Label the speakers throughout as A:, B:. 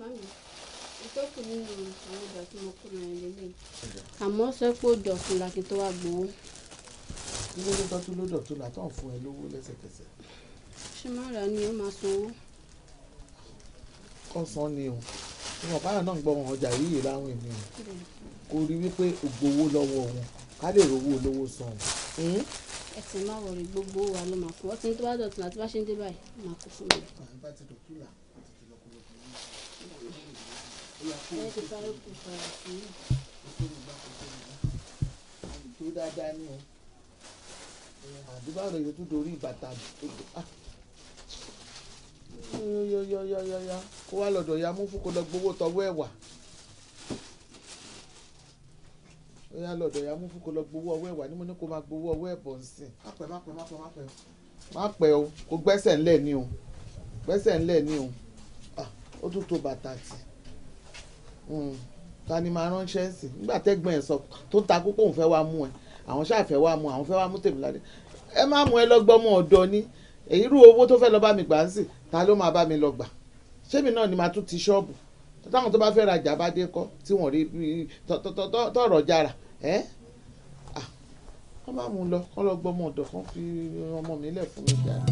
A: mami ìtọ́kù nínú àwọn ọjà tí mo kó lọ́yìn lélẹ̀ àmọ́ sọ pé ó dọ̀tun la kí n tó wá gbowó. ilé ló tọ́jú ló dọ̀tun la tó ń fún ẹ lówó lẹ́sẹ̀kẹsẹ̀. ṣé máa rà ni ó máa sanwó.
B: kọ́sán ni o ìwọ̀n báyọ̀ náà ń gbọ́ wọn ọjà yìí láwọn ènìyàn kò rí wípé ògbówó lọ́wọ́ wọn ká lè rówó olówó san o
A: ẹsẹ̀ máa wọ̀rọ̀ gbogbo wa ló máa kó ọtí tó bá dọ̀tún àti bá ṣe ń dé báyìí máa kó fún mi
B: tó dáadáa ní o àdúbàrò yóò tún dorí bàtà yọyọyọyọyọ kó wá lọ́dọ̀ ya mú fún kó lọ gbowó tọwọ́ ẹ̀ wá ó yá lọ́dọ̀ ya mú fún kó lọ gbowó ọwọ́ ẹ̀ wá ní mo ní kó máa gbowó ọwọ́ ẹ̀ bọ̀ nsìn. má pẹ́ má pẹ́ má pẹ́ má pẹ́ o. má pẹ́ o kó gbẹ́sẹ̀ ńlẹ̀ ni o gbẹ́sẹ̀ ńlẹ̀ ni o ó tún to bàtà tì. Mm. ta ni máa ránṣẹ́ sí nígbà tẹ́gbọ́n ẹ̀ sọ tó ń ta kókó òun fẹ́ wá mú ẹ àwọn ṣáà fẹ́ wá mú àwọn fẹ́ wá mú Tèmiládé ẹ má mú ẹ lọ́gbọ́mọ ọ̀dọ́ ni èyí rú owó tó fẹ́ lọ bá mi gbà ń sìn ta ló máa bá mi lọ gbà ṣémi náà ni màá tún ti ṣọ́ọ̀bù táwọn tó bá fẹ́ rajà bá dé kọ́ tí wọ́n rí tọ̀rọ̀ jára ẹ́ wọ́n má mú un lọ kọ́ lọ gbọ́mọ ọ̀dọ̀ kan fi ọmọ mi lẹ̀ fún mi jáde.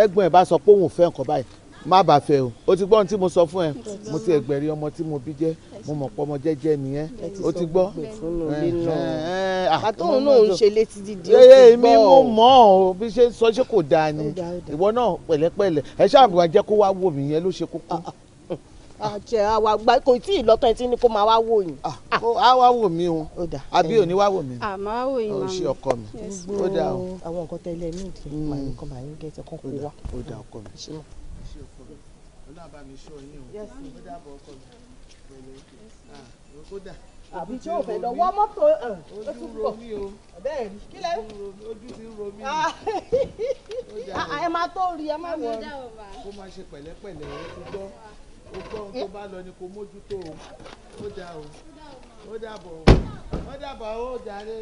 B: tẹ́gbọ́n ẹ̀ bá sọ pé òun fẹ́ nǹkan báyìí má bà fẹ́ o o ti gbọ́ ohun tí mo sọ fún ẹ mo ti ẹgbẹ̀rí ọmọ tí mo bí jẹ́ ah, mo mọ̀ pọ́ ọmọ jẹ́jẹ́ nìyẹn o ti gbọ́. àtọ́hún náà ń ṣe
C: létí dídí o ti gbọ́. èmi mo
B: mọ̀ ọ́ bí ṣe ń sọ ṣé kò dáa ni ìwọ náà pẹ̀lẹ́pẹ̀lẹ́ ẹ ṣáà wá jẹ́ kó wá wò mí yẹn ló ṣe kókó. Ah, ah
C: àjẹ àwa gba kò tí ì lọ́tọ̀ ẹtí ni kó máa wá wò yín. Ah,
B: a wá wò mí o
D: àbí òní wá wò mí.
C: àmọ́ wò yín màmí. o ṣe ọkọ mi ó dà o. àwọn nǹkan tẹ́lẹ̀ ní ìdí màá mm. nǹkan màá ń gẹ̀ẹ́sẹ̀ kan kó wá. ó dà ọkọ mi. ṣé o
D: ṣe ọkọ mi ọlọ́ọ̀bá mi ṣọ́
B: yín o ó dà bọ̀ ọkọ mi pẹ̀lú ah, ó dà àbí tí o fẹ́ lọ wọ́
C: mọ́tò eh, ó ti pọ̀ bẹ́ẹ̀ rí kí lẹ́. ojú ti ń ro mí. Ah, eh, ẹ máa tó
A: rí ẹ máa wọ̀ ọ́. kó
B: máa ṣe pẹ̀lẹ́pẹ̀lẹ́ ẹ ti gbọ́ o gbọ́ ohun tó bá lọ ni kò mójútó o ó dà o ó dàbọ̀ o ó dàbọ̀ o jàre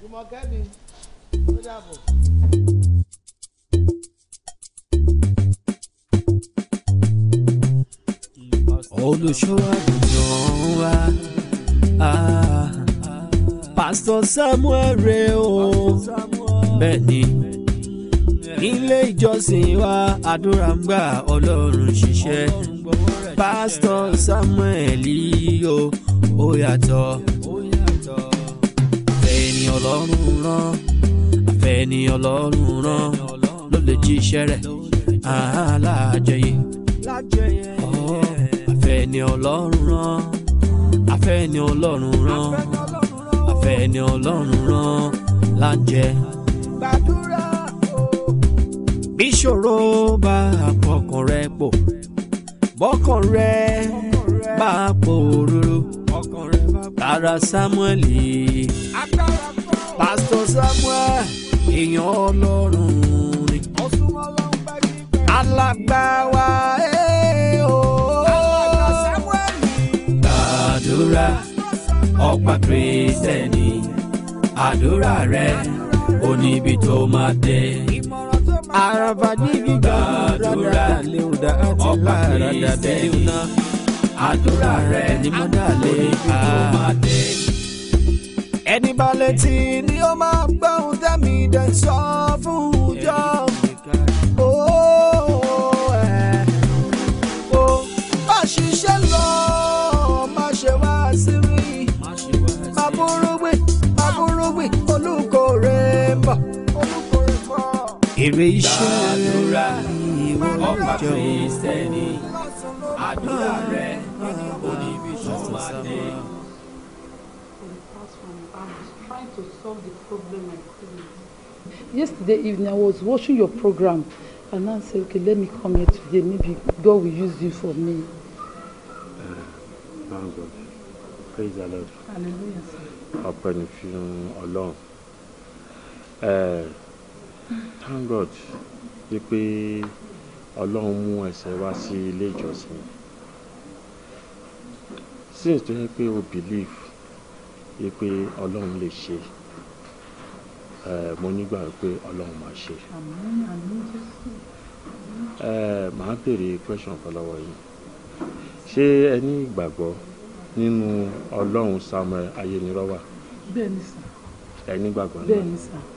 B: Jùmọ̀kẹ́ ó dàbọ̀.
E: olùṣọ́ àgùntàn wa pásítọ̀ Samuel rè o bẹ́ẹ̀ ni ilé ìjọsìn wa àdúrà ń gbà ọlọ́run ṣiṣẹ́. Pastor Samuel yíyó ó yàtọ̀ ni ọlọ́run rán àfẹ́ni ọlọ́run rán ló lè jíṣẹ́ rẹ̀ aláàjẹyẹ àfẹ́ni ọlọ́run rán àfẹ́ni ọlọ́run rán àfẹ́ni ọlọ́run rán láǹjẹ. gbàdúrà o. bí ìṣòro bá àpọ̀kàn rẹ pọ̀ bọ́kàn rẹ bá a tara Samuel Pastor Samuel èèyàn ọlọ́run ni alàgbà eh, oh. wa gbàdúrà ọ̀pá kìrìsìtẹ́nì àdúrà rẹ oníbi tó máa dé. ara pàdé gbígbà àdúrà lèwùdà àti lára dàbẹ́. àdúrà rẹ ni mo dà lé àdé. ẹni balẹ̀ tí ni ó máa gbóhùn tẹ́mi dẹ̀ sọ fún ìjọ. èrè iṣẹ́ rẹ̀ ní ibi
F: Yesterday evening, I was watching your program, and I said, okay, let me come here today. Maybe God will use you for
G: me.
H: Ah, thank God. Praise the Lord. Hallelujah, sir. Ọpẹ́ ni fún Ọlọ́run. Eh, thank God wípé ọlọ́run mú ẹsẹ̀ wá sí ilé ìjọsìn since tó yẹ pé o believe wípé ọlọ́run lè ṣe mo nígbà pé ọlọ́run máa ṣe màá béèrè question kan lọ́wọ́ yìí ṣé ẹ ní ìgbàgbọ́ nínú ọlọ́run Samuel ayénirọ́wà ẹ ní ìgbàgbọ́ náà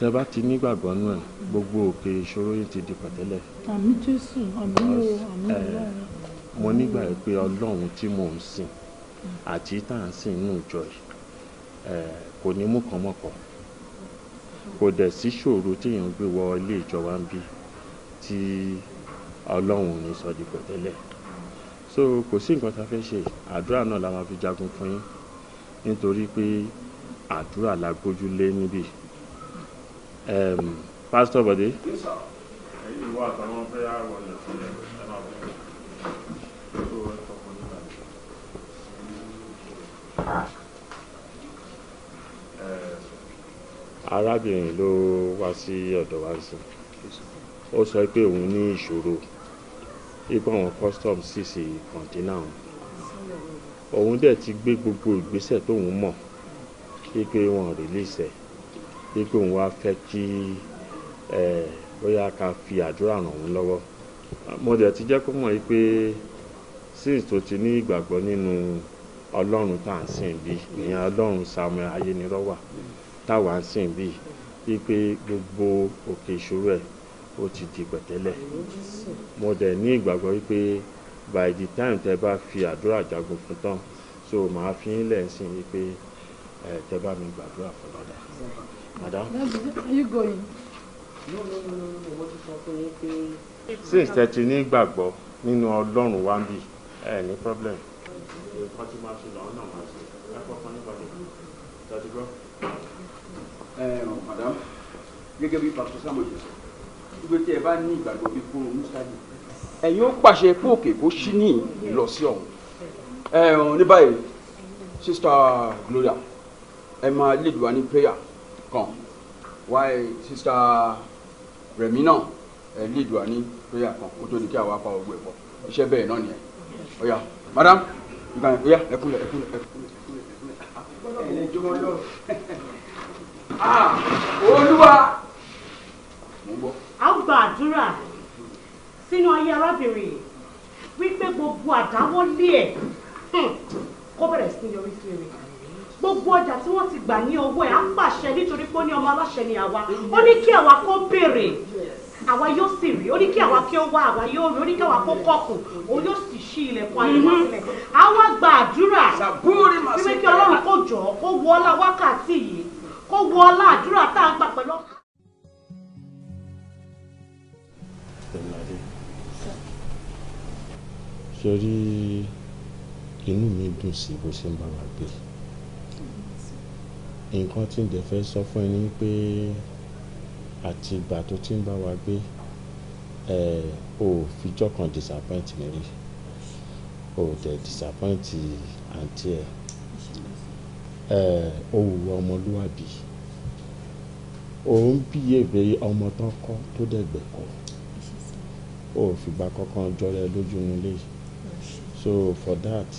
H: tẹ bá ti nígbàgbọ́ nù ẹ̀ gbogbo òkè ìṣòro yìí ti di pẹ̀tẹ́lẹ̀.
F: àmì jésù àmì o àmì ọlọ́run.
H: mo nígbà yìí pé ọlọ́run tí mò ń sìn àti tá à ń sìn nínú ìjọ yìí kò ní mú kàn mọ́kàn kò dẹ̀ sí ṣòro téèyàn gbé wọ ilé ìjọ ń bí tí ọlọ́run ò ní sọ di pẹ̀tẹ́lẹ̀ so kò sí nǹkan tá a fẹ́ ṣe àdúrà náà la máa fi jagun fún yín nítorí pé àdúrà la gbójúlé níbí. Ehm, Pastor bọ̀dé. arábìnrin ló wá sí ọ̀dọ̀ wa sí ó sọ pé òun ní ìṣòro ipò àwọn customs sì sí kọ̀ǹtínà òun òun dẹ̀ ti gbé gbogbo ìgbésẹ̀ tóun mọ̀ pé pé wọn release ẹ̀ pé kí òun wá fẹ́ kí bóyá ká fi àdúrà ràn òun lọ́wọ́ mo dẹ̀ ti jẹ́ kó mọ̀ yìí pé since tó ti ní ìgbàgbọ́ nínú ọlọ́run tá à ń sìn bí ìyẹn ọlọ́run Samuel ayénirọ́wà táwa ń sìn bí wípé gbogbo òkè ìṣòro ẹ̀ ó ti di pẹ̀tẹ́lẹ̀ mo dẹ̀ ní ìgbàgbọ́ wípé by the time tẹ bá fi àdúrà jagun fún tán so màá fi ń lẹ̀ ń sìn wípé ẹ tẹ bá mi gbàdúrà fún lọ́dà. Madam?
I: Are you going?
H: No, no, no, no, no, mo ti sọ fún yín you. Since ẹ ti ní ìgbàgbọ́ nínú Ọlọ́run wa ń bì, ẹ ní problem. Nǹkan tí máa ṣe lọ́wọ́ náà máa ṣe. Ẹ kọ́ fún nípa ìdí. Tọ́jú gbọ́. Madam, gẹ́gẹ́
G: bí Pàṣẹ Sámọ̀ ṣe sọ, gbogbo tí ẹ bá ní ìgbàgbọ́ bí fún Mùsàlì. Ẹ̀yin ó pàṣẹ fún òkè kó ṣí ní lọ sí ọ̀hún. Ní báyìí, Sister Gloria, ẹ máa lead wa ní prayer kan wáyé sísá rẹ̀mí náà ẹ̀ lead wa ní prayer kan kó tó di kí àwa pa ògbó ẹ̀ pọ̀ iṣẹ́ bẹ́ẹ̀ náà nìyẹn ah, ó yá madam nǹkan ẹ̀ ó yá ẹ̀kúnlẹ̀ ẹ̀kúnlẹ̀ ẹ̀kúnlẹ̀ ẹ̀lẹ́ jọmọ lọ. olúwa.
C: a gba àdúrà sínú ayé arábìnrin yìí wípé gbogbo àdáwọ́lé ẹ̀ hmm, kó bẹ̀rẹ̀ sí yọrí sí rẹ̀. gbogbo ọjà tí wọ́n ti gbà ní owó ẹ̀ á pàṣẹ nítorí pé ní ọmọ aláṣẹ ni àwa ó ní kí àwa kó àwa yóò sì rí ó ní kí àwa kí ó àwa yóò rí ó ní kí àwa kó kọkùn òun yóò sì ṣí ilẹ̀kùn mhm. gba àdúrà wípé kí ọlọ́run kó jọ kó wọ ọlá wákàtí yìí kó wọ ọlá àdúrà tá a gbà pẹ̀lú.
H: inú mi dùn sí bó ṣe ń bá wa Nǹkan tí n dẹ̀ fẹ́ sọ fún ẹ ní pé àti ìgbà tó ti ń bá wa gbé, ẹ ò fi ijọ́ kan disappoint mi rí. O dẹ̀ disappoint àǹtí ẹ. Ẹ ò hùwà ọmọlúwàbí. O ń behave ọmọ tó kọ́ tó dẹ̀ gbẹ́kọ̀. ò fi kankan jọra lójú nínú So for that,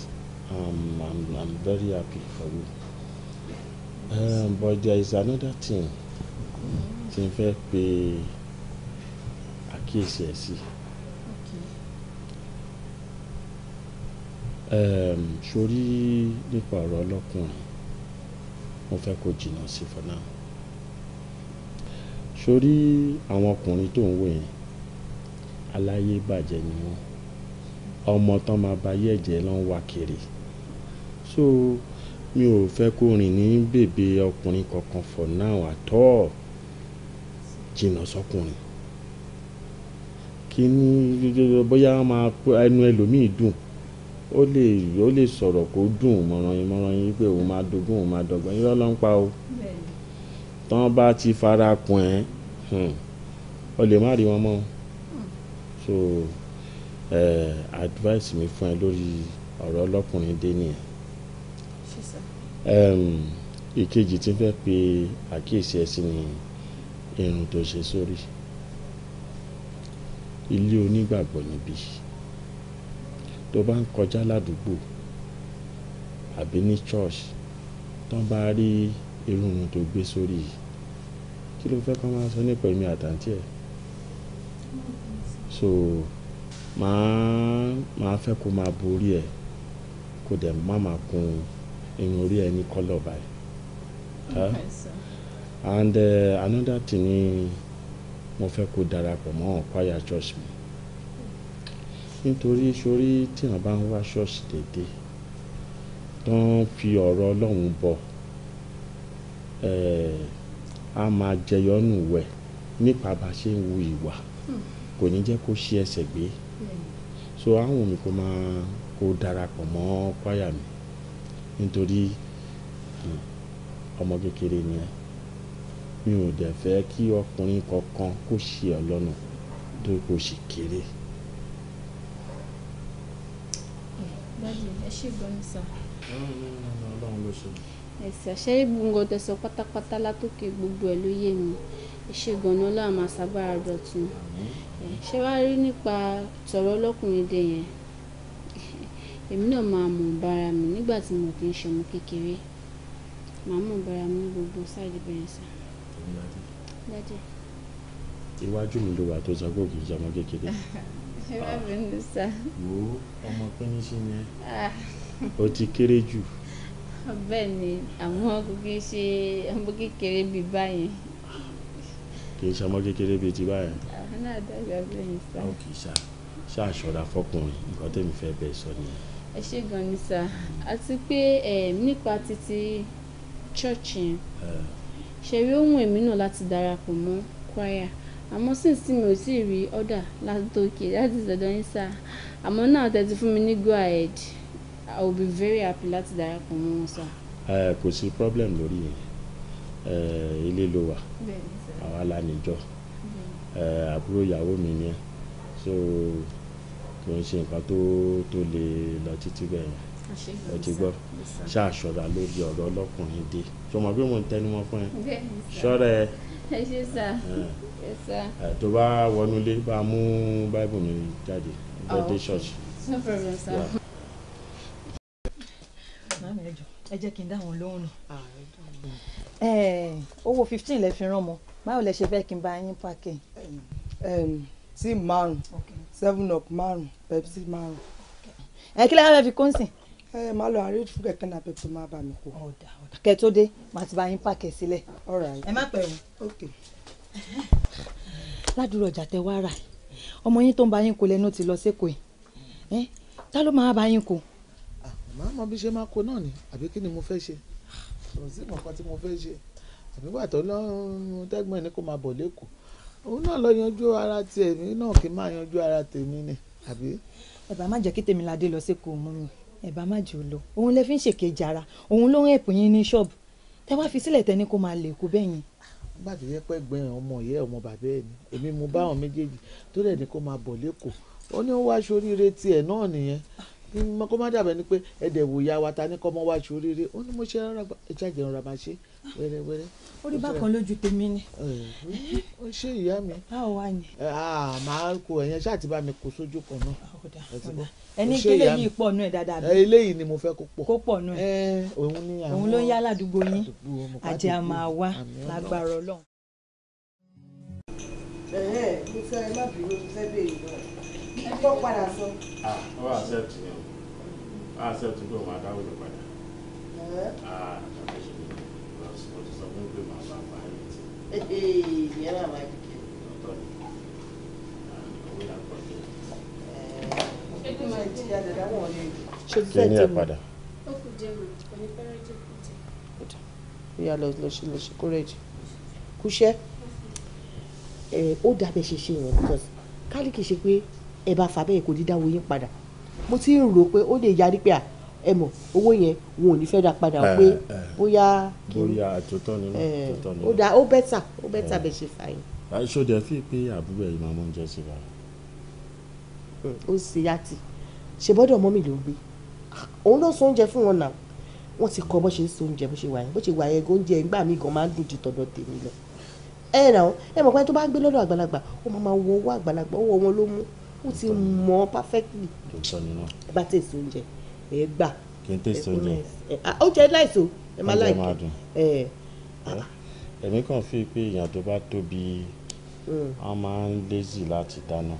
H: I'm, I'm, I'm very happy for you um, but there is another thing mm-hmm. tí n fẹ́ pe àkíyèsí ẹ̀ sí. Um, sórí nípa ọ̀rọ̀ ọlọ́kùnrin mo fẹ́ kó jìnnà sí for now sórí àwọn ọkùnrin tó ń wò yẹn aláyé bàjẹ́ ni wọ́n ọmọ tán máa ba ayé lọ́n wá kiri so mi ò fẹ́ kó rìn ní bèbè ọkùnrin kankan for now at all jìnnà sọkùnrin kí ni bóyá máa ẹnu ẹlòmíì dùn ó lè ó lè sọ̀rọ̀ kó dùn mọ̀ràn yín mọ̀ràn yín pé òun máa dogun òun máa dọ̀gbọ́n yín lọ́lọ́ ń pa o tán bá ti fara kùn ẹ́ ọ lè má rí wọn mọ́ so eh, advice mi fún ẹ lórí ọ̀rọ̀ ọlọ́kùnrin dé nìyẹn you sir. ìkejì tí fẹ́ pe àkíyèsí ẹ sí ni irun tó ṣe sórí ilé onígbàgbọ́ níbí tó bá ń kọjá ládùúgbò àbí ní church tó bá rí irun tó gbé sórí yìí kí ló fẹ́ kọ́ máa sọ nípa èmi àtàntí ẹ̀ so màá màá fẹ́ kó máa borí ẹ̀ kó dẹ̀ má máa kun In orí ẹni colour báyìí. Okay, sir. and uh, another thing ni mo fẹ́ kó darapọ̀ mọ́ choir church mi nítorí sórí tí wọ́n bá ń wá ṣọ́ọ̀ṣì dédé tó ń fi ọ̀rọ̀ ọlọ́run bọ̀ eh, a máa jẹyọ nù wẹ̀ nípa bá a ṣe ń wu ìwà hmm. kò ní jẹ́ kó ṣe ẹsẹ̀ gbé hmm. so àwọn mi kò máa kó darapọ̀ mọ́ choir mi nítorí ọmọ kékeré ni ẹ́ mi ò dẹ̀ fẹ́ kí ọkùnrin kankan kó ṣe ọ lọ́nà tó kó ṣì kéré.
A: dájú ṣe gbọ́n sá. tẹ̀sán pátápátá látòkè gbogbo ẹ̀ ló yé mi ṣe gbọ̀nà ọlọ́run máa ṣàgbára ṣé wàá rí nípa tọ̀rọ̀ ọlọ́kùnrin dé yẹn èmi náà máa mọ̀ bara mi nígbà tí mo kì í ṣe kékeré màá mọ̀ bara mi gbogbo side bẹ́ẹ̀ sà.
H: iwájú mi ló wà tó sọ pé òkè ìṣe kékeré.
A: ẹ má bínú sá.
H: wo ọmọ ni ó ah. ti kéré jù.
A: bẹ́ẹ̀ ni àwọn kò kí ń ṣe ọmọ kékeré bíi báyìí
H: kì í ṣamọ́ kékeré bíi ti báyẹn.
A: àwọn ah, náà dàgbà bẹ́ẹ̀ ni sá. àwọn
H: kì í ṣá ṣáà ṣọ́ra fọkùnrin nǹkan tẹ̀mí fẹ́ bẹ́ẹ̀ sọ nìyẹn ẹ ṣe
A: gan ni sá àti pé nípa títí ṣọ́ọ̀ṣì yẹn ṣẹ̀rí ohun èmi náà láti darapọ̀ mọ́ kwaya àmọ́ sì sí mi ò tí ì rí ọ̀dà látòkè láti ìsọ̀dọ̀ yín sá àmọ́ náà tẹ́tí fún mi ní go ahead i will be very happy láti darapọ̀ mọ́ wọn sá.
H: kò sí problem lórí yẹn ilé ló wà àwa la àbúrò ìyàwó mi ni ẹ so. Uh, kò ń ṣe nǹkan tó tó le lọ títí bẹ́ẹ̀
D: yẹn ẹ ti gbọ́
H: ṣàṣọra lórí ọ̀rọ̀ ọlọ́kùnrin dé ṣọmọ bí mo ń tẹnumọ́ fún ẹ ṣọ́ra ẹ tó bá wọnúlé bá mú báìbù mi jáde bẹ́ẹ̀dẹ̀ oh, ṣọ́ọ̀ṣì.
F: màmí ẹ jọ ẹ jẹ́ kí n dá wọn lóhùn ah, nù. owó fifteen lẹ fi rán mọ báwo lẹ ṣe fẹ́ kí n bá yín pàkẹ́ tíì márùn seven up márùn pepsi márùn. ẹ kí lẹ́yìn fi kóńsìn. ẹ máa lọ àárín fún kẹ̀kẹ́ náà pepsi máa bà mí kó. kẹ tó dé màá ti bá yín pàkẹ́ sílẹ̀. ẹ má pẹ̀rù. ládùúrọ̀ ọjà tẹ wá rà ọmọ yín tó ń bá yín kó lẹ́nu ti lọ sékòó yìí ta ló máa bá yín kó.
B: màá mọ bí ṣe máa kó náà ni àbí kí ni mo fẹ́ ṣe kò sí nǹkan tí mo fẹ́ ṣe àbí wà tó lọ́rùn tẹ́gbọ́n ẹ̀ ní kó máa bọ̀ lẹ́kọ̀ọ́ òun náà lọ yanjú ara tiẹ̀ mi náà kì í máa yanjú ara tèmi ni àbí. ẹ bá
F: má jẹ́ kí Tèmiládé lọ sí kò mú mi ẹ bá má jù ú lọ òun lẹ fi ń ṣèkejì ara òun ló ń ẹ̀pù yín ní ṣọ́ọ̀bù tẹ wá fi sílẹ̀ tẹni kó máa lè kú bẹ́ẹ̀ yẹn.
B: nígbà tó yẹ pé gbẹ̀yìn ọmọ ìyá ọmọ bàbá ẹ̀ ni èmi mo bá àwọn méjèèjì tó dẹ̀ ní kó máa bọ̀ lẹ́kọ̀ọ́ ó ní ó wá ṣoríire tiẹ̀ náà nìyẹn kó má dàbẹ̀ ni pé ẹ̀dẹ̀ wòyà wa ta ní kọ́ mọ́ wá ṣoríire ó ní mo ṣe ẹja jẹun ṣe wẹ́rẹ́wẹ́rẹ́. ó rí bákan lójú tèmi ni. ó ṣe ìyá mi. a ò wá yẹn. màá kó ẹ̀yẹn ṣáà ti bá mi kó sójú kan náà. ẹni kílè yìí pọ̀ nù ẹ̀ dáadáa. eléyìí ni mo fẹ́ kó pọ̀. kó pọ̀ nù ẹ̀. òun ni àwọn òun ló ń yá ládùúgbò yín àti àmà wa lágbára
C: ọlọ́run. ẹ̀ẹ́ mo fẹ́ ẹ má bínú mo fẹ́ béèrè náà ẹ tó padà sọ. ó
H: ah, wà accept ni o accept pé òun àdáwò ló padà.
C: ìyẹn máa jẹ. ṣe ní àpadà. ìyá lọ lọ sí lọ sí kúrẹ́jì kúṣẹ́ ó dàbẹ̀ ṣe ṣe yẹn because kálí kìí ṣe pé ẹ bá fà bẹ́ẹ̀ kò ní dáwọ́ yín padà mo ti ń rò pé ó lè yarí pé à ẹ mọ̀ owó yẹn wọn ò ní fẹ́ dá padà eh, pé eh. bóyá kí bóyá
H: àtòtọ́ nínú àtòtọ́ eh, nínú. ó dá
C: ó bẹ́tà ó bẹ́tà bẹ́ẹ̀ ṣe fà yín.
H: àìsòdì ẹ fi pé àbúrò ẹ̀yìn máa mọ oúnjẹ sí wa.
C: ó sì yàtì ṣe bọ́dọ̀ mọ́ mi ló gbé òun ló so oúnjẹ fún wọn náà wọ́n ti kọ́ bó ṣe ń so oúnjẹ bó ṣe wà yẹn bó ṣe wà yẹn oúnjẹ ńgbà mí gan máa ń dùn ju tọ̀dọ̀ tèmi lọ. ẹ nà ó ẹ mọ̀ pé tó bá gbé lọ́dọ̀ àgbàlagbà ó máa máa wo owó àgbàlagbà owó wọn ló mú ó ti mọ̀ perfectly bá tẹ̀sí oúnjẹ ẹ gbà
H: kí n tèso jẹ
C: ó jẹ láìsò ẹ má láìkì ẹ.
H: Ah, ah. èmi kàn fi pé èèyàn tó bá tóbi wọn mm. máa ń lézì láti dáná.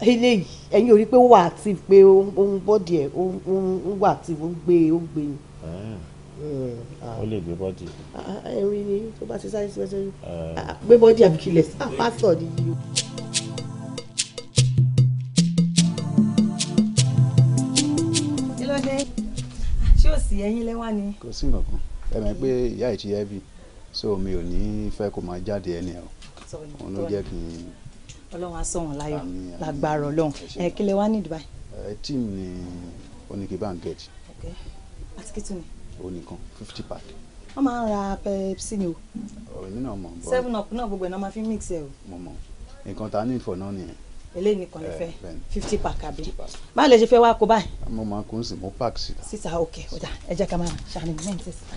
C: eléyìí ẹ̀yin ò rí pé ó wà active pé ó ń bọ́dì ẹ̀ ó ń wà active ó ń gbé ó ń gbé ni
H: mm, ah. ó lè gbé bọ́dì.
C: ẹ̀rín ni tó bá ti sáré sí ẹsẹ̀ gbé bọ́dì àbíkí lẹ̀ sí àpá sọ̀ nìyí.
F: ló dé ṣé ò sí ẹyin lẹ́wà ni.
G: kò sí nǹkan ẹ mọ̀ pé ìyá ìtì heavy so mi ò ní fẹ́ kó máa jáde ẹni ẹ̀ òun ló jẹ́ kí n.
F: ọlọ́run á láyọ̀ lágbára ọlọ́run ẹ kí lẹ wá ní Dubai.
G: ẹ tíìm ni oníke banket. ok àti kí ni. o fifty pack.
F: wọ́n máa ń ra pepsi ni o.
G: ọ̀rọ̀ mi náà mọ̀. seven
F: up náà gbogbo ẹ̀ náà máa fi mix ẹ̀ o.
G: mo mọ̀ nǹkan tá a ní ìfọ̀ náà nìyẹn
F: eléyìí nìkan lè eh, fẹ́ fifty pack àbí báwo lè ṣe fẹ́ wá kó báyìí.
B: mo máa kó sí mo pack sí.
F: sísá ok ọjà ẹ jẹ́ ká máa ṣàní mẹ́rin sí sísá.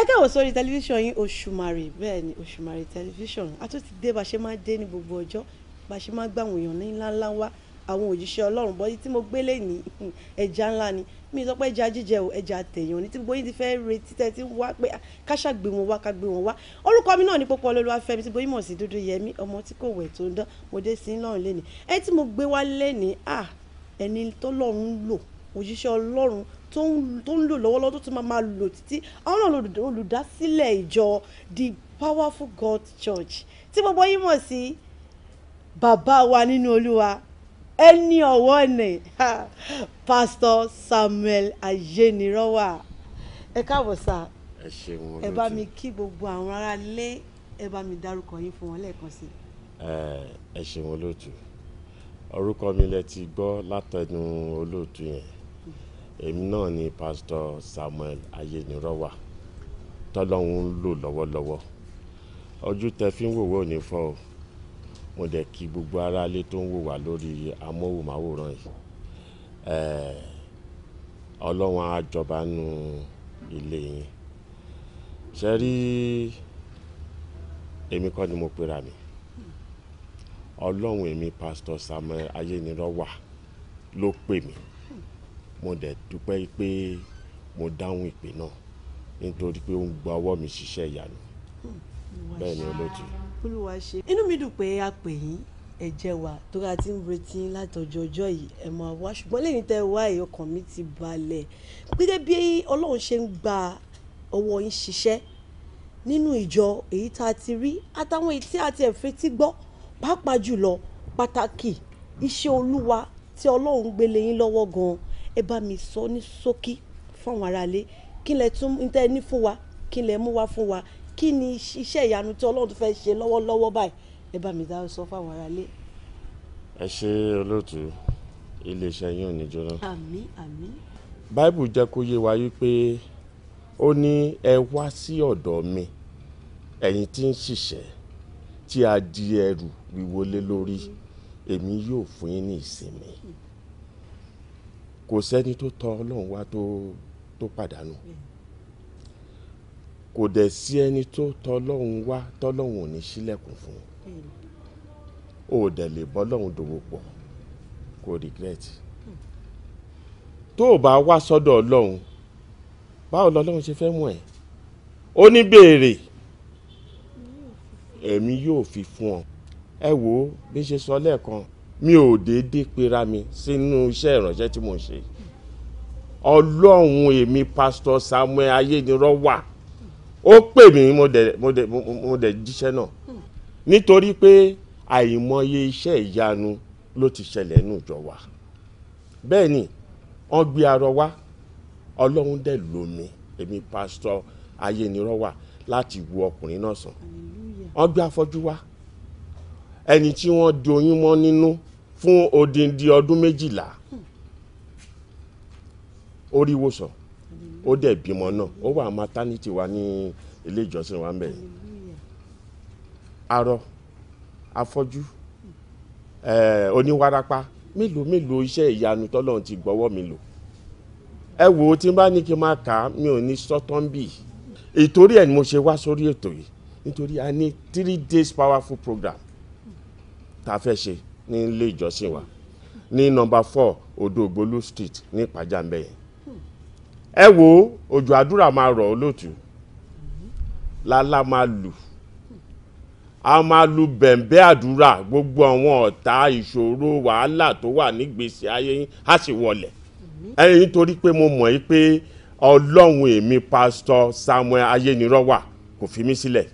F: ẹ káwọ́ sórí tẹlifíṣàn
J: yín Òṣùmàrè bẹ́ẹ̀ ni Òṣùmàrè tẹlifíṣàn a dé bá ṣe máa dé ní gbogbo ọjọ́ bá ṣe máa gbàwòyàn ní ńláńlá wá àwọn òjíṣẹ́ ọlọ́run bọ́ tí mo gbélé ní ẹja ńlá ni mi sọ pé ẹja jíjẹ o ẹja tẹ̀yàn ní tí gbogbo yín ti fẹ́ retí tẹ́ ti wá pé ah, káṣá gbé wọn wá ká gbé wọn wá orúkọ mi náà ní pópó Olúwafẹ́mi tí gbogbo mọ̀ sí dúdú yẹmí ọmọ tí kò wẹ̀ tó ń dán mo dé sí lọ́run lẹ́ni ẹ tí mo gbé wá lẹ́ni à ah, ẹni tó lọ́run ń lò òjíṣẹ́ ọlọ́run tó ń lò lọ́wọ́lọ́wọ́ tó tún máa máa lò títí àwọn náà olùdásílẹ̀ ìjọ the powerful God church tí gbogbo yín mọ̀ sí bàbá wa nínú olúwa ẹni ọ̀wọ́ ni pásítọ̀ Samuel Ayenirọ́wà ẹ káàbọ̀ sá ẹ bá mi kí gbogbo àwọn ará lé ẹ bá mi dárúkọ yín fún wọn lẹ́ẹ̀kan sí.
H: ẹ ṣeun olóòtú orúkọ mi lẹ ti gbọ́ látẹnu olóòtú yẹn èmi náà ni pásítọ̀ Samuel Ayenirọ́wà tọ́lọ́hún ń lò lọ́wọ́lọ́wọ́ ojú tẹ fi ń wòwò ní fọ́ o mo dẹ̀ kí gbogbo aráalé tó ń wò wá lórí amóhùnmáwòrán yìí ọlọ́run á jọba nú ilé yín ṣe rí èmi kọ́ ni mo pera mi ọlọ́run èmi pásítọ̀ Samuel ayénirọ́wà ló pè mí mo dẹ̀ dúpẹ́ pé mo dáhùn ìpè náà nítorí pé ó ń gba ọwọ́ mi ṣiṣẹ́ ìyanu bẹ́ẹ̀ ni olóòtú
J: olúwa ṣe inú mi dùn pé a pè yín ẹ jẹ́ wá tó ká ti ń retí látọjọ́ ọjọ́ yìí ẹ máa wá ṣùgbọ́n lẹ́yìn tẹ́ wá èyí ọkàn mi ti balẹ̀ gẹ́gẹ́ bí ọlọ́run ṣe ń gba ọwọ́ yín ṣiṣẹ́ nínú ìjọ èyí tá a ti rí àtàwọn èyí tí a ti ẹ̀fẹ́ ti gbọ́ pàápàá jùlọ pàtàkì iṣẹ́ olúwa tí ọlọ́run gbélé yín lọ́wọ́ gan ẹ bá mi sọ ní ṣókí fáwọn aráalé kí lẹ tún ní tẹ́ ní fún wa kí lẹ mú wá fún wa kí ni iṣẹ́ ìyanu tí ọlọ́run tó fẹ́ ṣe lọ́wọ́lọ́wọ́ báyìí ẹ bá mi dá sọ fáwọn aráalé.
H: ẹ ṣe olóòtú iléeṣẹ́ yín ò ní jóná.
J: àmín àmín.
H: báìbù jẹ́ kó yé wa wípé ó ní ẹ wá sí ọ̀dọ̀ mi ẹ̀yin tí ń ṣiṣẹ́ tí a di ẹrù wíwo lé lórí èmi yóò fún yín ní ìsinmi kò sẹ́ni tó tọ ọlọ́run wá tó pàdánù. Mm kò dẹ̀ sí ẹni tó tọlọ́hun wá tọlọ́hun ò ní ṣílẹ̀kùn fún un ó dẹ̀ lè bọ́ lọ́hun dòwò pọ̀ kò regret hmm. tó o bá wá sọ́dọ̀ ọlọ́hun báwo lọ́lọ́hun ṣe fẹ́ mú ẹ ó ní béèrè èmi yóò fi fún ọ ẹ wò ó bí ṣe sọ lẹ́ẹ̀kan mi ò déédéé pera mi sínú iṣẹ́ ìránṣẹ́ tí mo ń ṣe hmm. ọlọ́hun èmi pásítọ̀ Samuel ayénirọ́ wà ó pè mí mo dẹ̀ mo dẹ̀ mo dẹ̀ jíṣẹ́ náà hmm. nítorí pé àìmọye iṣẹ́ ìyanu ló ti ṣẹlẹ̀ nù jọ wa bẹ́ẹ̀ ni wọ́n gbé arọ wá ọlọ́run dẹ̀ lò mí èmi pásítọ̀ ayénirọ́wà láti wo ọkùnrin náà sàn wọ́n gbé afọ́jú wá ẹni tí wọ́n di oyún mọ́ nínú fún odindi ọdún méjìlá orí hmm. ìwòsàn ó dẹ̀ bímọ náà ó wà maternity wa ní ilé ìjọsìn wa ń bẹ̀ yẹn arọ afọ́jú ẹ̀ẹ́ eh, oníwárápá mélòó mélòó iṣẹ́ ìyanu tọ́lọ́run ti gbọ́wọ́ mi lò ẹ wò ó tí n bá ní kí n máa kà á mi ò ní sọ́tọ́n bì í ìtorí ẹ̀ ni mo ṣe wá sórí ètò yìí nítorí a ní three days powerful program tá a fẹ́ ṣe ní ilé ìjọsìn wa ní nọ́mbà four odògbólú street ní ìpàjàmbẹ́yẹn ẹ wo òjò àdúrà máa rọ̀ olóòtú lálá máa lù a máa lu bẹ̀m̀bẹ́ àdúrà gbogbo àwọn ọ̀tá ìṣòro wàhálà tó wà nígbèsè ayé yín á sì wọlẹ̀ ẹ̀yin nítorí pé mo mọ̀ yí pé ọlọ́run èmi pásítọ̀ Samuel Ayénirọ́wà kò fi mí sílẹ̀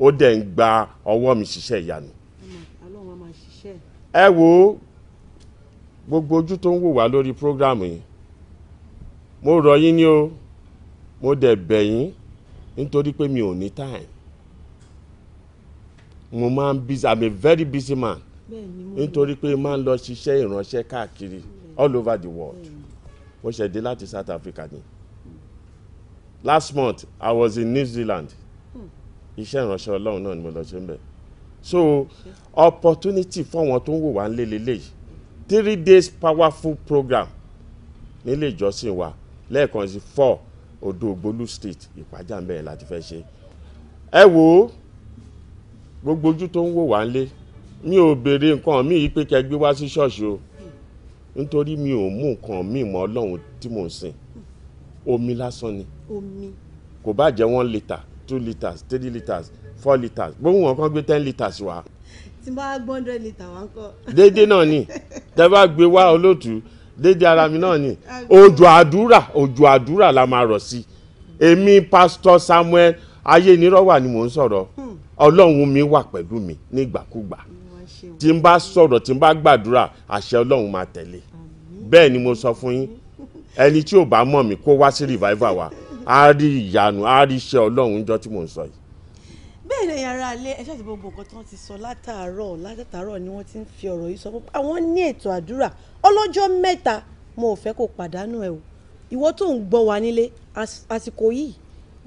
H: ó dẹ̀ ń gba ọwọ́ mi ṣiṣẹ́ ìyanu ẹ wo gbogbo ojú tó ń wò wá lórí prógrámù yìí mo rọ̀ yín ni o mo dẹ̀ bẹ̀ yín nítorí pé mi ò ní time mo máa ń busy i'm a very busy man nítorí pé máa ń lọ ṣiṣẹ́ ìránṣẹ́ káàkiri all over the world mo ṣẹ̀ dé láti South Africa ni last month i was in New Zealand hmm. iṣẹ́ ìránṣẹ́ ọlọ́run náà ni mo lọ ṣe ń bẹ̀ so opportunity fáwọn tó ń wò wá ń lé lélẹ́yìí three days powerful program nílé ìjọsìn wa lẹ́ẹ̀kan sí four odò ògbólú state ìpàjà ń bẹ̀rẹ̀ láti fẹ́ ṣe ẹ wo gbogbo ojú tó ń wò wá lé mi ò béèrè nǹkan mi yìí pé kẹ́ wá sí ṣọ́ọ̀ṣì o nítorí mi ò mú nǹkan mi mọ́ ọlọ́run tí mò ń sìn omi lásán ni omi kò bá jẹ́ one litre two litres three litres four litres gbóhùn wọn kan gbé ten litres wá.
J: tí n bá gbọ́ndọ̀ litre wọn kọ.
H: déédéé náà ni tẹ́ bá gbé wá olóòtú dédé ara mi náà ni òjò àdúrà òjò àdúrà la máa rọ̀ sí èmi pásítọ̀ Samuel ayénirọ́wà ni mò ń sọ̀rọ̀ hmm. ọlọ́run mi wà pẹ̀lú mi nígbàkúgbà tí n bá sọ̀rọ̀ tí n bá gbàdúrà àṣẹ ọlọ́run máa tẹ̀lé bẹ́ẹ̀ ni mo sọ fún yín ẹni tí ò bá mọ̀ mí kó wá sí revival wa a rí ìyanu a rí iṣẹ́ ọlọ́run jọ tí mò ń sọ yìí
J: bẹ́ẹ̀ ni ara alẹ́ ẹ ṣáà ti gbogbo nǹkan tí ti sọ látàárọ̀ látàárọ̀ ni wọ́n ti ń fi ọ̀rọ̀ yìí sọ pé àwọn ní ètò àdúrà ọlọ́jọ́ mẹ́ta mo ò fẹ́ kó pàdánù ẹ o ìwọ tó ń gbọ́ wa nílé àsìkò yìí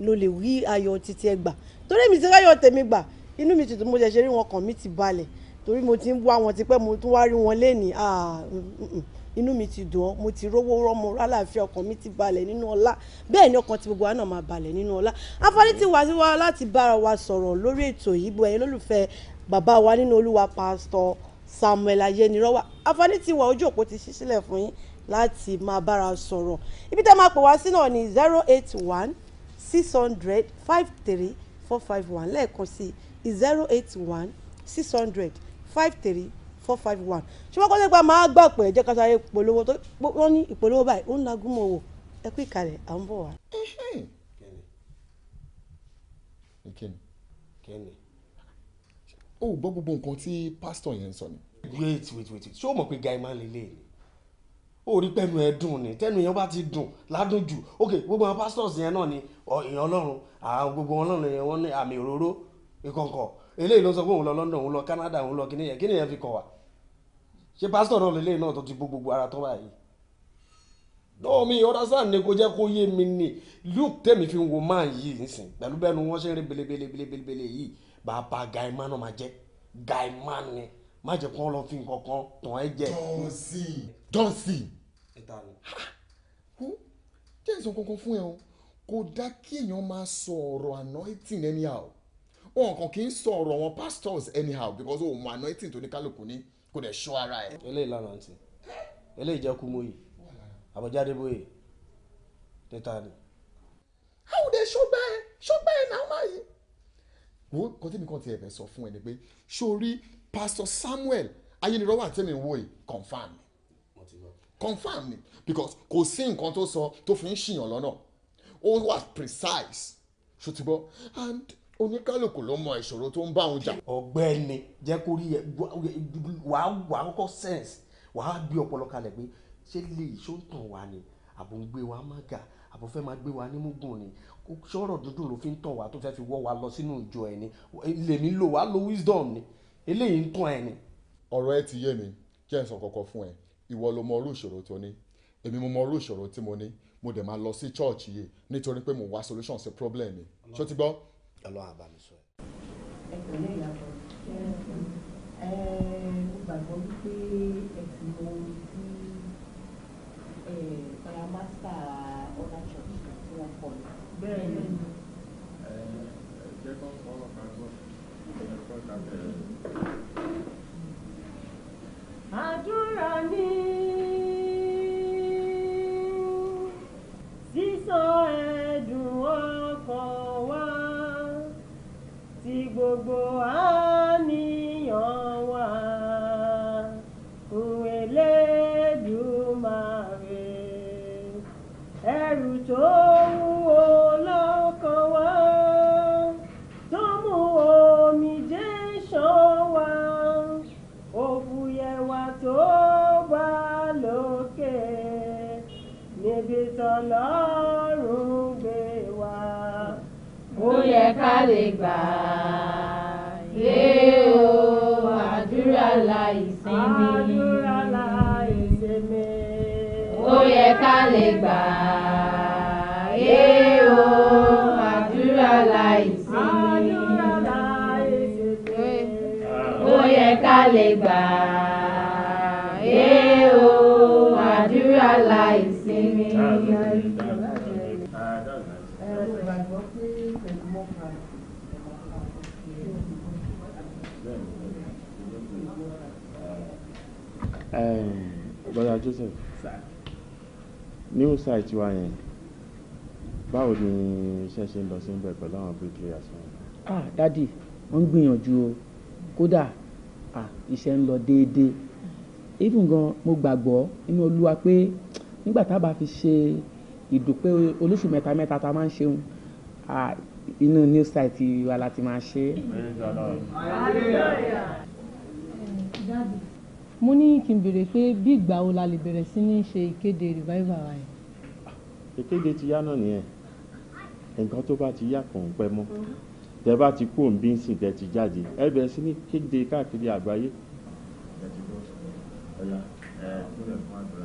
J: ló lè rí ayọ̀ títí ẹ gbà torí mi ti ráyọ̀ tèmi gbà inú mi tuntun mo ṣẹ̀ṣẹ̀ rí wọn kàn mí ti balẹ̀ torí mo ti ń wá wọn tipẹ́ mo tún wá rí wọn lénìí ah, mm, mm, mm inú mi ti dùn ọ́ mo ti rówó rọ́mọ rálàáfíà ọkàn mi ti balẹ̀ nínú ọlá bẹ́ẹ̀ ni ọkàn ti gbogbo wa máa balẹ̀ nínú ọlá àǹfààní ti wà sí wa láti bára wa sọ̀rọ̀ lórí ètò yìí bu ẹ̀yin lólùfẹ́ bàbá wa nínú olúwa pásítọ̀ Samuel Ayénirọ́wà àǹfààní ti wà ojú òpó ti ṣí sílẹ̀ fún yín láti máa bára sọ̀rọ̀ ibi tá a máa pè wá sí náà ni zero eight one six hundred five three four five one lẹ́ẹ̀kan sí zero eight one six hundred five three four five one ṣùgbọ́n kọ́lé pa máa gbà pé ẹ̀jẹ̀ kásá ìpolówó tó wọ́n ní ìpolówó báyìí ó ń lagún wò ẹ kú ìkàlẹ̀ à ń bọ̀ wá.
K: o gbọ́ gbogbo nǹkan tí pásítọ̀ yẹn ń sọ ni. wait wait wait ṣé o mọ̀ pé guy man lè lè ní ó rí pẹ̀lú ẹ̀dùn ni tẹ́nu yẹn bá ti dùn ládùn jù ok gbogbo àwọn pastors yẹn náà ni èèyàn ọlọ́run àwọn gbogbo wọn náà yẹn wọ́n ní àmì òróró ìkọ̀ǹkọ̀ eléyìí ló sọ pé òun lọ London òun lọ Canada òun lọ kíní yẹn kíní yẹn fi kọ̀ wá ṣé pásítọ̀ náà lélẹ́yìn náà tó ti bó gbogbo ara tó báyìí náà mi understand ni kò jẹ́ kó yé mi ni look tẹ̀mí fi wo máa yìí nísìn pẹ̀lú bẹ́ẹ̀ ni wọ́n ṣe ń rí belebelebelebele yìí bàbá guy man náà máa jẹ́ guy ni má jẹ́ kó lọ fi nǹkan kan tàn ẹ́ jẹ́. johnson johnson jẹ́ ìsọ kankan fún ẹ o kò dá kí èèyàn máa sọ ọ̀rọ̀ anointing anyhow wọn kàn kì í sọ ọ̀rọ̀ wọn pastors anyhow because òun anointing tó ní kálukú ní kò dẹ̀ ṣọ́ ara ẹ̀. eléyìí lánàá ntì eléyìí jẹ́ Kúmóyì àbọ̀jáde bóyè tẹ́tà ni.
B: àwùdẹ ṣọgbà ẹ ṣọgbà ẹ náà máa yí.
K: wo kan tí mi kàn ti ẹ̀bẹ̀ sọ fún ẹ ni pé sórí Pastor Samuel ayélujára wà tẹ́mi wò yìí confam confam ni because kò sí nǹkan tó sọ tó fi ń ṣìyàn lọ́nà ó wà precise ṣùtìbọ́ and oníkálukú ló mọ ìṣòro tó ń bá òun jà. ọ̀gbẹ́ni jẹ́ kó rí ẹ wàá wàá kọkọ sense wàá gbé ọpọlọ kalẹ̀ pé ṣé lè ṣó ń tàn wá ni àbò ń gbé wa má ga àbò fẹ́ máa gbé wa nímúgùn ni sọ̀rọ̀ dúdú ló fi ń tàn wá tó fẹ́ fi wọ́ wa lọ sínú ìjọ ẹ̀ ni lèmi lò wá lo wisdom ni eléyìí ń tàn ẹ̀ ni. ọ̀rọ̀ ẹ ti yé mi jẹ́ nsọ kọ̀kọ̀ fún ẹ ìwọ ló mọ orú ìṣòro tó ní èmi mo mọ orú ìṣòro tí mo ní mo dẹ̀ máa lọ sí chọ́ọ̀chì yìí nítorí pé mo wá solution sí problem mi ṣó ti gbọ́ ọlọ́run
H: àbá mi sọ ẹ.
D: ẹ̀sìn lè ẹ mo gbàgbọ́
C: wípé ẹ̀sìn mo ti paramásà
G: ọ̀nà church tí wọ́n kọ́ mi. bẹ́ẹ̀ ni. ẹ jẹ́
D: kó ń kọ́ ọ̀pá gbọ́ ẹ̀kọ́ tàbí ẹ̀.
F: àdúrà ni.
D: gbà yé o àdúrà la ìsinmi
A: àdúrà la ìsinmi
D: ó yẹ ká lè gbà
A: yé o àdúrà la ìsinmi
D: ó yẹ ká lè gbà yé o àdúrà la ìsinmi.
H: brother Joseph new site wa yẹn báwo ni iṣẹ́ ṣe ń lọ sí ń bẹ̀ pẹ̀lú àwọn bricklayers wọn.
G: ah dadi wọ́n ń gbìyànjú o kódà ah iṣẹ́ ń lọ déédéé even gan mo gbàgbọ́ nínú olúwa pé nígbà tá a bá fi ṣe ìdúpẹ́ olóṣù mẹ́ta mẹ́ta tá a máa ń ṣeun ah inú new site wa
I: la ti máa ṣe.
D: dadi
A: mo ní kí n béèrè pé bí ìgbà wo la lè bẹ̀rẹ̀ sí ní ṣe ìkéde revival wa yẹn.
H: ìkéde ti yá náà nìyẹn nǹkan tó bá ti yá kò ń pẹ́ mọ́ tẹ bá ti kú òǹbí ń sìn tẹ ti jáde ẹ bẹ̀rẹ̀ sí ní kéde káàkiri àgbáyé. ẹ
D: ti bọ́ ọ̀la ẹ̀ kúrẹ̀ fún àgbà.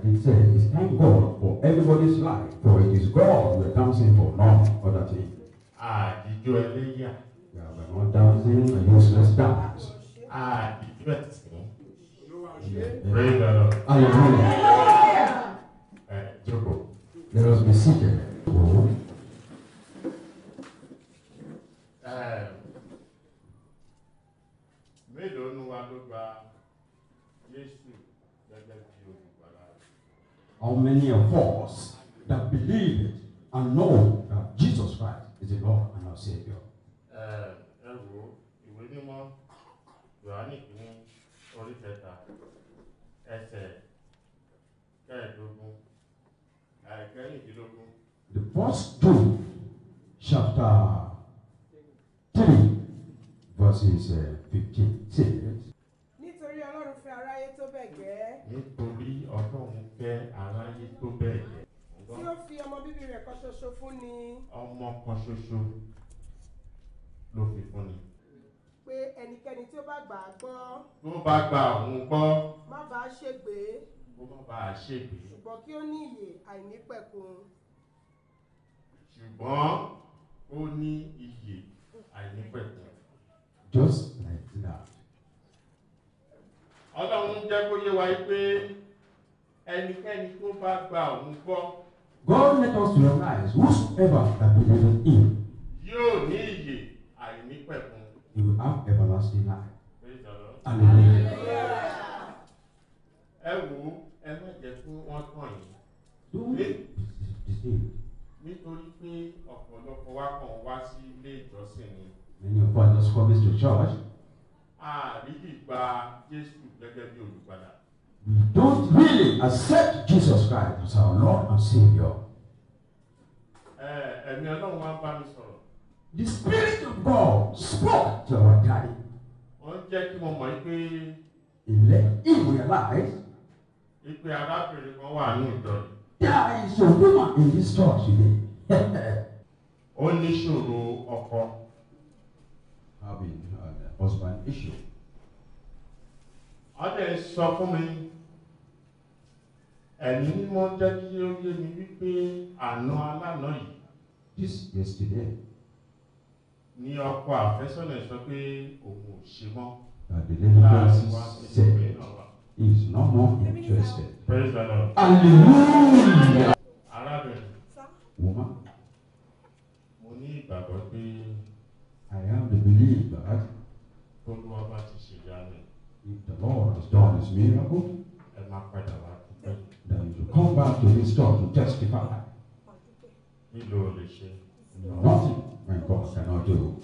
G: Like he says, thank God for everybody's life, for it is God we're dancing for, not other things. Ah,
H: Àdìjọ Yeah, We are
G: not dancing a useless dance.
H: Àdìjọ ẹ̀sìn. Praise the Lord. Hallelujah.
D: Ẹ jókòó. Let us be seated.
H: Mélòó nu
G: how many of us that believe it
H: and know that Jesus Christ is the Lord and our Savior? Eh, the first two, chapter 3, verses eh, 15. Nítorí Ọlọ́run fẹ́ aráyé tó bẹ́ẹ̀ gẹ́. Nítorí Ọlọ́run bẹ aráyé tó bẹ́ẹ̀ yẹ. tí
C: ó fi ọmọ bíbí rẹ̀ kan ṣoṣo fún ni.
H: ọmọ kan ṣoṣo ló fi fún ni.
C: pé ẹnikẹ́ni tí ó bá gbà á gbọ́.
H: tó bá gbà òun gbọ́.
C: má bàa ṣègbé.
H: ó má bàa ṣègbé. ṣùgbọ́n
C: kí ó ní ìyè àìnípẹ̀kun.
H: ṣùgbọ́n ó ní ìyè àìnípẹ̀kun.
L: just like that.
H: ọlọ́run jẹ́ kó yé wa pé ẹnikẹ́ni tó bá gba òun gbọ́. God let us realize whosoever that believes in him. Yóò ní ìyè àìnípẹ̀kun. He will have everlasting life. Hallelujah. Ẹ wò ẹ má jẹ́ kí wọ́n tàn yín. Don't be deceived. Nítorí pé ọ̀pọ̀lọpọ̀ wa kàn wá sí ilé ìjọsìn
G: ni. Many of us just come to church.
H: Àrídìgbà Jésù gẹ́gẹ́ bí olùgbàlà we don't really accept Jesus Christ as our Lord and Savior. Ẹ̀mí Ọlọ́run wá bá mi sọ̀rọ̀. The spirit of God spoke to our daddy. Ó ń jẹ́ kí wọ́n mọ̀ pé. Ilé ìwé aláàbẹ̀. Ìpè arábìnrin kan wà ní ìjọ.
G: There is a woman in this church today.
H: Only issue of Having a husband issue. Ọ̀dẹ̀ sọ fún ẹ̀mí mímọ́ jẹ́ kí mi wípé àná alánà yìí
J: this yesterday
H: ní ọkọ àfẹ́sọ́nà sọ pé òun ò ṣe mọ́ láàrin
G: wá sí ìpè náà wá. he is no more interested. hallelujah.
D: arábìnrin. woman. mo ní ìgbàgbọ́ pé. I am the believer.
G: Olúwa bá ti ṣèyá mi. If the Lord has done his miracle. Ẹ máa padà wá than to come back to his store to testify. Nothing when God cannot do.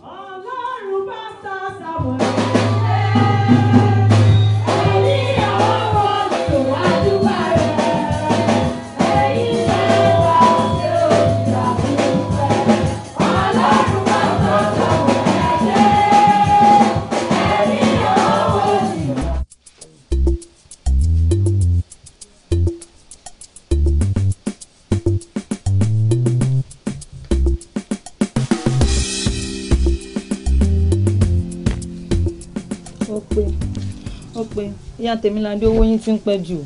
F: ìyá Tèmiládé owó yín ti ń pẹ́ jù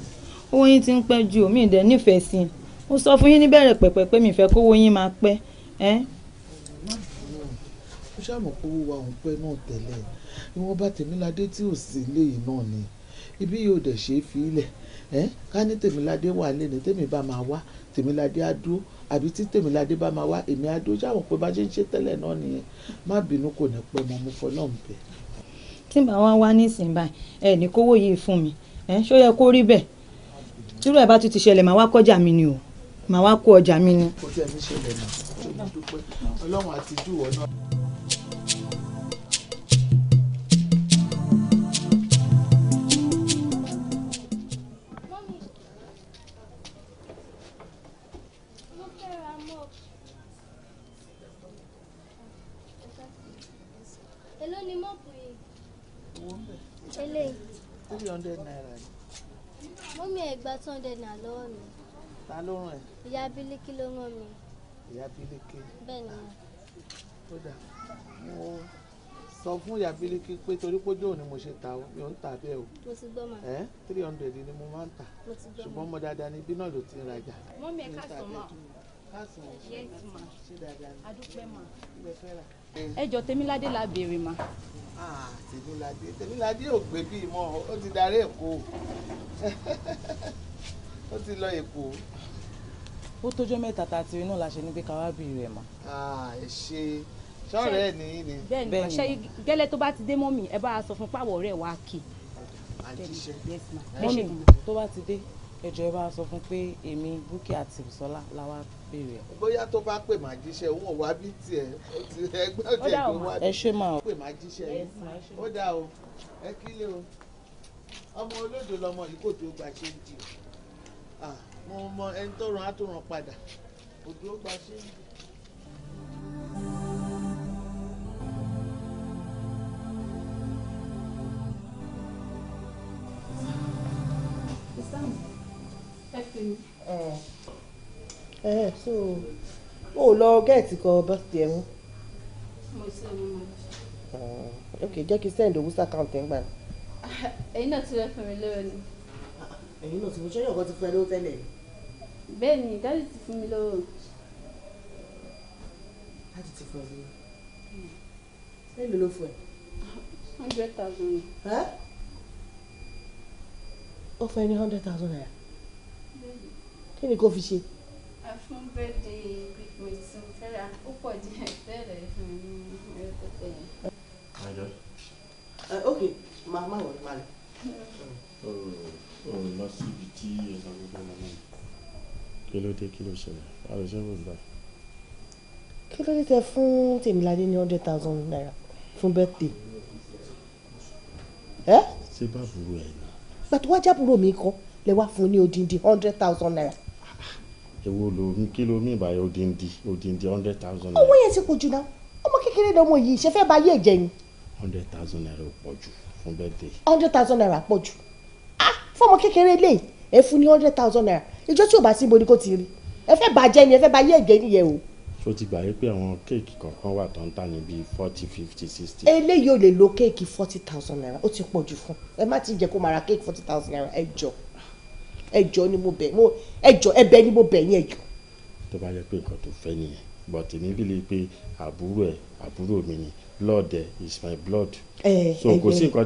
F: owó yín ti ń pẹ́ jù mí ìdẹ nífẹ̀ẹ́ sí i mo sọ fún yín níbẹ̀rẹ̀ pẹ̀pẹ̀ pé mi fẹ́ kówó yín máa pẹ́ ẹ́.
B: mo ṣàmọ̀ pé owó wa òun pẹ́ náà tẹ́lẹ̀ la Tèmiládé tí ò sí ilé yìí náà ni ibi yóò dẹ̀ ṣe é fi ilẹ̀ ẹ́ ká ní Tèmiládé wà lé ní tèmi bá máa wá Tèmiládé á dúró àbí tí Tèmiládé bá máa wá èmi á dúró ṣàmọ̀ pé bá ṣe ń ṣe tẹ́lẹ̀ náà nìyẹn má bínú kò ní pẹ́ mọ́ mo fọ́ náà ń bẹ̀ẹ́
F: tí bá wá wá nísìnyí báyìí ẹ ní kówó yìí fún mi ẹ ṣó yẹ kó rí bẹ́ẹ̀ tírú ẹ̀ bá tún ti ṣẹlẹ̀ màá wá kọjá mi ni o màá wá kó ọjà mi ni.
B: kò tí ní ṣẹlẹ̀ náà ọlọ́run àti júwọ́ náà. three hundred naira ni. mọ́mí
E: ẹ̀ gba two hundred naira lọ́wọ́ mi. ta ló ràn ẹ́. ìyá bílíkì ló ràn mí.
B: ìyá bílíkì. bẹ́ẹ̀ ni. ó dà mo sọ fún ìyá bílíkì pé torí pé jóò ni mo ṣe ta mi ò ń tà bẹ́ẹ̀ o.
C: mo ti gbọ́ ma. ẹ
B: three hundred ni mo máa ń tà.
C: mo ti gbọ́ ma ṣùgbọ́n mo
B: dáadáa ni ibi náà ló ti ń rajà. mọ́mí ẹ̀ ká sọ ma.
C: ká sọ dáadáa ni. adúpẹ́ ma. ibẹ̀
A: rà ẹjọ Tèmiládé la béèrè mà. Ah, Tèmiládé Tèmiládé
B: ò gbé bíi mọ ó ti darí Èkó ó ti lọ Èkó.
C: ó tójọ́ mẹ́ta tá a ti rí náà la ṣe ní pé ká wá béèrè mà.
A: Ah, ẹ ṣe sọ́ọ̀rẹ́ ẹ̀ nìyí ni. bẹ́ẹ̀ni ọ̀sẹ̀ gẹ́lẹ́ tó bá ti dé mọ́mì ẹ bá a sọ fún pàwọ̀ rẹ̀ wá kì.
B: àjíṣe mọ́mì tó bá ti dé ẹjọ́ ẹ bá sọ fún pé èmi Bukky àti Bùsọ́lá la béèrè bóyá tó bá pè má jíṣẹ́ òun ò wá bí tiẹ̀ ó ti ẹgbẹ́ òjẹ̀ tó wá bí tiẹ̀ pè má jíṣẹ́ ó dà o ẹ kílé o ọmọ olódò lọmọ yìí kò tó gbà ṣe ń di o mo mọ ẹni tó ràn á padà kò tó gbà ṣe ń di.
A: ẹ
C: eh. eh, so o lọ gẹẹti kọ bọọsì ẹ mú.
A: mo ṣe mú ma.
C: ok jẹ́ kí send owó sàkáǹtì ẹ̀ ń gbà.
A: ẹ̀yin náà ti rẹ̀ fún mi lọ́wọ́ ni.
C: ẹ̀yin náà ti fún sọ́yìn ọ̀gọ́ ti fún ẹ lówó tẹ́lẹ̀.
A: bẹ́ẹ̀ ni dájú ti fún mi lọ́wọ́.
C: dájú ti fún ẹ lówó. èlò ló fún ẹ.
A: hundred thousand.
C: ó fún ẹ ní hundred thousand naira kí ni kò fi ṣe.
A: a fún bẹ́ẹ̀dì pípẹ́sì fẹ́ra ó pọ̀ díẹ̀ fẹ́rẹ̀ fún ẹ̀ẹ́dẹ́gbẹ̀rẹ̀.
H: àjọ.
C: ok màá má wọlé má lọ.
H: o lọ síbi tí ẹ̀sán gbogbo ọmọ náà kí ló dé kí ló ṣẹlẹ̀ àlùsẹ́ wò gbà.
C: kí ló dé tẹ fún tèmíládé ní hundred thousand naira fún bẹ́ẹ̀dì.
H: ṣé bá burú ẹ̀ ni.
C: gbàtọ́ wájà burú mi kọ́ lẹ wá fún ní odindi hundred thousand naira
H: èwo ló mi kí ló mi ìbàyẹ̀ odindi odindi hundred thousand naira. owó
C: yẹn ti pọ̀ jù náà ọmọ kékeré lọmọ yìí ṣe fẹ́ bá yé ẹ̀jẹ̀ ni.
H: hundred thousand naira ò pọ̀ jù fún birthday.
C: hundred thousand naira pọ̀ jù ah fọmọ kékeré lè ẹ fún ní hundred thousand naira ìjọ tí ò bá sí ibo ni kò ti rí ẹ fẹ́ bàjẹ́ ni ẹ fẹ́ bá yé ẹ̀jẹ̀ nìyẹn o
H: tó ti gbà yí pé àwọn kéèkì kọ̀ọ̀kan wà tó ń tà ní bíi forty fifty sixty. eléyìí
C: ò lè lo ẹjọ́ ni mo bẹ̀ mo ẹjọ́ ẹ̀bẹ̀ ni mo bẹ̀ yín ẹjọ́.
H: tó bá yẹ pé nǹkan tó fẹ́ nìyẹn but èmi bí lè pe àbúrò ẹ àbúrò mi ni blood is my blood. so kò sí nǹkan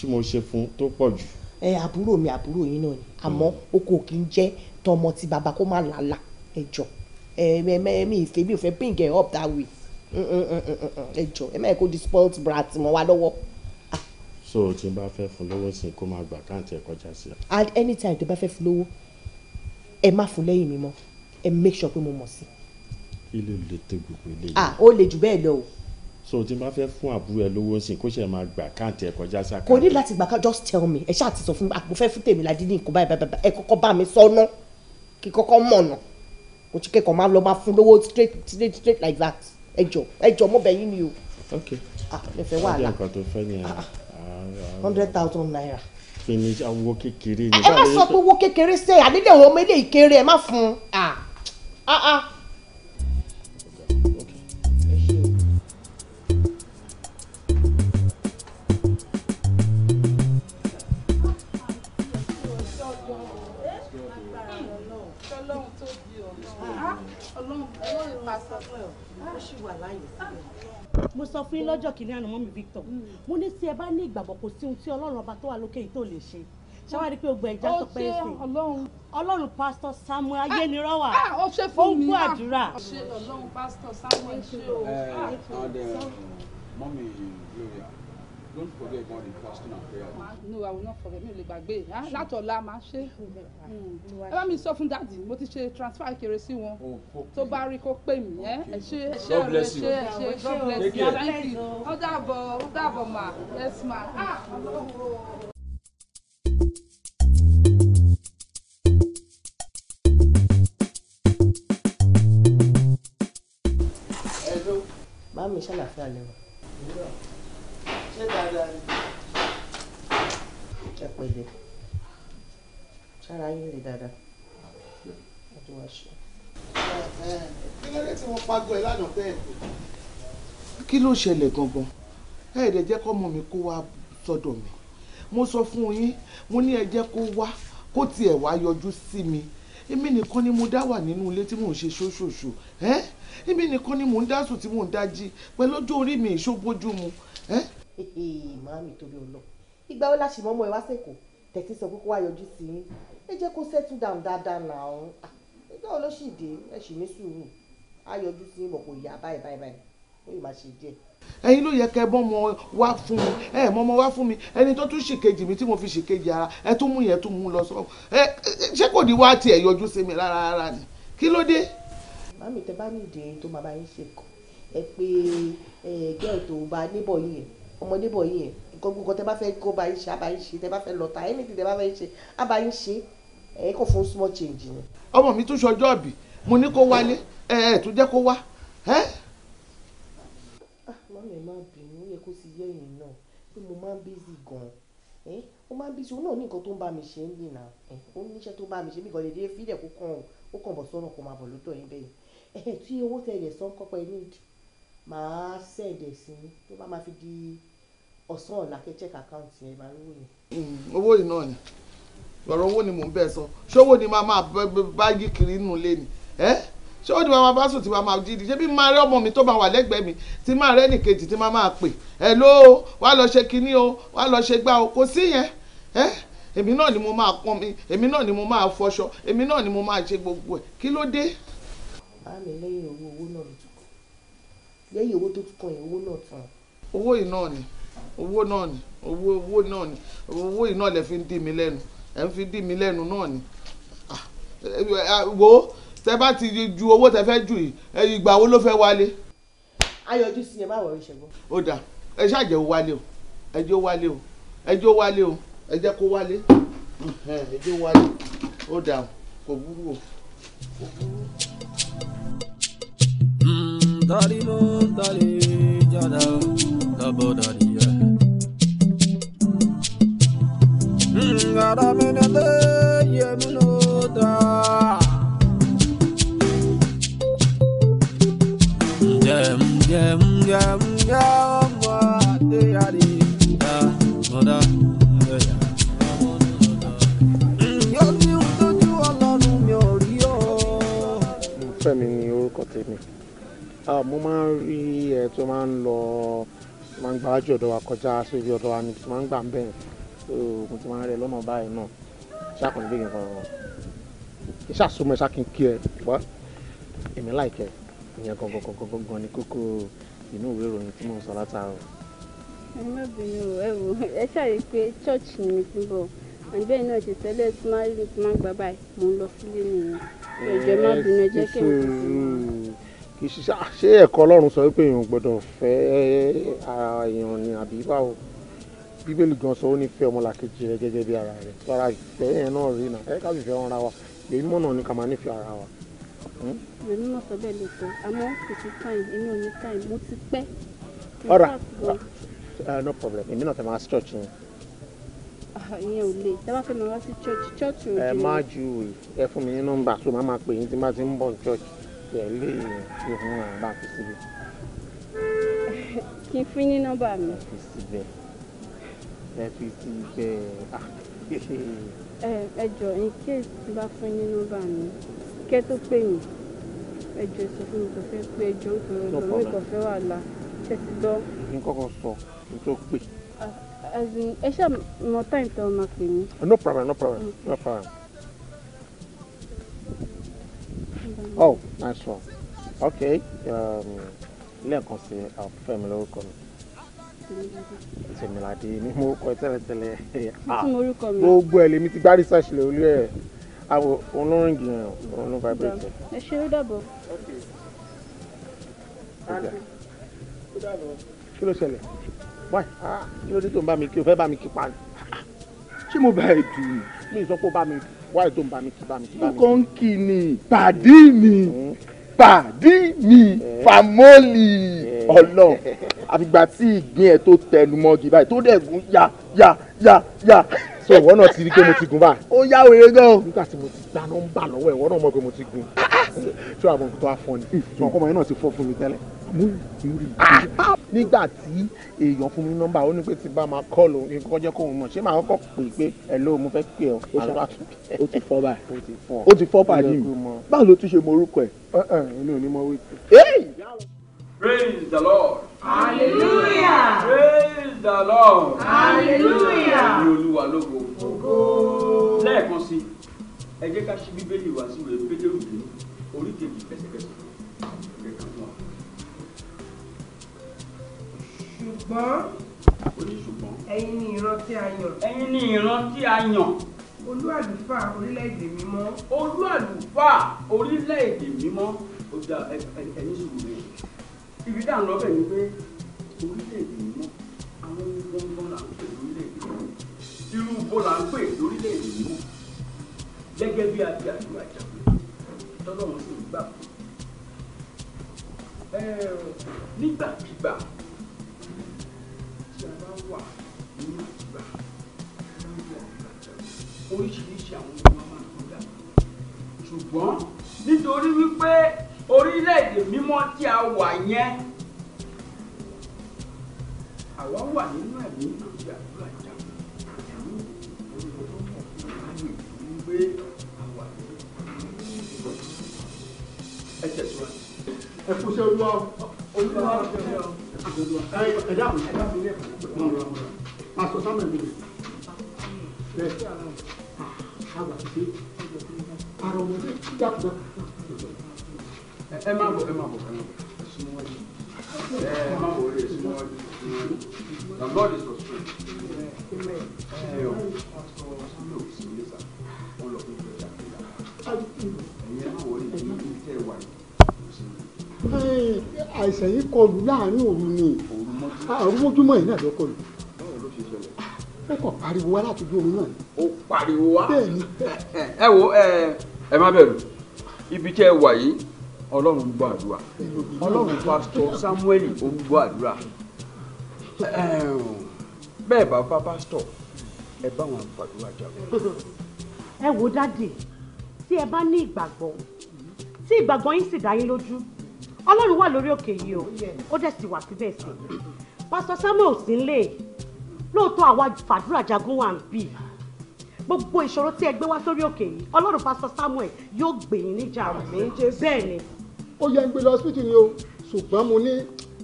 H: tí mo ṣe fún tó pọ̀ jù.
C: ẹ àbúrò mi àbúrò yín náà ni àmọ́ hmm. o kò kí ń jẹ́ tọmọ ti bàbá kó má làálà ẹjọ́ mi ìfẹ́ mi ò fẹ́ bring it up that way mm, mm, mm, ẹjọ́ ẹ má yẹ kó di spoilt brat mọ́ wa lọ́wọ́
H: so tí n bá fẹ́ fún lówó sí kó máa gbà káàntì ẹ̀ kọjá sí.
C: at any time tó bá fẹ́ fún lówó ẹ má fún lẹ́yìn mi mọ́ ẹ make sure pé mo mọ̀ sí.
H: ilé ò lè tẹ gbogbo ilé ah ó lè jù bẹ́ẹ̀ lọ o. so tí n bá fẹ́ fún àbúrò ẹ lówó sí kó ṣe máa gbà káàntì ẹ̀ kọjá sí. kò ní
C: láti gbà ká just tell me ẹ ṣáà ti sọ fún mi àpò fẹ́ fún tèmi ládé ní nǹkan ẹ kọ́kọ́ bá mi sọ́nà kí kọ́kọ́ mọ̀nà kò tí kẹ́kọ̀ọ́ máa lọ máa fún lówó straight straight straight like that ẹ jọ mọ́bẹ̀yìn ni o. ok ah, ah hundred thousand naira.
H: finish awo kékeré ni. ẹ má sọ pé
C: owó kékeré sẹ́yìn àdédéwọ̀n ọmọ eléyìí kéré ẹ má
I: fún un. Ah, ah, ah.
C: ọlọ́run tó di ọ̀nà ọlọ́run ìpàṣẹ fún ẹ̀ ó sì wà láyé síbẹ̀. mo sọ fún yín lọ́jọ́ kìíní àná mọ́mí Victor mo ní tí ẹ bá ní ìgbàgbọ́ kò sí ohun tí ọlọ́run ọba tó wà lókè yìí tó lè ṣe ṣáwárí pé ogun ẹja sọ pé ẹ sè ọlọ́run pásítọ̀ Samuel
A: Ayénirọ́wà ah, ó ń gbọ́ àdúrà. Ah, ọlọ́run pásítọ̀ Samuel ṣe o. ọdẹ eh,
G: mọ́mí Gloria don't forget about the fasting and prayer.
A: no i will not forget mi ò lè gbàgbé ah, látọ̀la máa ṣe mm. ẹ bá mi sọ fún dáàdì mo ti ṣe transfer kéré sí wọn oh, tó bá rí kó pè mí ẹ ẹ ṣe ẹ ṣe ẹ ṣe ẹ ṣe god bless you thank you ó dàbọ̀ ó dàbọ̀ ma yes ma ah
C: I Báwo ni ṣàlàfíà lẹ́wọ̀?
B: ṣé dáadáa ni.
C: ẹ pẹ̀lẹ́ sára yín lè dáadáa
B: ọdún wa ṣe. kí ló dé tí wọ́n pagọ́ ẹ lánàá bẹ́ẹ̀ kò. kí ló ṣẹlẹ̀ gangan ẹ̀ẹ́dẹ̀ jẹ́ kọ́mọ mi kó wá sọ́dọ̀ mi mo sọ fún yín mo ní ẹ jẹ́ kó wá kó tiẹ̀ wá yọjú sí mi èmi nìkan ni mo dá wà nínú ilé tí mò ń ṣe ṣóṣòṣò ẹ́ èmi nìkan ni mò ń dá sùn tí mò ń dá jí pẹ̀lú mi ìṣóbójú mu
C: màámi torí ọlọ ìgbà wo la ṣì mọ́mọ́ ẹ wá sẹ́kọ̀ tẹ̀sí sọ pé kó wá yọjú sí yín ẹ jẹ́ kó settle down dáadáa nà ọ́n ẹgbẹ́ wo ló sì dé ẹ sì ní sùúrù á yọjú sí yín bọ̀ kò yá báyìí báyìí báyìí ó yìí máa ṣe díẹ̀
B: ẹ̀yin ló yẹ kẹ bọmọ wá fún mi ẹ mọmọ wá fún mi ẹni tó tún ṣìkejì mi tí mo fi ṣìkejì ara ẹ tún mú yẹn tún mú lọ sọ ẹ ṣé kò ní wá tiẹ̀ yọjú sí mi rárá rárá ni kí ló dé. màmí tẹ bá ní ìdè tó máa bá yín ṣe kọ ẹ pé
C: ẹ gẹ́ẹ̀ tó bá níbọ̀ yìí yẹn ọmọdé bọ̀ yìí yẹn nǹkan gbogbo tẹ bá fẹ́ kó bá yín ṣe àbá yín ṣe tẹ bá fẹ́ lọ́ta anything tẹ bá fẹ́ ṣe àbá yín ṣe ẹ̀ kò fún small change ni.
B: ọmọ mi tún ṣọjọ́ ọ̀bì mo ní kó wálé ẹ ẹ tún jẹ́ kó wá. Ah,
C: mọ́mí má bínú yẹ kó ti yẹ yẹn náà pé mo máa ń bízì gan-an ó máa ń bízì òun náà ní nǹkan tó ń bá mi ṣe ń dì ó níṣẹ́ tó bá mi ṣe mí gan lè dé fídẹ̀ kó kàn ó kàn bọ̀ sọ́nà kó máa bọ̀ lọ́dọ̀ yín bẹ́yìn tí owó tẹ̀lé sọ́ńkọ́pẹ́ ní ìdí màá send ẹ̀ sí yín tó bá máa fi di ọ̀sán ọ̀la kẹ́ check account yẹn ìbá owó yẹn.
B: Mm, owó yìí náà ni lọ́rọ̀ owó ni mò ń bẹ́ẹ̀ sọ ṣówó ni màá máa bá yí kiri nù lé ni ẹ́ ṣówó ni màá bá sùn tí màá máa jí di ṣé bí máa rẹ ọmọ mi tó máa wà lẹ́gbẹ̀ẹ́ mi tí máa rẹ́ nìkejì tí máa máa pè ẹ̀ ló wá lọ ṣe kinní o wá lọ ṣe gbá o kò sí yẹn ẹ́ èmi náà ni mo máa pọn mi èmi náà ni mo máa fọṣọ èmi náà ni mo máa ṣe gbogbo ẹ̀ kí ló dé. báàmì lẹ́yìn owó owó náà lẹ́yìn owó tó tún kan yẹn owó náà tán. owó yìí náà ni owó náà ni owó owó náà ni owó yìí náà lẹ fi ń dì mí lẹ́nu ẹ ń fi dì mí lẹ́nu náà ni ah, wo tẹ bá ti ju owó tẹ fẹ́ jù yìí ìgbà wo ló fẹ́ wálé.
C: ayọ̀jú sí yẹn báwo ìṣẹ̀gbọ́n.
B: ó dà ẹ ṣáàjẹ́ ó wálé o ẹ jẹ́ ó wálé o ẹ jẹ́ ó wálé o ẹ jẹ́ kó wálé ẹ jẹ́ ó wálé ó dà kò burú o kò burú. ظالم ظالم
E: جدا لبودانية غدا من دي منودا جم جم جم جم ودياري دا ودا
I: Fẹ́mi ni orúkọ tèmi. Ah, mo máa ń rí ẹ tó máa ń lọ máa ń gba ájú ọ̀dọ̀ wa kọjá síbi ọ̀dọ̀ wa níbi tí máa ń gbà ń bẹ̀rẹ̀ so mo ti máa ń rẹ lọ́nà báyìí náà ṣàkùnrin bí nǹkan ọ̀rọ̀ ìṣàsomọ̀ ìṣàkínkí ẹ wá èmi láìkẹ́ ìyẹn gangan gangan gangan ni kókó inú ìwé ìròyìn tí mò ń sọ látàárọ̀.
A: ẹ má pé ṣọ́ọ̀ṣì ni mi ti bọ̀ àgbẹ̀ náà ti tẹ́lẹ̀ tí máa ń gbà báyìí mò ń lọ sílé
I: nìyẹn ẹ̀jọ̀ kì í ṣiṣẹ́ ah, ṣé ẹ̀kọ́ ọlọ́run sọ wípé èèyàn gbọ́dọ̀ fẹ́ ara èèyàn ni àbí báwo bíbélì gan sọ ó ní fẹ́ ọmọlàkejì rẹ gẹ́gẹ́ bí ara rẹ lára ìfẹ́ yẹn náà rí náà ẹ káàbì fẹ́ wọn ra wa èyí mọ̀nà ni ká máa nífẹ̀ẹ́ ara wa. Hmm?
A: èmi náà sọ bẹ́ẹ̀ lè tó àmọ́ kò sí time èmi ò ní time mo ti pẹ́. ọ̀rà ah,
I: ah, no problem èmi náà fẹ́ máa church yẹn.
A: ìyẹn ò lè tẹ́ fẹ́ máa wá sí church church ò jù. ẹ má
I: ju ẹ fún mi ní nọ́mbà tó máa máa pè yín tí má ti ń bọ̀ church tẹ̀lé ìrìn àbá fi síbẹ̀.
A: kí n fún ní nọ́mbà mi. ẹ
I: fi síbẹ̀ ẹ fi síbẹ̀
A: ẹ jọ in case tí bá fún ní nọ́mbà mi kẹ́ tó pè yín ẹ jọ sọ fún mi kò fẹ́ pé ẹjọ́ òtòrò ọjọ́ mi kò fẹ́ wà lá ẹ ti gbọ́.
I: n kọ́kọ́ sọ n tó pè.
A: ẹ ṣáà mọ táyì máa pè mí.
I: no problem no problem no problem. oh nice one okay um, lẹ́ẹ̀kan sí uh, Fẹ́mi lórúkọ mi Tèmiládé ni mo kọ tẹ́lẹ̀tẹ́lẹ̀
A: ah, gbogbo
I: ẹ̀ lèmi ti gbá research lè olú ẹ̀ àwọ̀ olórin gìyàn òun ló vibrate.
A: ẹ ṣe ló dàbọ̀.
I: kí ló ṣẹlẹ̀ wáì ah, kí ló dé tó ń bá mi kí o fẹ́ bá mi kí pa ni ah,
L: ṣé mo bá ẹ dùn mí sọ pé ó bá mi dùn wáyé tó ń bá mi kí bá mi kí bá mi. nǹkan kì í ni pàdí mi pàdí mi fàmọ́lì ọlọ́run àfìgbà tí ìgbín ẹ̀ tó tẹnu mọ́gi báyìí tó dẹ̀ gún ya ya ya ya so ìwọ náà ti rí pé mo ti gun báyìí. ó yá wèrè gan. nígbà tí mo ti gba nọ́mbà lọ́wọ́ ẹ̀ ìwọ náà mọ̀ pé mo ti
I: gun. tí wàá mọ̀ nǹkan tó wá fọ́ ni tí wọn kọ́ mọ̀ ti fọ́ fún mi tẹ́lẹ̀. Ah! nígbà tí èèyàn fún mi nọ́mbà ó ní pé tí bá máa kọ́ọ̀lù nǹkan jẹ́ kóun mọ̀ ṣé màá kọ́kọ́ pè pé hello mo fẹ́ pè ọ́ ó ti fọ́ báyìí ó ti fọ́ báyìí
L: báwo ló tún ṣe mọ orúkọ ẹ̀. inú ò ní mọ wí.
G: Praise the Lord. Hallelujah. Praise the Lord. Hallelujah. Ní Olúwa lógo. Lẹ́ẹ̀kan sí, ẹ jẹ́ ká ṣí Bíbélì wá sí ìwé Pétérù orí kejì pẹ̀sẹ̀pẹ̀sẹ̀. ṣùgbọ́n oníṣùgbọ́n ẹ̀yin ni ìran tí a yàn. ẹ̀yin ni ìran tí a yàn. olú àlùfáà orílẹ̀-èdè mímọ́. olú àlùfáà orílẹ̀-èdè mímọ́ ọjà ẹ̀yin sùn rẹ̀. ibi tá à ń lọ bẹ̀ ni pé orílẹ̀-èdè mímọ́ àwọn gbọ́ngbọ́n là ń pè lórílẹ̀-èdè mímọ́ irú bó là ń pè lórílẹ̀-èdè mímọ́ gẹ́gẹ́ bí adé àdúrà ìjàpè tọ́lọ́run sì ń gbà nígbàkigbà wà ní àdúrà lórí ọ̀rọ̀ oríṣiríṣi àwọn ọmọ máa ń gbọ́dọ̀ ṣùgbọ́n nítorí wípé orílẹ̀-èdè mímọ́ tí a wà yẹn àwa wà nínú ẹ̀mí àti àdúrà ìjà ẹ̀mí olùkọ́ tó pọ̀ láàyè wípé àwa ẹ̀ tẹ̀síwájú. ẹ kú sí olúwa olúwa ọ̀sẹ̀ rẹ̀ ẹ dáhùn ẹ dáhùn ilé ẹ̀kọ́ The
D: Lord is your strength.
G: Ẹ
K: àìsàn yìí kọlù láàrin òru ni àrùmọ́júmọ́ yìí náà ló kọlù ó ah, kàn pariwo wá láti
G: ojú oorun náà. ó pariwo wá ẹ wo ẹ má bẹ̀rù ibi tí ẹ wà yìí ọlọ́run gbọ́ àdúrà ọlọ́run pásítọ̀ Samuel ó gbọ́ àdúrà bẹ́ẹ̀ bá bá pásítọ̀ ẹ bá wọn gbàdúrà jáde.
C: ẹ wo dáàdì tí ẹ bá ní ìgbàgbọ́ tí ìgbàgbọ́ yín sì dá yín lójú ọlọ́run wà lórí òkè yìí o ó dẹ̀ sì wà síbẹ̀ sí pásítọ̀ samuel sí lè lóòótọ́ àwa fàdúrà jagun wà ń bì gbogbo ìṣòro tí ẹ gbé wá sórí òkè yìí ọlọ́run pásítọ̀ samuel yóò gbè yín níjà
K: mi bẹ́ẹ̀ ni. ó yẹ ń gbé lọ ọsibítù ni o ṣùgbọ́n mo ní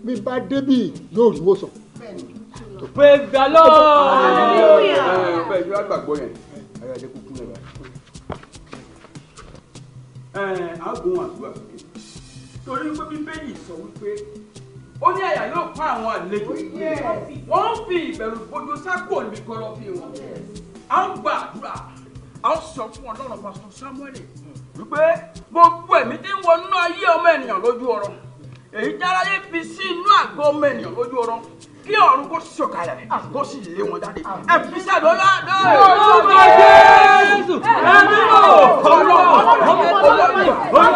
K: bí bá débì yóò rí wòsàn.
D: praise the lord. bẹ́ẹ̀ ni
G: wọ́n gbàgbọ́ yẹn ayọ̀ adé kúkú náà. ẹ̀ ẹ́ àgùn àdúrà torí pé bíbélì sọ wípé ó ní àyà yóò pa àwọn àlejò wọ́n ń fi ìbẹ̀rù gbójú sákò níbi kọ́rọ́ fi wọn à ń gba àdúrà à ń sọ fún ọlọ́run pásítọ̀ Samuel wípé gbogbo ẹ̀mí tí ń wọnú ayé ọmọ ènìyàn lójú ọ̀rọ̀ èyí járáyé fi sí inú àgọ́ ọmọ ènìyàn lójú ọ̀rọ̀ kí ọ̀run kó sọ̀kalẹ̀ kó sì lé wọn jáde ẹ fi sàdó ládé. olùkọ́ jésù ẹ̀mí o ọlọ́wọ́ ọlọ́wọ́ ọlọ́wọ́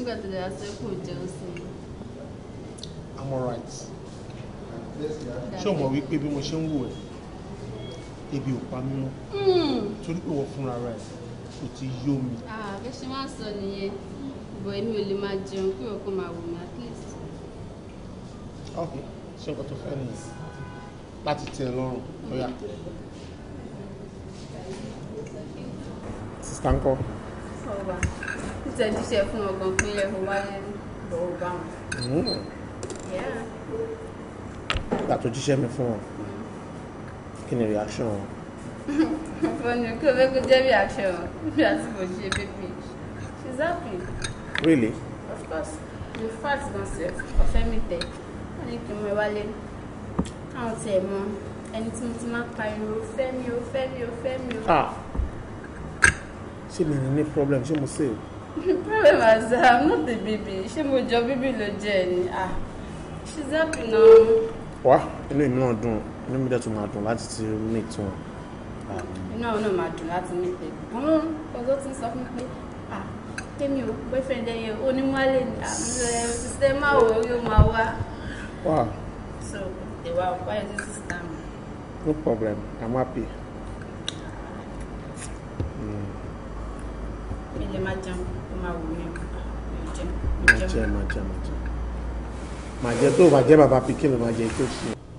A: nígbà tó dára sọ kò jẹun sí i.
I: I'm alright. ṣé o mọ̀ wípé bí mo ṣe ń wò ẹ́ ebi ò pa mí mọ́ hmm. torí pé wọ́n fúnra rẹ̀ kò ti yó mi.
A: bẹ́ẹ̀ ṣe máa ń sọ nìyẹn bọ̀ èmi ò lè máa jẹun kí ọkọ máa wò mí at
D: least.
I: ok ṣé nǹkan tó fẹ́ nìyẹn láti tẹ́ ẹ lọ́rùn lọ́yà. sista ń kọ́.
A: ọba títẹ̀ jíṣẹ́ fún ọgbọ̀n pé ẹ̀ wá lọ́wọ́ bá wọn.
I: Hmm. ìgbà tó jíṣẹ́ mi fún wọn kí ni reaction wọn.
A: fọnù kí o fẹ́ kó jẹ́ reaction wọn níbi àti ṣe baby she's happy. really. of course in fact gan sef ọ̀fẹ́ mi tẹ̀ wọ́n ní kí n mọ ẹ wálé káwọn tiẹ̀ mọ ẹni tí mo ti máa pariwo fẹ́ mi o mi o mi ah
I: ṣé mi ní problem ṣé mo ṣe o.
A: problem as i'm not a baby ṣé mo jọ bíbí ló jẹ ẹ ni ah she's happy now.
I: wá inú mi náà dùn inú mi dẹ̀ máa dùn láti ti meet wọn.
A: Um, inú àwọn náà máa dùn láti meet ẹ gan-an ọjọ́ tí ń sọ fún mi pé kémi ò boyfriend ẹ yẹn onímọ̀lẹ́ ni àmúlẹ̀ ṣiṣẹ́ máa wọ orí ó máa wá. wà á. so ìwà ọ̀pá ẹ̀ ṣe sísá mi.
I: no problem i'm happy. Hmm.
A: mi lè máa jẹun ó máa wù mí mi máa jẹ
I: máa jẹ máa jẹ máa jẹ tó bá jẹ bàbá pikin ló máa jẹ tó sí i.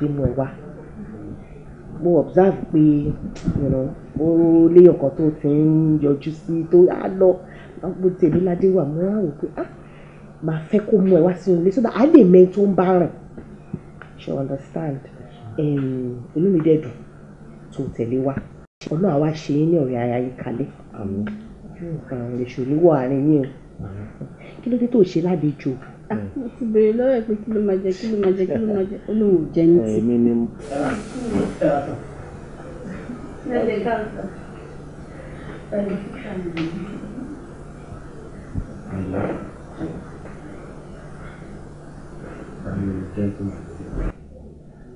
C: bímọ wa mo observe pé ó léyàn kan tó ti ń yọjú sí tó á lọ mo tèmi ládé wà mo á wò pé ah màá fẹ́ kó mú ẹ wá sínú ilé so that a lè mẹ tó ń bá rìn ṣe understand inú mi dẹ̀ dùn tó tẹ̀lé wa ọ̀nà àwa ṣe é ní ọ̀rẹ́ ara yìí kalẹ̀ èṣù níwọ̀ àárín yìí o kí ló dé tó ṣe ládejò
A: mo ti béèrè lọ́wọ́ ẹ̀ pé kí ló máa jẹ kí ló máa jẹ kí ló máa jẹ ó lóun ò jẹ ní ti. èmi ni mo.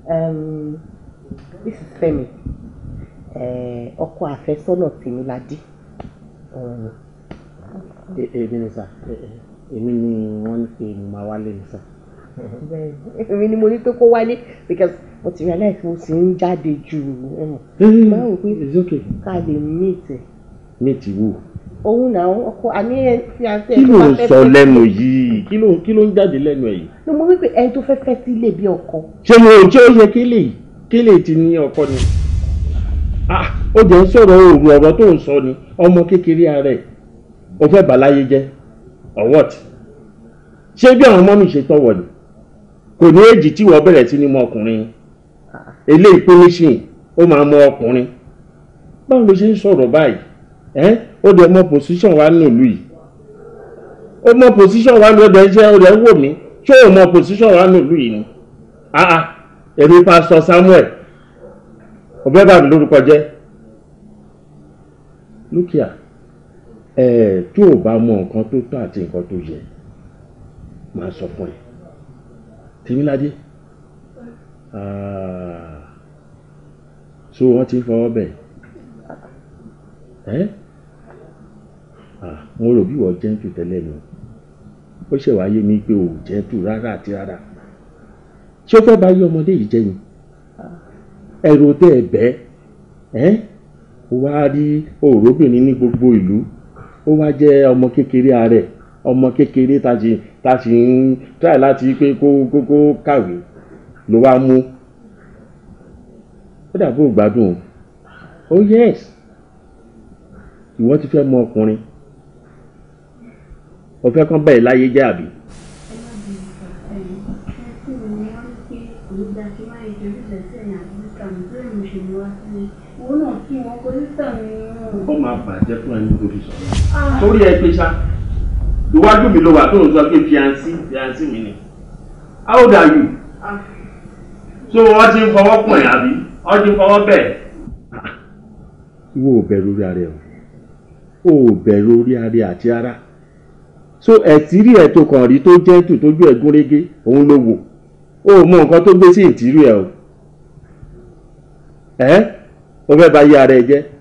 C: Um, this is Femi eh, ọkọ àfẹ́sọ́nà tèmi la dí.
I: èmi ni sà èmi ni wọ́n ní pé mo máa
H: wálé nìkan.
C: èmi ni mo ní pé kó wálé because
I: mo ti realize mo sì ń
C: jáde jù hmm. báwo pé ká lè meet ẹ. meet who. òun náà ọkọ àní ẹni tí a fẹ́. kí ló ń sọ
H: lẹ́nu yìí kí ló kí ló ń jáde lẹ́nu ẹ̀ yìí.
C: ni mo wí pé ẹni tó fẹ́ fẹ́ sí ilé bí ọkọ.
H: ṣé mo ṣé ó yẹ kélé kélé ti ní ọkọ ni ah, ó jẹ́ ń sọ̀rọ̀ òru ọ̀rọ̀ tó ń sọ ni ọmọ kékeré ara ẹ̀ ó fẹ́ bàláyé jẹ́ or what ṣé bí àwọn mọ́mì ṣe tọ́wọ̀ ni kò ní èjì tí wọ́n bẹ̀rẹ̀ sí ní mọ ọkùnrin eléyìí pé nísìnyí ó máa mọ ọkùnrin báwo ló ṣe ń sọ̀rọ̀ báyìí ẹ́ ó dẹ̀ mọ position wa nílùú yìí ó mọ position wa lọ́dọ̀ ẹ jẹ́ ọ̀rẹ́ wò mí ṣé ó mọ position wa nílùú yìí ni àà èmi pásítọ̀ Samuel ọ̀bẹ́ bàbá lórúkọ jẹ́ lókìá ẹ tí ò bá mọ nǹkan tó tọ́ àti nǹkan tó yẹ máa sọ fún ẹ tèmíládé ah. so wọ́n ti ń fọwọ́ bẹ̀ ẹ́ ah, mo rò bí wọ́n jẹ́ńtù tẹ́lẹ̀ ni ó ṣe wáyé mi pé ò jẹ́ńtù rárá àti rárá ṣé ó fẹ́ bá yí ọmọdé yìí jẹ́ ni ẹ̀rọ tẹ́ ẹ bẹ́ ẹ́ wá rí òróbìnrin ní gbogbo ìlú ó wá jẹ́ ọmọ kékeré ààrẹ ọmọ kékeré tá a sì ń try láti pé kó kó kó kàwé ló wá mú ó dàbí ò gbádùn o oh yes ìwọ ti fẹ́ mọ ọkùnrin o fẹ́ kán báyìí láyé jẹ́ àbí.
A: ìgbà
D: náà kí wọn kó sísà mi ó máa
H: bàjẹ́ fún ẹni tó fi
D: sọ̀rọ̀ torí
H: ẹ pé ṣá ìwájú mi ló wà tó ń sọ pé fiancé fiancé mi ni how old are you so wọ́n ti ń fọwọ́ pọ̀ ẹ̀ àbí wọ́n ti ń fọwọ́ bẹ̀. wo bẹ̀rù orí ara o ò bẹ̀rù orí ara ẹ̀ àti ara so ẹ̀tírí ẹ̀ tó kàn rí tó jẹ́ tù tójú ẹ̀ gúnrégé òun ló wò o ò mọ nǹkan tó gbé sí ìtìrú ẹ̀ o ẹ̀ o fẹ́ bà yí ara ẹ jẹ́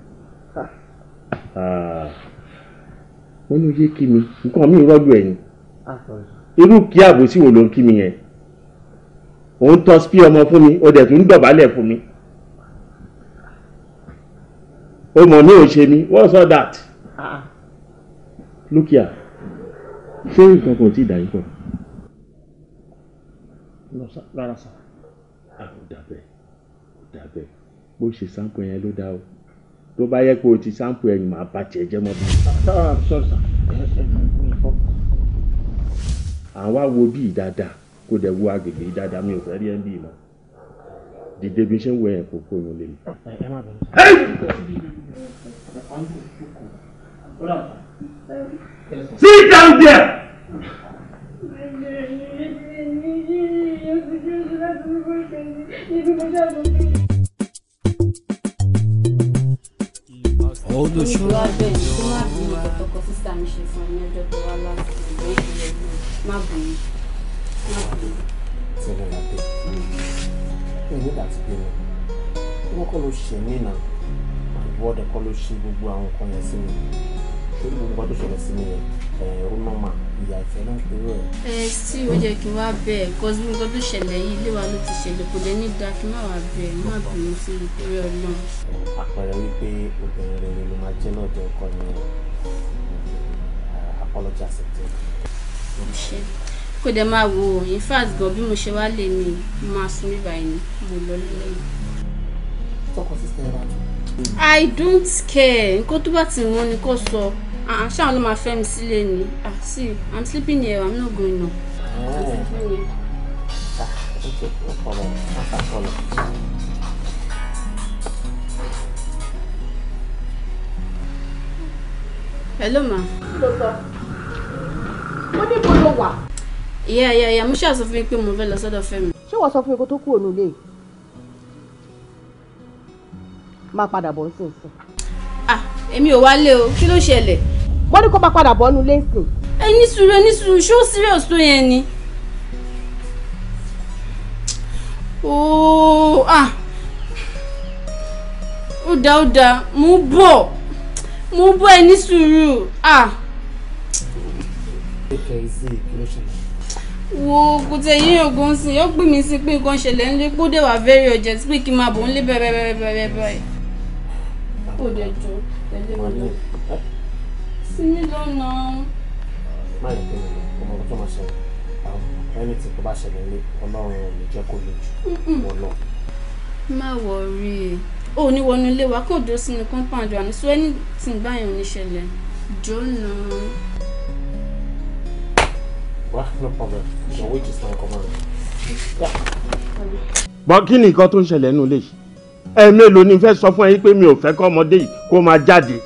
H: wọ́n ah. ní oyé kí mi nǹkan mi rọ́jú ẹ̀ ni ah, irú kí ààbò sí wo ló ń kí mi yẹn òun tọ́ sí ọmọ fún mi ó dẹ̀ tún ń dọ̀bálẹ̀ fún mi ó mọ̀ mí ò ṣe mi what's all that ah. look here ṣé nǹkan kan ò tí ì dà yín pọ̀.
I: rárá sá. àwọn ò dà bẹ́ẹ̀
H: ò dà bẹ́ẹ̀ bó ṣe sáńpọ̀ yẹn ló dá o tó bá yẹ pé o ti sampo ẹ̀yìn máa bá tiẹ̀ jẹ́ mọ́ bí. Ah, àwa wo bíi dáadáa kó dẹ̀ wo agbègbè yìí mi ò fẹ́ rí ẹ́ bíi mọ́ dìde bí ṣe ń wọ ẹ̀kọ́ kó yín lé
D: Sit down there. Thank you. olóṣù. ìlú abẹ́ ní kó má
A: bí nǹkan tọkọ sísá mi ṣe fún ní ọjọ́ tó wá láti ìlú ìlú má bù
I: má bù mí. tẹ̀lé lábẹ́ mi mi wọ́n kọ́ ló ṣe mí náà àìwọ́dẹ ló ṣe gbogbo àwọn nǹkan yẹn sí mi gbogbo nǹkan tó ṣẹlẹ̀ sí mi yẹn ẹ̀ẹ́rú eh, nọ́mà ìyàtọ̀ náà kúrò
A: ẹ sí ó yẹ kí n wá bẹ kọ́sí nǹkan tó ṣẹlẹ̀ yìí ilé wa ló ti ṣẹlẹ̀ kò dẹ̀ ní da kí n má wá bẹ má bínú
I: sí ìtòrí ọlọ́run. àpẹẹrẹ wípé obìnrin rere ló máa jẹ́ náà jẹ́ ọkọ ni apology accepted.
A: kò dẹ̀ máa wò ó in gan bí mo ṣe wá lè ní mo máa sun bíbá ẹni mo lọ lẹ́yìn. tọkọ sísè rà. I don't care nǹkan tó bá ti wọ́n ni kò sọ. So Ah, uh ṣáà ló máa fẹ́ mi Ah, see, I'm sleeping here, I'm not going now. Oh. I'm sleeping here.
I: Ah, okay, no
A: Hello, ma. Hello, sir. Wọ́n ní kó yeah, yeah. Ìyá ìyá ìyá mo ṣáà sọ fún mi pé mo fẹ́ lọ sọ́dọ̀ Fẹ́mi. Ṣé wọ́n sọ fún mi kó tó kúrò nílé yìí? Máa padà bọ̀ Ah, èmi ò wálé o, kí ló ṣẹlẹ̀? wọ́n ní kó máa padà bọ́ nu lẹ́sìn. ẹ ní sùúrù ẹ ní sùúrù ṣé serious tó yẹn ni. ooo ah ó dá ó dá mò ń bọ̀ mò bọ̀ ẹ ní sùúrù ah. wo kò tẹ yín ọgọ́ sí i ó pè sí pé nǹkan ṣẹlẹ̀ ńlẹ́ kó dẹ̀ wá very urgent pé kí n máa bọ̀ ńlẹ́ bẹ́ẹ̀ bẹ́ẹ̀ bẹ́ẹ̀ bẹ́ẹ̀ báyìí. ó sí yín lọ́nà.
I: má yẹ kí ni ọmọ ọdún tó máa ṣe ẹni tí kò bá ṣẹlẹ̀ lé ọlọ́run ò ní jẹ́ kó lè
A: jù wọ́n lọ. má wọrí o ò ní wọnú ilé wa kó dúró sínú compound wa ní so ẹni tí ń báyìí ò ní ṣẹlẹ̀ jóná.
I: wá no problem your
H: wage is my command. bọ́ kí ni nǹkan tó ń ṣẹlẹ̀ nínú ilé yìí ẹ̀ẹ́mẹ́lò ni fẹ́ sọ fún ẹ yín pé mi ò fẹ́ kọ́ ọmọdé yìí kó máa jáde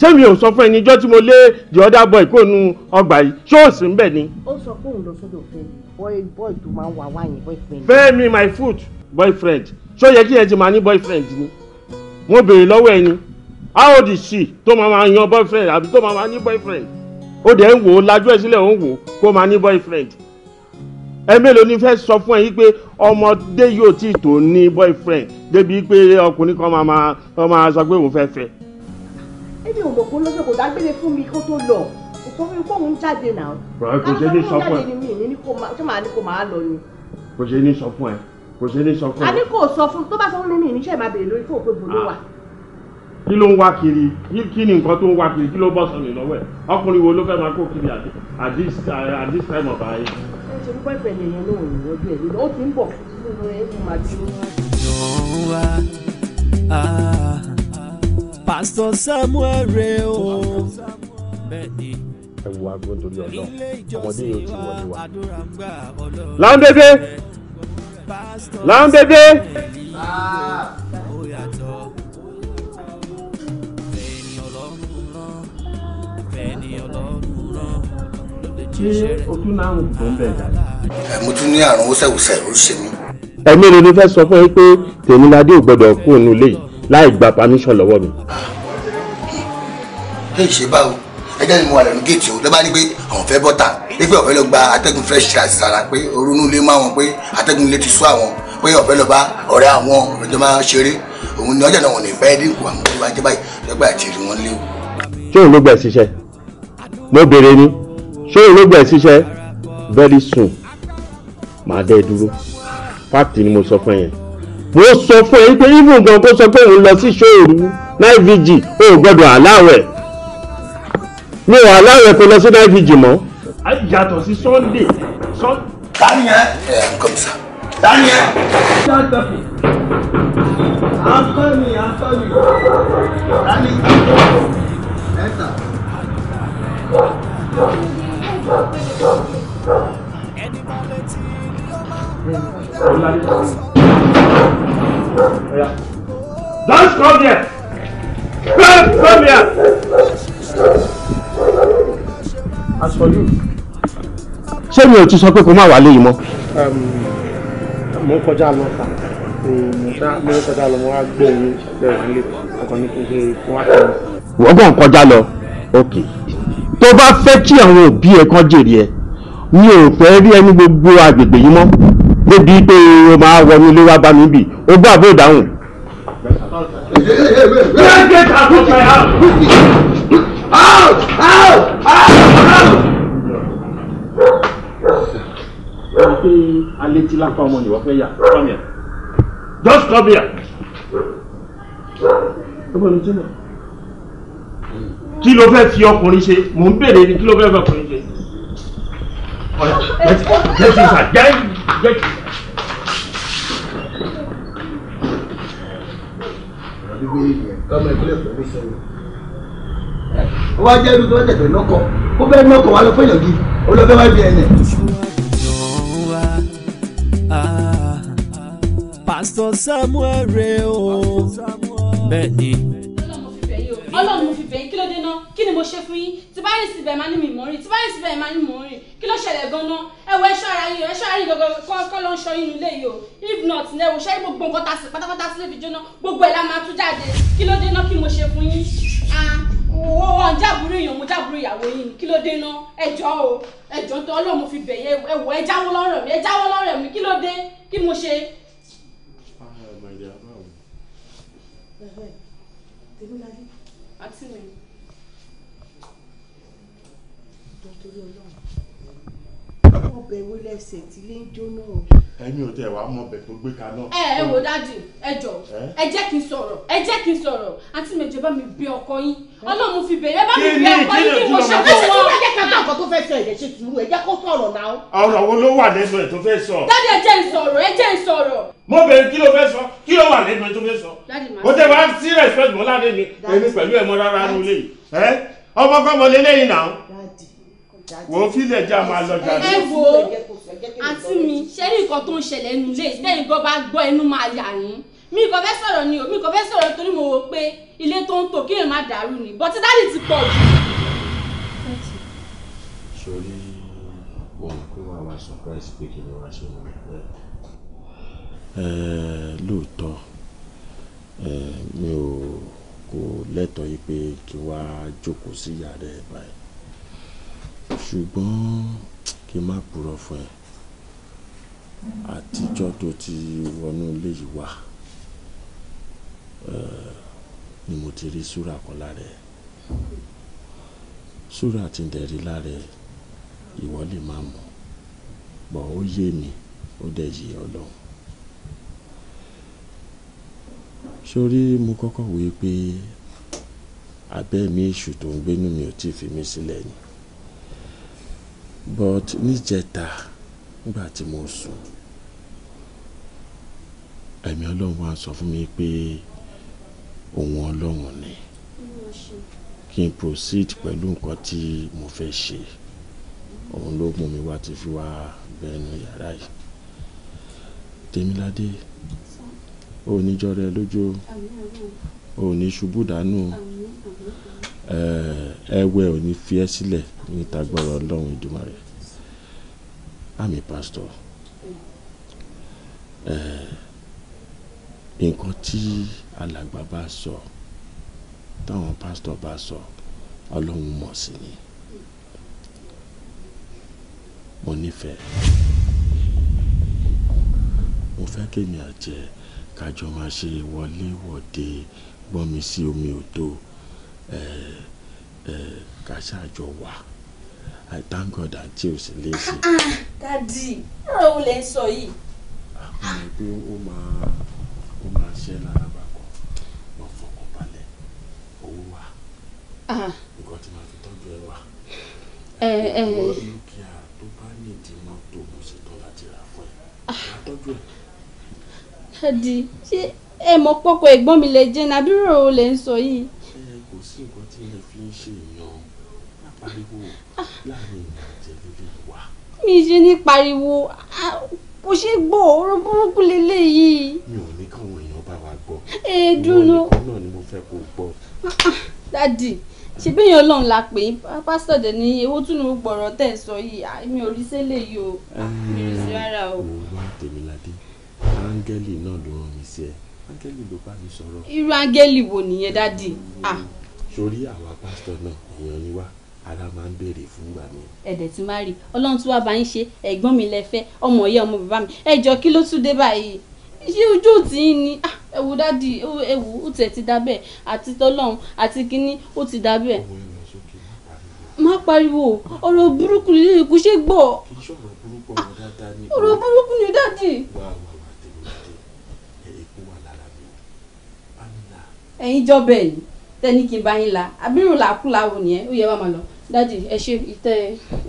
H: ṣé mi ò sọ fún ẹni ijọ́ tí mo lé the other boy kó nu ọgbà yìí ṣóòsì ń bẹ̀ ni.
D: ó sọ pé òun
C: lọ sọ́dọ̀ Fẹ́mi boy boy tó máa ń wà wáyìn boyfriend.
H: Fẹ́mi my foot boyfriend ṣó yẹ kí ẹ ti máa ní boyfriend ni mo béèrè lọ́wọ́ ẹni how old she tó máa máa yan boyfriend àbí tó máa máa ní boyfriend ó dẹ̀ ń wò ó lajú ẹ̀ sílẹ̀ ó ń wò ó kó máa ní boyfriend ẹ mélòó ni fẹ́ sọ fún ẹ yí pé ọmọdé yóò tí tó ní boyfriend débi pé ọkùnrin kan máa máa sọ pé òun fẹ́ fẹ́
C: ẹni ò mọ̀ kó lọ́sẹ̀ kò dágbére fún mi kó tó lọ kò sọ fún mi kóun jáde náà. bọ̀dá kò ṣe ní sọ fún ẹ. ṣé màá ní kó máa lọ
H: kò ṣe ní sọ fún ẹ kò ṣe ní sọ fún ẹ. a ní
C: kò sọ fún tó bá sọ fún mi ní iṣẹ́ máa lórí fóun pé bolo wà. Ah.
H: kí ló ń wá kiri kí ni nǹkan tó ń wá kiri kí ló bọ́ sọ̀rọ̀ lọ́wọ́ ẹ̀ ọkùnrin wo ló fẹ́ máa kó kiri at this at this uh, ẹ ṣe ń
C: bọ̀ nínú
E: pásítọ̀ Samuel rè
H: o bẹ́ẹ̀ ni ẹ wo
K: mo tún ní àrùn wọ́sẹ̀wọ́sẹ̀ ló ṣe mí.
L: ẹ̀mí ni mo fẹ́ sọ fún yín pé
H: tèmi ládé ò gbọ́dọ̀ kú inú yìí láì gba permission lọ́wọ́ mi.
K: ṣé ìṣe báwo ẹjọ́ ni mo wà lẹ́nu géètì o lọ́ba ní pé àwọn fẹ́ bọ́ta wípé ọ̀fẹ́ lọ gba atẹ́gùn fresh rice sára pé orunú ilé mọ́ àwọn pé atẹ́gùn ilé ti sú àwọn pé ọ̀fẹ́ lọ bá àwọn ọ̀rẹ́jọ́ máa ṣeré òun ni ọjà náà wọ̀n ní bẹ́ẹ̀ dínkù àwọn tó bá jẹ́ báyìí lọ́gbà àti rí wọn léwu.
H: ṣé òun ló gbà ṣiṣẹ́ mo béèrè ni ṣé òun ló gbà ṣiṣẹ́ very soon màá dẹ́ dúró fáàtì ni mo sọ fún yẹn mo sọ fún ẹ pé even gan kó sọ pé òun lọ sí ṣòru nine vg o ò gbọ́dọ̀ àláwẹ̀ mi ò àláwẹ̀ kó lọ sí nine vg mọ́. a yàtọ̀ sí sunday
G: sunday. tani ẹ ẹ nǹkan mi sá tani ẹ. Anthony, Anthony. Dani. Enter. Anybody Don't come here! Come, come here!
D: As for you. Ṣé mi ò
H: ti sọ pé kó má wà léyìí mọ́?
I: Mo ń kọjá lọ ta. Mo ń kọjá lọ, mo wá gbé òun bẹ̀rẹ̀ nílé. Ọkàn ní kékeré fún wa kẹ́yìn.
H: Ọgbọ́n kọjá lọ, ok. Tó bá fẹ́ kí àwọn òbí ẹ̀ kan jèrè ẹ̀, mi ò fẹ́ rí ẹni gbogbo agbègbè yìí mọ́ débi pé o máa wọnú ilé wa bá mi bì o gbọ́ àbó ìdáhùn. kí ló fẹ́ fi ọkùnrin ṣe mò ń béèrè ni kí ló fẹ́ fi ọkùnrin ṣe. Let's, let's inside. Get in.
K: tó wá tẹ̀tẹ̀ lọ́kọ̀ ó bẹ́ẹ̀ lọ́kọ̀ wá lọ fún èèyàn gidi ó bí ẹ̀yẹ.
E: Pastor Samuel rèé o bẹ́ẹ̀
D: ọlọ́run mo fi bẹ̀yìn kí ló dé
A: náà kí ni mo ṣe fún yín tí bá rìn síbẹ̀ máa ní mi mò rìn tí bá rìn síbẹ̀ máa ní mò rìn kí ló ṣẹlẹ̀ gan-an ẹ wo ẹṣọ́ ara yín ẹṣọ́ ara yín gangan kọ́ ló ń ṣọ inú ilé yìí o if not ẹ wo ṣẹ́yìn gbogbo nǹkan ta sí pátápátá sílé fi jóná gbogbo ẹ̀ la máa tú jáde kí ló dé náà kí mo ṣe fún yín wọ́n jábúrú èèyàn mo jábúrú ìyàwó yín kí ló dé náà ẹjọ́ o ẹjọ́ tó ọlọ́run fi bẹ̀yẹ ẹ̀wọ̀ ẹ jáwọ́ lọ́rọ̀ mi ẹ jáwọ́ lọ́rọ̀ mi kí ló dé kí mo ṣe. Ah, tèmi la dé àti mi.
C: dọ́tòrí ọlọ́run
A: ọbẹ̀ wo lẹ́sẹ̀ tí lè ń jóná o.
H: ẹ̀yin ò tẹ̀ wá mọ ọbẹ̀ tó gbé kaná. ẹ ẹ wo
A: dájú ẹ ẹ jẹ́ kí n sọ̀rọ̀ ẹ jẹ́ kí n sọ̀rọ̀ àti mi ìjọba mi bí ọkọ yín ọlọ́run fi bẹ̀rẹ̀ bá mi
D: bẹ ọkọ yín kí mo ṣe fún wọn. ẹ
A: jẹ́ ká bá nǹkan tó fẹ́ sọ ẹ̀jẹ̀ ṣe sùúrù ẹ jẹ́ kó sọ̀rọ̀ náà.
H: ọ̀rọ̀ wo ló wà lẹ́nu ẹ̀ tó fẹ́ sọ.
A: dájú ẹ jẹ́ n ẹ jẹ́ n
H: mo bèrè kí ló fẹ́ sọ kí ló wà lẹ́nu tó fẹ́ sọ mo tẹ wá sí respect mọ́ láde mi èmi pẹ̀lú ẹ̀ mọ́ rárá nu lè ẹ́ ọmọ kọ́mọ lélẹ́yìn náà wò ó fílẹ̀ jẹ́ àmọ́ àlọ́jà rẹ̀. ẹ wo
A: àti mi ṣé ní nǹkan tó ń ṣẹlẹ̀ ẹnu lè bẹ́ẹ̀ gbọ́ bá gbọ́ ẹnu máa yà yín mi kò fẹ́ sọ̀rọ̀ ni o mi kò fẹ́ sọ̀rọ̀ torí mo wò pé ilé tó ń tò kí èèyàn má dàrú ni but dáàdì ti
H: pọ̀ jù. sori wọn kó wa wá surprise pé kí ni wàá ṣe wọn lóòótọ́ mi ò kò lẹ́tọ̀ọ́ yìí pé kí n wá jókòó sí yàrá ẹ̀ báyìí ṣùgbọ́n kí n má purọ́ fún ẹ àtijọ́ tó ti wọnú ilé yìí wá ni mo ti rí súrà kan lára ẹ̀ súrà ti ń dẹ̀rí lára ẹ̀ ìwọ lè má mọ̀ bọ̀ ó yé mi ó dẹ̀ yé Ọlọ́run. Sórí mo kọ́kọ́ wò pé abẹ́mi èṣù tó ń gbénú mi ò tí fi mí sílẹ̀ ni. But níjẹta nígbà tí mo sùn, ẹ̀mí Ọlọ́run wá sọ fún mi pé òun Ọlọ́run ni kí n proceed pẹ̀lú nǹkan tí mo fẹ́ ṣe. Òun ló mú mi wá ti fi wá bẹ inú yàrá yìí. Tèmiládé o ò ní jọrọ o ò ní ṣubú dànù ẹwẹ ò ní fi ẹ sílẹ̀ níta gbọrọ Ọlọ́run Èdùmàrè àmì pásítọ̀ nǹkan tí alàgbà bá sọ táwọn pásítọ̀ bá sọ Ọlọ́run mọ̀ sí ni mo nífẹ̀ẹ́ mo fẹ́ kémi àjẹ́ ká jọ máa ṣe wọléwọ̀de gbọ́nmi sí omi ò tó ká ṣáàjọ wà i thank god àǹtí ò sí léṣe.
D: Ah, ah,
A: dadi ọ̀rọ̀ wo lẹ ń sọ yìí.
H: àwọn ẹgbẹ́ ó máa ó máa ṣe lára bá kọ́ wọ́n fọkàn owó wa ah. nǹkan tí màá fi tọ́jú ẹ wà. Eh, eh.
A: dadi ṣé ẹ mọ pọpọ ẹ̀gbọ́n mi lè jẹ nàbírò o lè ń sọ yìí. ẹ
D: kò sí nǹkan tí ẹ fi ń ṣe èèyàn pariwo
A: láàrin ìjẹlẹlẹ wa. mi ṣe ní pariwo kò ṣe gbọ́ ọ̀rọ̀ burúkú lélẹ́yìí. mi ò ní káwọn
H: èèyàn bá wa gbọ́.
A: ẹ dúró. ìwọ nìkan
H: náà ni mo fẹ́ kó gbọ́.
A: dadi ṣe bí èèyàn ọlọ́run la pè é pásítọ̀ dẹ̀ ní owó tún ní gbọ̀rọ̀ tẹ̀ sọ yìí mi ò rí sẹ́lẹ̀ yìí o
H: mi ò rí sí rárá o. mo áńgẹ́lì náà ló rán mi sí ẹ áńgẹ́lì ló bá mi sọ̀rọ̀. irú áńgẹ́lì
A: wo nìyẹn dádì.
H: sórí àwa pásítọ̀ náà èèyàn ni wá ara máa ń béèrè fún gbà mí.
A: ẹ̀dẹ̀ tí má rí ọlọ́run tí wàá bá ń ṣe ẹ̀gbọ́n mi lẹ fẹ́ ọmọ ìyá ọmọ bàbá mi ẹ jọ kí ló tún dé báyìí ṣé ojú òtí ni ẹ wò dádì ẹ wò ó tẹ̀ ti dábẹ́ àti tọ́lọ́run àti kínní ó ti dábẹ́. má pariwo ọ̀rọ̀ burúkú ni kò ṣe gbọ́ ọ̀rọ̀ burúkú ni dádì. ẹ̀yin jọ bẹ́ẹ̀ ni tẹ́ni kí n bá yín la abirùn làákùlà wò nìyẹn ó yẹ wá máa lọ dájú ẹ ṣe ìtẹ́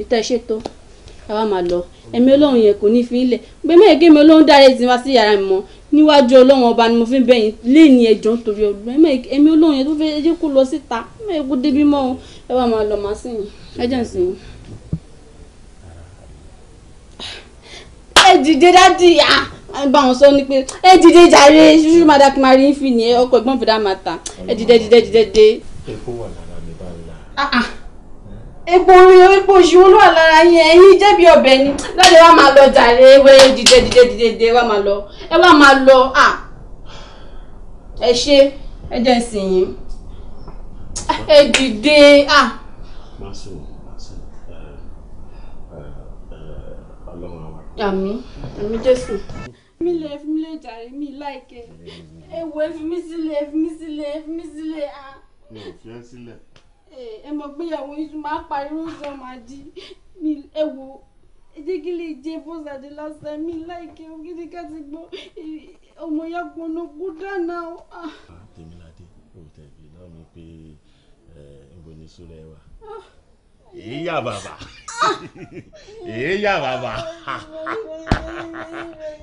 A: ìtẹ́ ṣe tó ẹ wá máa lọ ẹ̀mí ọlọ́run yẹn kò ní fi ilẹ̀ pé mẹ́ẹ̀ẹ́gé mi ọlọ́run dáre ti wá sí yàrá mi mọ́ níwájú ọlọ́run ọba ni mo fi ń bẹ̀yìn léèní ẹ̀jọ́ nítorí ọdún ẹ̀mí ọlọ́run yẹn tó fẹ́ ẹjẹ́ kó lọ síta mẹ́ẹ̀ẹ́ kó débi mọ́ o ẹ wá máa lọ màá sìn yín ẹ jẹ́ ǹsìn yín. ẹ dìde dádì yá. Ah! bá wọn sọ ni pé ẹ dìde jàre ṣíṣú máa dákí máa rí ń fi nìyẹn ọkọ ẹ̀gbọ́n fìdá máa ta ẹ dìde dìde dìde dé. epo wà lára mi bá ń la. epo orin epo ìṣòro ló wà lára yín ẹ̀yin jẹ̀bi ọbẹ̀ ni lọ́dẹ̀ wá máa lọ jàre wẹ́rẹ́ dìde dìde dìde dé wá máa lọ ẹ wá máa lọ ah. ẹ ṣe ẹ jẹ́ ìsìn yín ẹ dìde. Ah. Àmín àmín Jésù mi lè fi mi lè jàre mi láìkẹ́ ewu ẹ fi mi sílẹ̀ ẹ mi sílẹ̀ ẹ mi sílẹ̀ a.
H: mi ò fi ẹ sílẹ̀.
A: ẹ mọ̀ pé ìyàwó yìí tún máa pariwo sọ máa di mi ewu ẹjẹ kí lè jẹ bọ́sàdé lásán mi láìkẹ́ ògidì ká ti gbọ́ ọmọ ìyá gbọ́nà kú dáná o.
H: tèmi ládé òòtẹ́ ìbí náà mi pé ẹ̀ ń bo ní sóra ẹ wà. Ah ìyá bàbà ìyá bàbà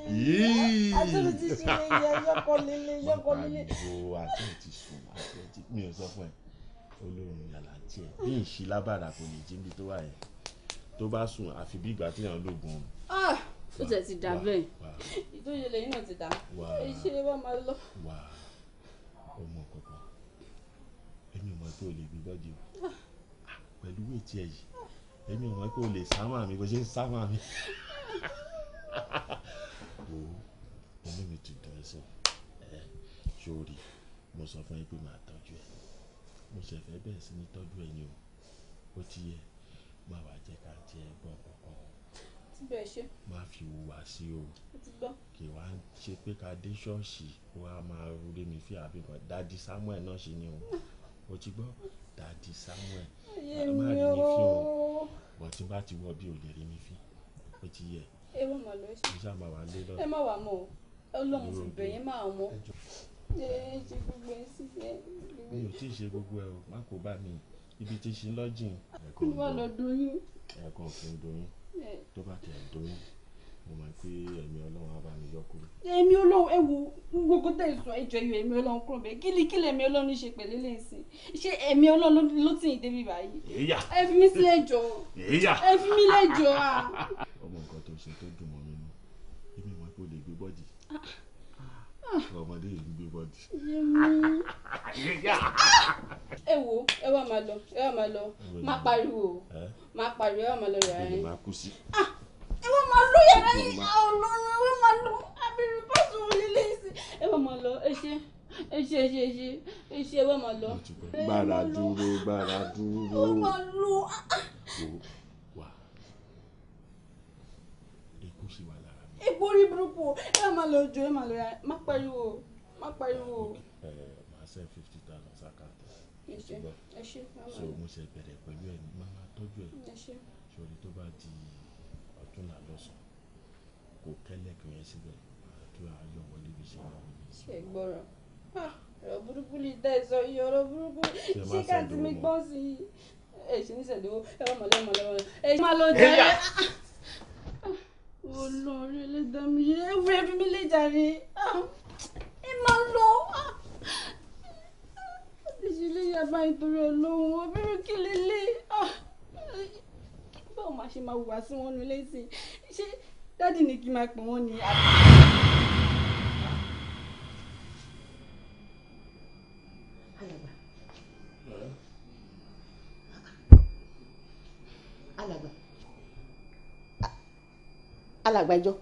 H: yìí. àtúntò ti sùn yẹ yọkọ líle yọkọ líle. mo àtúntò ti sùn àtúntò ti mi ò sọ fún ẹ olóòrùn yàrá tiẹ bí ìṣí lábàrà kò ní jíǹbi tó wà yẹn tó bá sùn àfi bí ìgbà téèyàn lóògùn ọ̀hún.
A: Ah, ó tẹ̀ ti dà bẹ́ẹ̀ ìtòyè lẹ́yìn náà ti dà iṣẹ́ wa máa lọ.
H: wà á ọmọ kankan èmi ò mọ pé o lè gbé bọ́dì o pẹ̀lú wéètì ẹ̀ yìí èmi ò mọ̀ pé o lè sámà mi bó ṣe ń sámà mi wo inú mi ti dùn ẹsẹ̀ ẹ sórí mo sọ fún yín pé màá tọ́jú ẹ mo ṣe fẹ́ bẹ̀rẹ̀ sí ní tọ́jú ẹ ni o ó ti yẹ má wàá jẹ́ ká jẹ́ ẹgbọ́n kankan má fi wùwà sí o kì wá ṣe pé ká dé ṣọ́ọ̀ṣì kó a máa rí mi fi àbí kan dájú Samuel náà ṣe ni o ó ti gbọ́ dadi samuel má rí mi fi o bọ̀ tí n bá ti wọ bí o lè rí mi fi o ti yẹ. ẹ wọ́n mà lọ ẹ ṣáà máa wà lé lọ. ẹ
A: má wà mọ́ ọ ọlọ́run ti bẹ̀yẹn máa mọ́ ẹ ṣe gbogbo ẹ síbẹ̀.
H: mi ò tí ì ṣe gbogbo ẹ o má kó bá mi ibi tí ṣe lọ́jìn.
A: kí wọ́n lọ doyún.
H: ẹ̀kọ́ òfin doyún tó bá tẹ̀ doyún mo mọ̀ pé
D: ẹ̀mí ọlọ́run á bá mi yọ kúrò.
A: ẹ̀mí ọlọ́run ẹ wo gbogbo tẹ̀ sọ ẹjọ́ ìwé ẹ̀mí ọlọ́run kúrò bẹ́ẹ̀ kí kí lẹ̀mí ọlọ́run ṣe pẹ̀lú lẹ́sìn ṣé ẹ̀mí ọlọ́run ló tì í débi báyìí. èyà ẹ fi mí sílẹ̀ jọ ẹ fi mí lẹ̀ jọ à.
H: ọmọ nǹkan tó ṣe tó dùn mọ́ mi nù èmi mọ̀ pé o lè gbé bọ́dì ah. ọmọdé yìí
D: gbé bọ́dì.
A: ẹ wo ẹ wá máa lọ ẹ wá máa lọ má pariwo má pariwo ẹ wá máa lọ rẹ̀
D: ẹ́
A: ẹ wọ́n máa lọ yàrá yìí ọlọ́run ẹ wọ́n máa lọ abirùn pàṣẹ wọn lé lẹ́sìn ẹ wọ́n máa lọ ẹ ṣe ẹ ṣe ẹ ṣe ẹ ṣe ẹ ṣe ẹ wọ́n máa lọ. gbàrà
H: dúró gbàrà dúró
D: ó máa
A: lọ. Ah, ah. wà ikú sí wa lára. egbò orí burúkú ẹ wọ́n máa lọ jọ ẹ máa lọ yàrá má pariwo má pariwo.
H: ẹ máa ṣe fifty thousand sakata ṣùgbọ́n so mo ṣe bẹ̀rẹ̀ pẹ̀lú ẹ ní máa tọ́jú ẹ sọ̀rọ̀ tó bá di tó là lọ́sàn kò kẹ́lẹ́kùn yẹn síbẹ̀ kí wàá yọ wọlé bí ṣe wà.
A: ṣe gbọ́rọ̀ ọ̀rọ̀ burúkú lè dá ẹ̀sọ́ yìí ọ̀rọ̀ burúkú ṣé ká ti mi gbọ́ sí i ẹ̀ ṣe ní sẹ̀dínwó ẹ̀ wà mọ̀lẹ́ mọ̀lẹ́ mọ̀lẹ́ ẹ̀ ṣe máa lọ jẹ́ ẹ̀ ah, olórí ẹlẹ́dàmí ẹ wúrẹ́ bí mi lè jàre ah, ẹ máa lọ ah, ìṣẹ̀lẹ̀ yàgbá ìtòrò ẹ̀ lóhùn ọbẹ̀rún báwo máa ṣe máa hùwà sí wọn nu léṣe ṣé dádì ni kí n máa pè wọ́n ni.
C: alàgbà alàgbà alàgbà ìjọ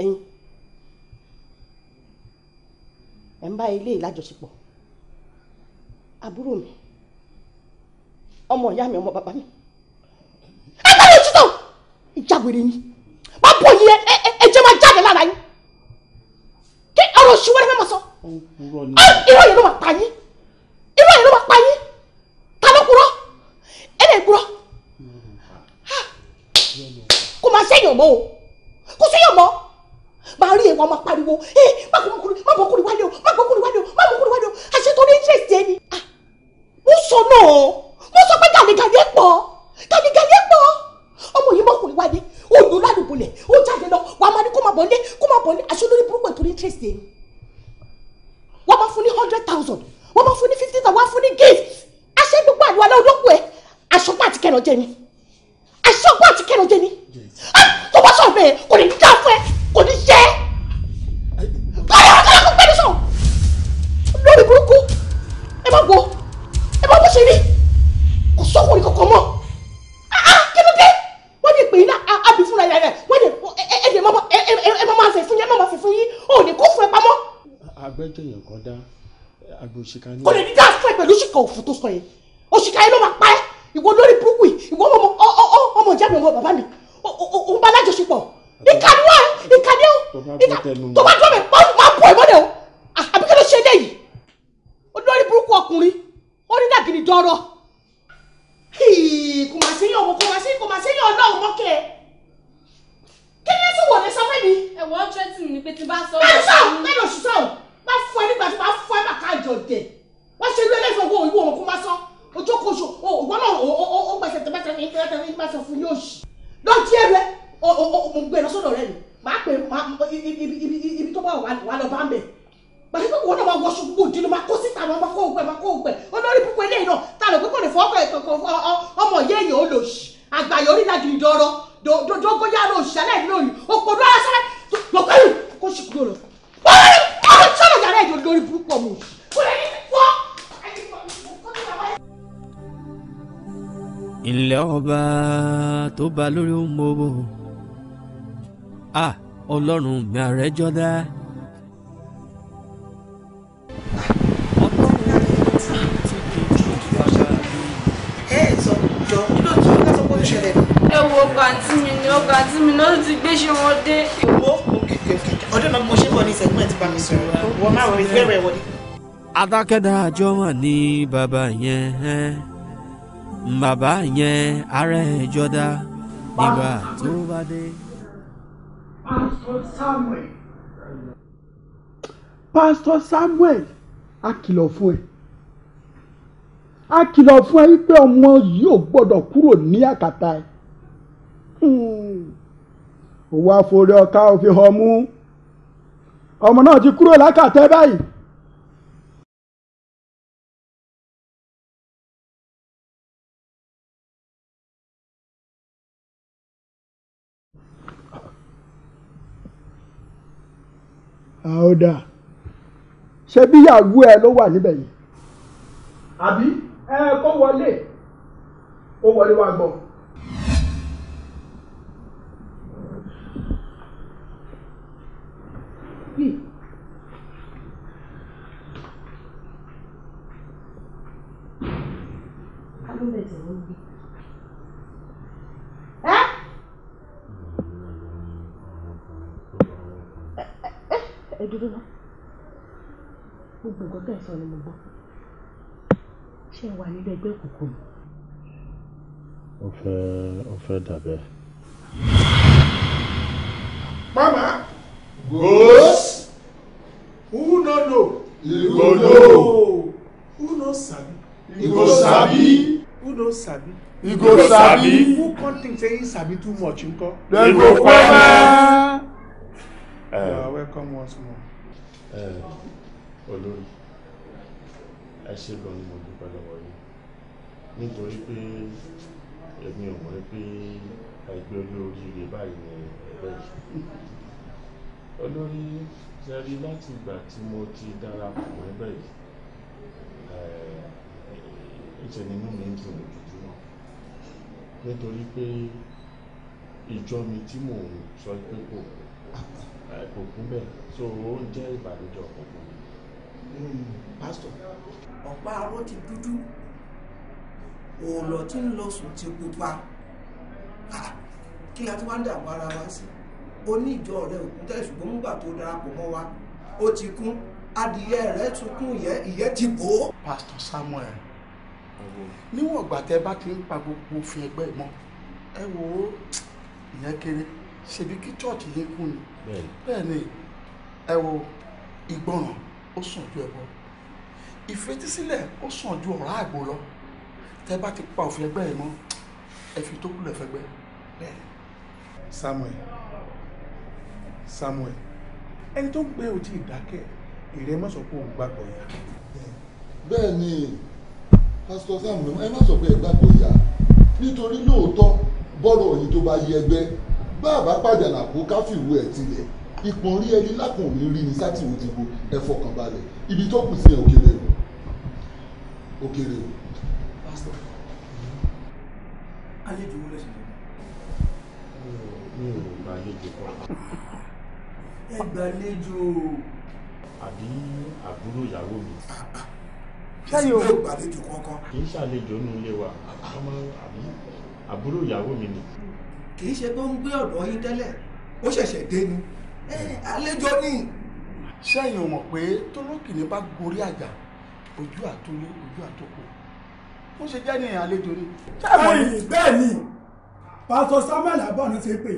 C: ẹ̀yin ẹ ń bá ilé ìlàjọṣepọ̀ àbúrò mi ọmọ ìyá mi ọmọ bàbá mi jáwèrè yín má bọ̀ yìí ẹ ẹ jẹ́ máa jáde lára yín kí ọ̀rọ̀ òṣìwọ́ rẹ mẹ́mọ̀ sọ irọ́ yẹn ló máa pa yín irọ́ yẹn ló máa pa yín ta ló kúrọ́ ẹ lè kúrọ́ kò máa sẹ́yìn mọ́ o kò sẹ́yìn mọ́ máa rí ẹ̀wọ̀n máa pariwo ẹ má bọ̀ kúrò má bọ̀ kúrò wálé o má bọ̀ kúrò wálé o má bọ̀ kúrò wálé o àṣẹ tó ní interest ẹ ni ah! mo sọ náà mo sọ pé gàdégàdé pọ̀ gàdégàdé kulẹ̀ ó jáde lọ wàá máa ní kó máa bọ̀ nílé kó máa bọ̀ nílé aṣọ lórí burúkú ètò interest yẹn wàá máa fún ní hundred thousand wàá máa fún ní fifty thousand wàá fún ní gift aṣẹ gbogbo àdúrà náà olókùn ẹ aṣọ pa àti kẹrọ jẹ ni aṣọ pa àti kẹrọ jẹ ni ah, tó bá sọ bẹ́ẹ̀ kò ní dá fún ẹ kò ní jẹ́ ẹ.
H: òṣìkà ni. kò lè dídá
C: strike pẹ̀lú òṣìkà òfò tó sọ yẹn òṣìkà yẹn ló máa pa ẹ́ ìwọ lórí burúkú yìí ìwọ ọmọ ọmọ ìjà mi ọmọ bàbá mi òun bá alájọṣepọ̀ ìkàdúrà ìkàdé o tó bá dúró mi ó máa bọ̀ ìmọ́lẹ̀ o àbí kí ló ṣe léyìí olórí burúkú ọkùnrin ó ní dàgìrì dọ́rọ̀ kò máa ṣe yín ọmọ kò máa ṣe kò máa ṣe yín ọlọ́run mọ́kẹ́ kí ni ẹ ti wọ̀ ní
A: sọ fẹ́ mi. ẹ̀wọ̀n ọ̀tún ẹ̀ tì mí ni pé ti bá sọ ọ́. ẹ
C: sọ ọ́ máa fọ ẹ nígbà tí máa fọ ẹ máa ká àjọ dẹ̀ wọ́n ṣe ilé ẹlẹ́fọ̀ owó ìwọ òkú máa san o ògbọ́n náà ó gbẹ̀sẹ̀ tẹ́mẹ́tẹ́ ní tẹ́mẹ́tẹ́ ní máa sọ fún yóò ṣì o o o mo gbé e lọ sọ́dọ̀ rẹ nì máa pè ibi tó bá wà lọ bá ń bẹ̀ pàṣẹ pé wọn náà máa wọṣọ gbogbo òdì ló máa kó síta máa kó ògbẹ máa kó o olórí púpọ̀ eléyìí náà ta ló pé kò lè fọ ọgbẹ kankan ọmọ ìyá èèyàn ó lò sí àgbàyọ orí la gidi dọrọ dọgọyà lò sí aláìní lóyún òpòdó ara sáré lọkọyìn kó sì kúrò lọ
D: sọ̀rọ̀ yàrá ìjọ lórí burúkú ọmọ òsì kò lè ní fífọ́.
E: ilẹ̀ ọba tó ba lórí òmòwò a ọlọ́run mi ààrẹ jọ́dá.
A: ẹ wo pàǹtí mi ni ó pàǹtí mi ni ó ti gbéṣẹ́ wọn dé
C: ọdún náà
E: mo ní bàbá yẹn bàbá yẹn ara ẹ̀ jọ́dá nígbà tó
C: bá dé. Pastor Samuel
L: Pastor Samuel a kìlọ̀ fún ẹ a kìlọ̀ fún ẹ wípé ọmọ yìí ò gbọ́dọ̀ kúrò ní àkàtà ẹ. òun hmm. àforí ọ̀ka òfin ọmú ọmọ náà ti kúrò lákàtẹ́ báyìí. àódà ṣe bí ìyàwó ẹ ló wà níbẹ̀ yìí. àbí ẹ kó wọlé ó wọlé wá gbọ́. kábọ̀mẹ̀tì ló ń gbé. ẹ dúró náà
C: gbogbo nǹkan tẹ̀ sọ ni mo gbọ́ ṣé ẹ wà nínú ẹgbẹ́ òkùnkùn
H: mi.
D: ó fẹ́ ó fẹ́ dàbẹ́.
L: mama go no know you go know who no sabi you go who no
D: sabi
L: who come think say he sabi too much nko dem go kwema.
H: you are welcome once more. Eh. olórí ẹ ṣe gan ni mo dúpẹ́ lọ́wọ́ yìí nítorí pé èmi ò mọ̀ pé ẹgbẹ́ olóríire báyìí ni ẹgbẹ́ yìí olórí sẹ́rí láti ìgbà tí mo ti darapọ̀ mọ́ ẹgbẹ́ yìí ìṣẹ̀ nínú mi ń dùn lójoojúmọ́ nítorí pé ìjọ mi tí mò ń sọ pé kò kò kún bẹ́ẹ̀ so ó jẹ́ ìbànújẹ́ ọ̀kọ̀ọ̀kan mi.
L: Hmm, pásítọ̀ ọ̀pá aró ti dúdú
C: òòlọ̀ tí ń lọ sùn ti pupa ah, kí la tó wá ń dààmú ara wa sí i oníjọ rẹ òkúta ṣùgbọ́n nígbà tó darapọ̀ mọ́ wa ó ti kún
K: adìyẹ rẹ tún kún ìyẹ́ ìyẹ́ ti bò
L: ó. pásítọ̀ Samuel
K: níwọ̀n ìgbà tẹ bá ti ń pa gbogbo òfin ẹgbẹ́ mọ́ ẹ wo ìyẹn kéré ṣebí kí chọ́ọ̀tì yẹn kún ni bẹ́ẹ̀ ni ẹ wo ìgbọràn ó sàn ju ẹbọ ìfetísílẹ̀ ó sàn ju ọ̀rá àgbo lọ
L: tẹ bá ti pa òfin ẹgbẹ́ mọ́ ẹ fi tó kúlẹ̀ fẹ́gbẹ́. Samuel Samuel ẹni tó ń gbé ojú ìdákẹ́ ìrẹ́ má sọ pé òun gbàgbọ́ ìyá. bẹ́ẹ̀ ni pásítọ̀ Samuel ẹ
K: má sọ pé ẹ gbàgbọ́ ìyá nítorí lóòótọ́ bọ́rọ̀ yìí tó bá yí ẹgbẹ́ báàbá pàjánà kó káfíwò ẹ̀ tilẹ̀ ìpọ̀n rí ẹni lákùn ní rí ni sátìwò ti bo ẹ fọkàn balẹ̀ ibi tó kù sí ẹ̀ òkèrè o òkèrè o. pásítọ̀
D: alẹ́ ìdúró lẹ́sìn mi ò gbàlejò kan
L: ẹ gbàlejò. àbí
H: àbúrò ìyàwó mi.
L: sẹ́yìn o ṣe gbàlejò kankan.
H: kì í ṣàlejò nínú ilé wa ọmọ àbí àbúrò ìyàwó mi ni. kì í ṣe tó ń gbé ọ̀dọ̀ yín tẹ́lẹ̀ ó ṣẹ̀ṣẹ̀ dé ni àlejò ni. sẹ́yìn o mọ̀ pé
L: tólókìní bá gorí àjà ojú àtúnyẹ ojú àtòkò ó ṣe jẹ́ ní àlejò ni. bẹ́ẹ̀ni bẹ́ẹ̀ni pásọ samuel abọ́ni ṣe pé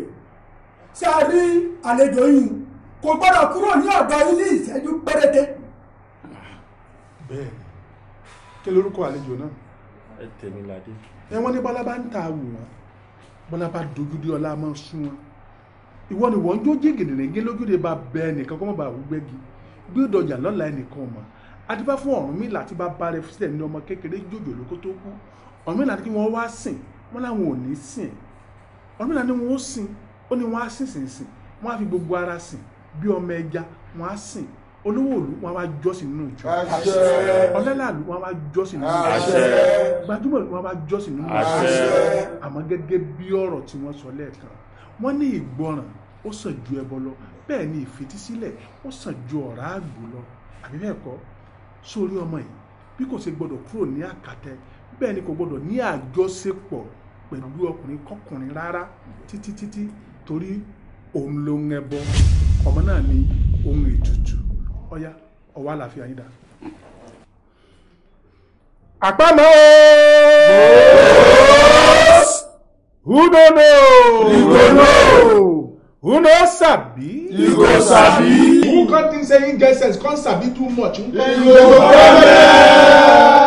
L: ṣe a rí àlejò yìí kò gbọ́dọ̀ kúrò ní ọ̀dọ̀ ilé ìṣẹ́jú péréte. bẹ́ẹ̀ni kí lorúkọ àlejò náà. ẹ tẹ̀mí ní bọ́lá bá ń ta àwòrán bọ́lá bá dojúdé ọlá máa ń sún wọn ìwọ ni wọ́n ń jó jégèdèrèǹgé lójúde bá bẹ ẹnìkan kọ́ mọ́ bá wúgbẹ́gi bí ó dọjà lọ́la ẹnìkan ọmọ adébá fún Ọ̀rúnmìlà tí bá bá rẹ sílẹ̀ ní ọmọ kékeré jòjò lóko tó kú Ọ̀rúnmìlà ní kí wọ́n wá sìn wọ́n láwọn ò ní sìn Ọ̀rúnmìlà ní wọ́n ó sìn ó ní wọ́n á sìn sìn sìn wọ́n á fi gbogbo ara sìn bí ọmọ ẹja wọn á sìn olówó òlu wọn á wá jọ́sìn nínú ìjọ ọlẹ́làlú wọn á wá jọ́sìn nínú ìjọ gbajúmọ̀ wọn á wá jọ́sìn nínú ìjọ àmọ́ gẹ́gẹ́ bí ọ̀rọ̀ tí wọ́n sọ lẹ́ẹ̀kan wọ́n ní ìgbọràn ó sàn ju ẹbọ lọ bẹ́ẹ̀ ni ìfetísílẹ̀ ó sàn ju ọ̀rá àgbò lọ àbí bẹ́ẹ̀ kọ́ sórí ọmọ yìí bí kò ṣe gbọdọ̀ kúrò ní àkàtẹ bẹ́ẹ̀ ni kò gbọdọ̀ ní àjọṣepọ̀ pẹ̀lú ọkùnrin kọkùnrin rárá títí torí òun ló ń ẹbọ ọmọ náà ní ohun ètùtù ọyá ọwọ́ àlàáfíà yín dà. àpamọ́ who don't know you go know who no sabi you go sabi who come think say him get sense come sabi too much you go come there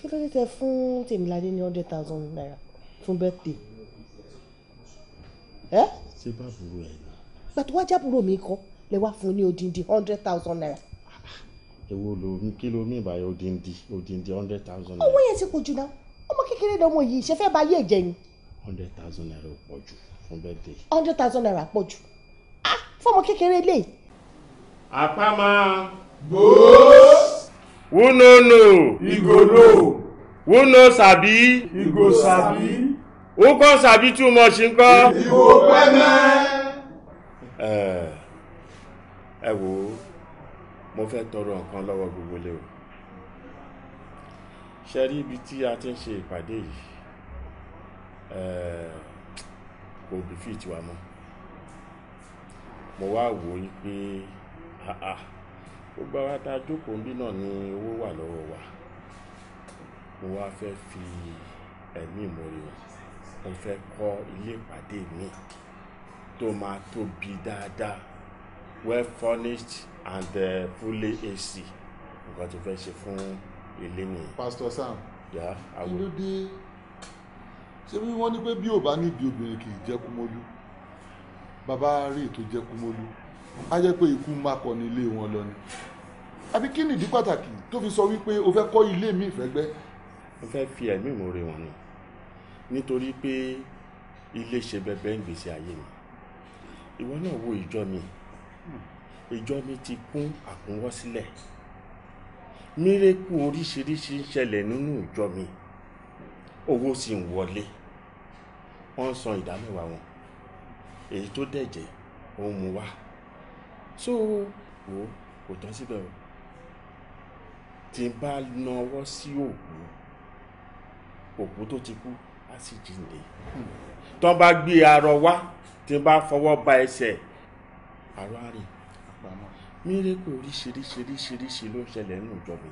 C: kí ló dé tẹ fún Tèmiládé ní hundred thousand naira fún birthday
H: ẹ. ṣé bàbúrò ẹ ni.
C: gbàtú wájà búrò mi kọ lè wá fún ní odindi hundred thousand naira.
H: èwo ló mi kí ló mi ìbáyọ odindi odindi hundred thousand naira.
C: owó yẹn ti pọ̀ jù náà ọmọ kékeré ni yìí ṣe fẹ́ bá yé jẹ ni.
H: hundred thousand naira ò pọ̀ jù fún birthday.
C: hundred thousand naira pọ̀ jù ah fọmọ kékeré lè.
H: àpá máa
D: gbòó
H: who no know e go know who no sabi e go sabi who come sabi too much nkan e go
D: pẹ́mẹ́.
H: ẹ wo mo fẹ́ tọrọ nǹkan lọ́wọ́ gbogbo lé o ṣe rí ibi tí a ti ń ṣe ìpàdé yìí kò bí fìtì wa mọ́ mo wá wò ó yí pé ah, ah gbogbo àwọn tá jókòó ń náà ni owó wà lọ́wọ́ wa mo wá fẹ́ fi ẹ̀mí ìmoore mo fẹ́ kọ́ ilé ìpàdé mi tó máa tóbi dáadáa well furnished and uh, fully AC nǹkan tó fẹ́ ṣe fún ilé nìyẹn. Pastor Sam kí ló dé
K: ṣé bí wọ́n ní pé bí ò bá níbi obìnrin kì í jẹ́ kúmọ́lú bàbá rí ètò jẹ́ kúmọ́lú á jẹ́ pé ikú makọ̀ ní ilé wọn lọ ni àbí kí
H: nìdí pàtàkì tó fi sọ wípé o fẹ́ kọ́ ilé mi ìfẹ́gbẹ́. mo fẹ́ fi ẹ̀mí ìmoore wọn ni nítorí pé ilé ṣe bẹbẹ ń gbèsè ayé mi ìwọ náà wo ìjọ mi ìjọ mi ti kún àkúnwọ́ sílẹ̀ mírèkù oríṣiríṣi ń ṣẹlẹ̀ nínú ìjọ mi owó sì ń wọlé wọ́n ń san ìdámẹ́wàá wọn èyí tó dẹ̀jẹ̀ ó ń mu wá so wò kò tán síbẹ̀ o tí n bá nawọ́ sí òkú òkú tó ti kú á sì jíǹde tán bá gbé arọ wá tí n bá fọwọ́ ba ẹsẹ̀ arọ á rìn mírèkù oríṣiríṣiríṣiríṣi ló ń ṣẹlẹ̀ nínú ìjọba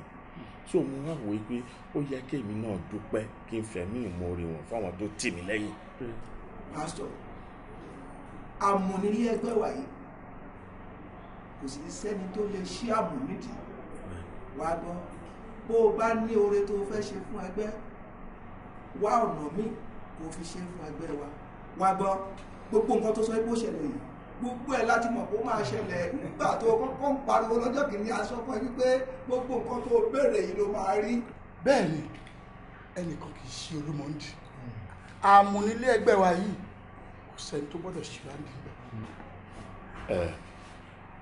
H: so mo wá wòye pé ó yẹ kémi náà dúpẹ́ kí n fẹ̀mí ìmoore wọn fáwọn tó tì mí lẹ́yìn.
L: pásítọ̀ àmọ̀nílé ẹgbẹ́ wáyé kò sì sẹ́ni tó lè ṣí àmù nídìí
G: wá gbọ́ bó o bá ní oore tó o fẹ́ ṣe fún ẹgbẹ́ wá ọ̀nà míì kó o fi ṣe fún ẹgbẹ́ wa wá gbọ́ gbogbo nǹkan tó sọ pé ó ṣẹlẹ̀ yìí
L: gbogbo ẹ̀ láti mọ̀ kó máa ṣẹlẹ̀ nígbà tó kọ́kọ́ ń pariwo lọ́jọ́ kìíní asọ́kọ́ ẹ wípé gbogbo nǹkan tó béèrè yìí ló máa rí. bẹ́ẹ̀ ni ẹnìkan kì í ṣe olúmọ̀ndì àmúnilé hmm. ẹgbẹ́ wa yìí kò sẹ́ni tó gbọ́dọ̀ ṣe wá nígbà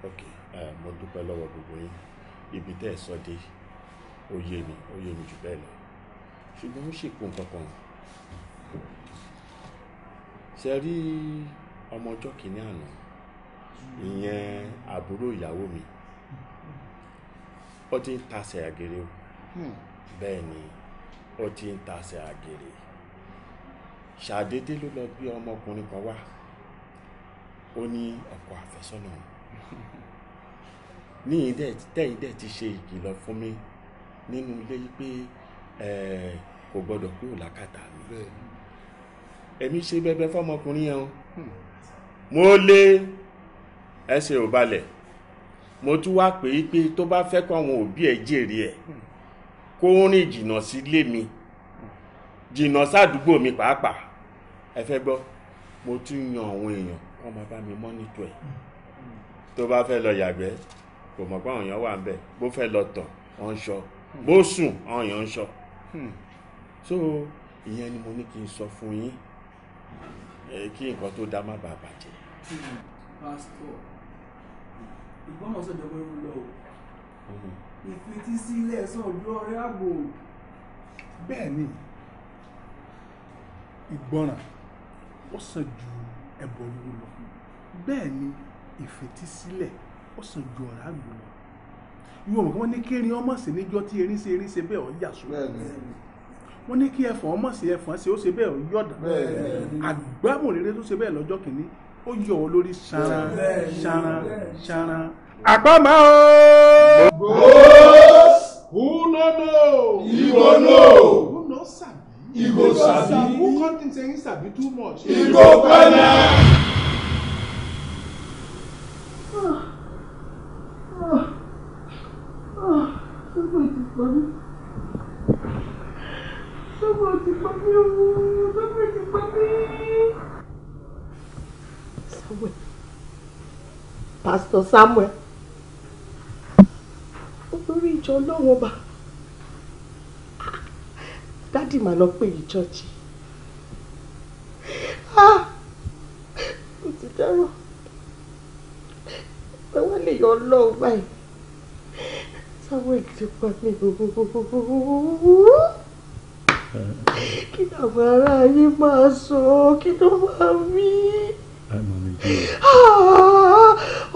H: ok mo dúpẹ́ lọ́wọ́ gbogbo yín ibi tẹ́ ẹ sọ dé ó yé mi ó yé mi jù bẹ́ẹ̀ lọ ṣùgbọ́n ó ṣèkó nǹkan kan ṣe rí ọmọ kìíní àná ìyẹn àbúrò ìyàwó mi ó ti ń tasẹ̀ àgèrè o hmm. bẹ́ẹ̀ ni ó ti ń tasẹ̀ àgèrè ṣàdédé ló lọ bí ọmọkùnrin kan wá ó ní ọkọ àfẹ́sọ́nà òun ní ìdẹ tẹ́yìn dẹ̀ ti ṣe ìkìlọ̀ fún mi nínú ilé pé kò gbọ́dọ̀ kúrò lákàtà mi èmi ṣe bẹ̀bẹ̀ fọmọkùnrin yẹn o mo lé ẹsẹ̀ ò balẹ̀ mo tún wá pè é pé tó bá fẹ́ kó àwọn òbí ẹ̀ jèrè ẹ̀ kó rìn jìnnà sílé mi jìnnà sádùúgbò mi pàápàá ẹ fẹ́ gbọ́ mo tún yan àwọn èèyàn wọ́n máa bá mi mọ́nítọ̀ ẹ̀ tó bá fẹ́ lọ yàgbẹ́ kò mọ̀ pé àwọn èèyàn wà ń bẹ̀ bó fẹ́ lọ tọ̀ ọ̀ ń sọ bó sùn àwọn èèyàn ń sọ.
D: Hmm.
L: so
H: ìyẹn ni mo ní kí n sọ fún yín kí nǹkan tó dá má bàa bàjẹ́. Hmm.
G: pásítọ̀ ìgbọ́n ọ̀sẹ̀ ìjọba ìlú lọ hmm. ìfetísílẹ̀ sọ̀dọ̀ ọ̀rẹ́ àgbò.
L: bẹ́ẹ̀ ni ìgbọràn ó sàn ju ẹbọ lórí bẹ́ẹ̀ ni ìfetísílẹ̀ ó sàn ju ọ̀rá lù lọ ìwọ mọ̀ kí wọ́n ní kí erin ọmọ sí níjọ́ tí erin ṣe erin ṣe bẹ́ẹ̀ ọ̀ yà sùn wọ́n ní kí ẹfọ̀n ọmọ sí ẹfọ̀n ṣe ó ṣe bẹ́ẹ̀ ọ̀ yọ̀dà àgbámọ̀rere tó ṣe bẹ́ẹ̀ lọ́jọ́ kìíní ó yọ ọ lórí ṣaran ṣaran ṣaran àpamọ́ o. who no know. Igbo know. who no
D: sabi. Igbo sabi.
L: who come think say he sabi too much. Igbo
D: kwana. mi sọ́kọ̀ ti pa mí o sọ́kọ̀ ti pa mí.
C: Samuel Pastor Samuel olórí ìjọ ọlọ́run ọba dádì mà lọ pè ìjọ́jì ó ah! ti dárò ẹ wá lè yọ ọlọ́run báyìí àwọn
D: ìtìpa mi kí àwọn ará yín máa sọ kí ló máa wí.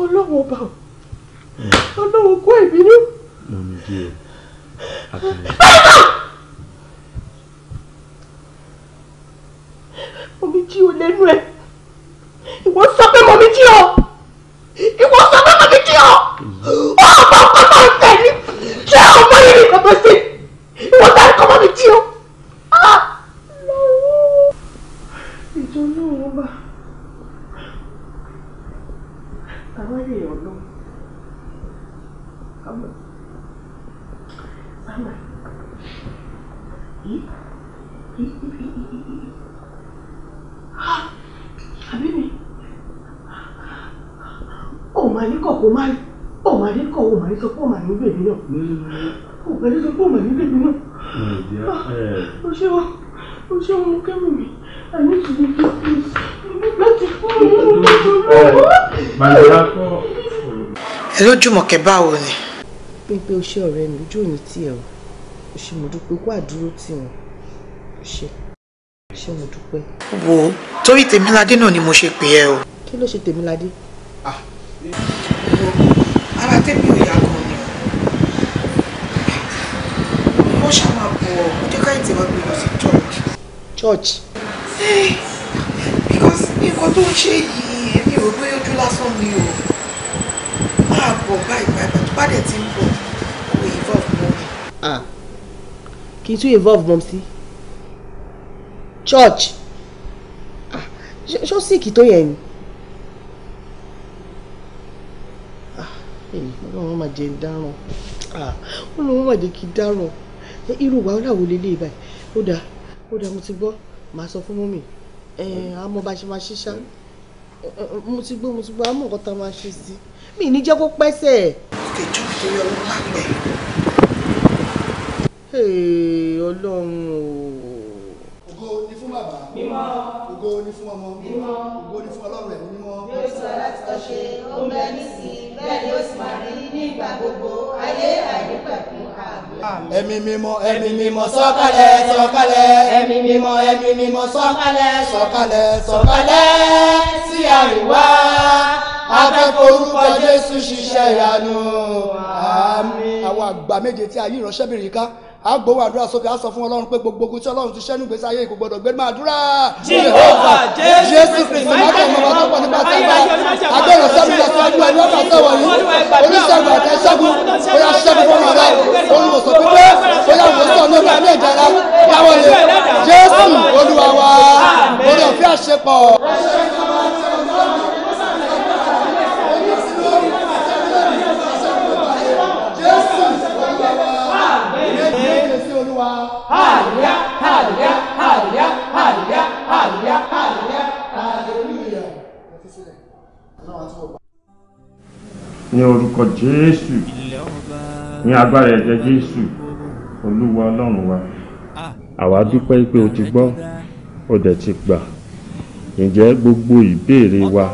C: ọlọ́wọ́ bá ọ ọlọ́wọ́ kó ìbínú. Mọ̀mí jí o lẹ́nu ẹ̀. Ìwọ sọ pé mọ̀mí jí o.
D: Ìwọ sọ pé mọ̀mí jí o kò sí ìwọ táyì kọ́ mọ́ mi jí o. Ah! ìjọ náà wọ́n bá àwọn èèyàn náà àmọ́ àmọ́ yìí
C: ah! àbí mi ò máa ní kọ̀ kó má ò máa ní kọ̀ ò máa ní sọ pé ò máa ní gbèmí náà o pẹ̀lú tó pọ̀ mọ̀ níbi ìlú náà. o ṣe wa o ṣe
D: wa mo kẹ́mi mi i need to be good please láti fún mi ní mo tó lọ.
C: ẹ lójúmọ̀kẹ́ báwo ni. pépé o ṣe ọ̀rẹ́ mi ojú òní tiẹ̀ o o ṣe mo dúpẹ́ kó àdúró tì wọ́n o ṣe ṣe mo dúpẹ́. wo torí tèmíládé náà ni mo ṣe pè é o. kí ló ṣe tèmíládé.
D: ara tèmi ò yá gan.
C: kó ṣáà máa bọ̀ ọ́ kó jẹ́ ká ìtẹ̀wọ́ gbé lọ sí church. church. because nǹkan tó ń ṣe yìí èmi ò gbé ojú lásán mi o máa bọ̀ báyìí báyìí tó bá dẹ̀ ti ń bọ̀ kò
D: involve mọ́ mi.
C: kì í involve mọ́ church ṣó sì kì í tó yẹn ni. Ah, ọlọ́run má jẹ́ ń dáràn ah, ọlọ́run má jẹ́ kí n irú wàhálà wo lélẹ́yìí báyìí ó dáa ó dáa mo ti gbọ́ màá sọ fún mọ́mì àmọ́ bá ṣe máa ṣiṣá mo ti gbọ́ mo ti gbọ́ àmọ́ nǹkan tá a máa ṣe sí mi ní jẹ́ kó pẹ́sẹ̀. ìtẹ̀jú ìtẹ̀yọ ló máa pẹ́. ọlọ́run o. ògo ni fún bàbá. mímọ́. ògo ni fún ọmọ. mímọ́. ògo ni fún ọlọ́run ẹ̀mí mímọ́. bí ó sọ láti tọ́ ṣe ó ń
F: nísìnyí bẹ́ẹ̀ ni ó sì máa
C: rí ní ìgbà gbogbo ayé àìnípẹ̀kún ẹ̀mí mímọ́ ẹ̀mí mímọ́ sọ̀kalẹ̀ sọ̀kalẹ̀ ẹ̀mí mímọ́ ẹ̀mí mímọ́ sọ̀kalẹ̀ sọ̀kalẹ̀ sọ̀kalẹ̀ sí àríwá afẹ́fẹ́ orúkọ Jésù ṣiṣẹ́ ìyanu àmín àwọn àgbà méje tí a yí ìránṣẹ́bìnrin ká a gbowó àdúrà sókè a sọ fún ọlọ́run pé gbogbo ogun tí ọlọ́run ti ṣẹ́ nígbèsí ayé kò gbọdọ̀
G: gbẹ́dùn àdúrà.
D: jehova jésù kristu máta ọmọọba tó pọ̀ nípa tẹ́gbà abẹ́rẹ́ sẹ́mi lọ sí ọdún ẹni ọ̀tá sẹ́wọ̀n yìí oníṣègùn àti ẹ̀ṣẹ́gun bóyá ṣẹ́gun fún ọmọ rẹ
C: olùwòsàn pípé bóyá wòsàn nípa ilé ìdára yàwọ̀ yẹn jésù
D: olúwa wa orí
G: ọ̀fẹ́ àṣepọ̀.
D: Hallelujah, hallelujah, hallelujah,
C: hallelujah, hallelujah, hallelujah, hallelujah.
H: Ní orúkọ Jésù, ní agbára ẹ̀jẹ̀ Jésù, Olúwa Ọlọ́run wa, àwa dúpẹ́ pé o ti gbọ́, o dẹ̀ ti gbà. Ǹjẹ́ gbogbo ìbéèrè wa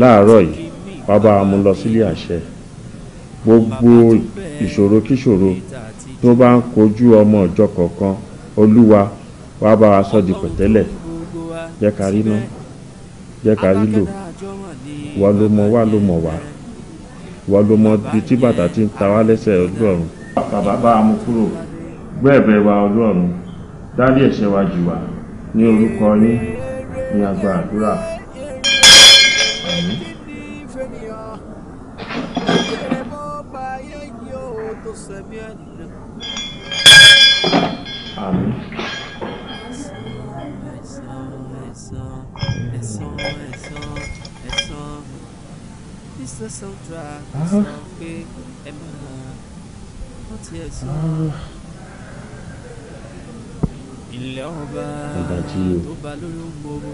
H: láàárọ̀ yìí, wàá bá a mú lọ sílé àṣẹ. Gbogbo ìṣòro kíṣòro tó bá ń kojú ọmọ ọjọ́ kọ̀ọ̀kan olúwa wàá bá wa sọ di pẹ̀tẹ́lẹ̀ jẹ́ ká rí ná jẹ́ ká rí lò wà ló mọ wà ló mọ wá wà ló mọ bí tí bàtà ti ń ta wá lẹ́sẹ̀ ọlọ́run. bàbá bá a mú kúrò gbọ́ ẹ̀bẹ̀ wa ọlọ́run dárí ẹ̀ṣẹ̀ wa jì wá ní orúkọ yín ní agba àdúrà. Àmín.
E: Àmín. ilẹ̀ ọba tó bá lórí ń gbòòrò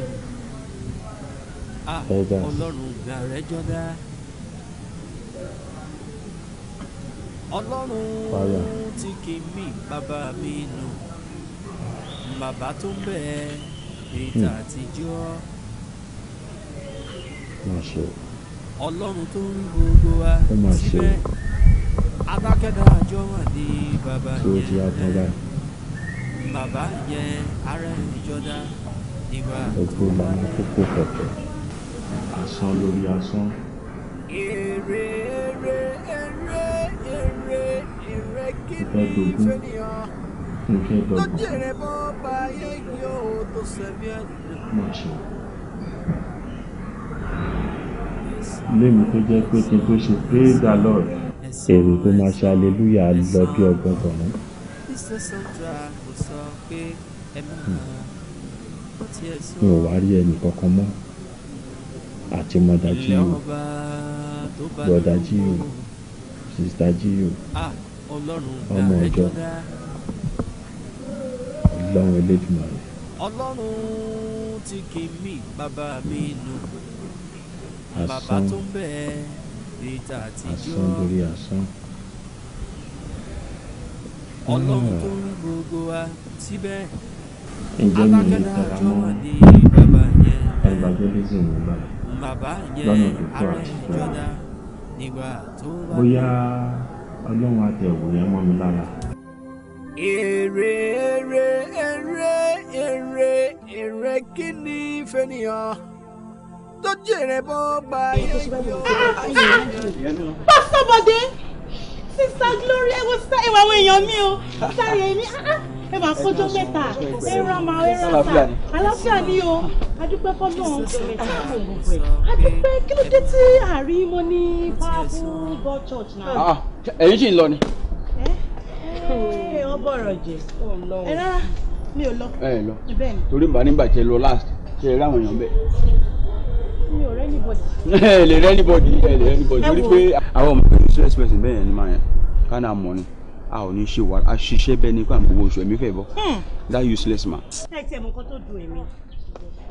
E: ọlọ́run gbà rẹ́jọ́ ọlọ́run tí kì í mí bàbá mi nù bàbá tó bẹ́ẹ̀ ìta hmm. àtijọ́ ọlọ́run tó ń gbogbo wa síbẹ̀ adákẹ́dá àjọ wà ní bàbá
H: yẹn
E: bàbá yẹn ara ìjọdá nígbà
H: tó bá yẹn. asán lórí asán.
E: èrè èrè èrè ìfẹ́ dogun ìfẹ́
L: dọ́gbọ̀n
D: má ṣe.
H: lémi tó jẹ́ pé kí n tó ṣe praise the lord èrò tó máa ṣe aleluya lọ bí ọgbọ́n gbọ̀nà. Hmm. mi ò wá rí ẹnì kankan mọ́ àti mọ̀dájú yìí bọ̀dájú yìí sísítájú yìí
E: ọmọ ọjọ́
H: ọlọ́run elédùnmọ̀ rẹ̀.
E: ọlọ́run ti kì mí bàbá mi nù bàbá tó ń bẹ níta àtijọ́ asán lórí
D: asán.
H: ọlọ́run ah. tó
E: ń gbogbo wa
H: síbẹ̀ alákẹ́lẹ́ àjọ wà ní bàbá yẹn bàbá yẹn ara ẹ̀ jọ́dá
E: nígbà tó bá yẹn
H: ọlọ́run àtẹ̀wò yẹn mọ́ mi lára.
E: èrè èrè èrè èrè
C: èrè kí ni fẹ́niyàn tó jèrè bó bá yẹ. pásítọ̀ ah! bọ̀dé. Sister Glory ẹ wo sá ìwà àwọn èèyàn mi o sáré èmi ah, ah, ẹ máa kọjọ mẹ́ta ẹ ràn máa ẹ ràn
G: máa
F: àlàáfíà ni o
C: adúpẹ́ fọ́nà adúpẹ́
F: kí ló dé tí àárín mo ní powerful God church náà. Ah, ẹ̀yin sì ń lọ ni. ọbọ̀ eh, eh, ọ̀rọ̀ jẹ ẹ rárá mi ò lọ.
G: ẹ lọ torí màá nígbà tí lọ last ṣe é ráwọn èèyàn bẹ́ẹ̀
F: mi ò rẹ́ anybody. ẹ lè rẹ́ anybody ẹ lè
G: rẹ́ pé àwọn ọmọ ìpínlẹ̀ stress person bẹ́ẹ̀ ni máa yẹn ká náà mọ̀ ni a ò ní ṣe wà á ṣiṣẹ́ bẹ́ẹ̀ ni pé àmì gbogbo oṣù ẹ̀mí fẹ́ bọ́ hmm. that useless man.
D: ẹ tiẹ̀ mọ̀ nǹkan
C: tó dùn ẹ̀mí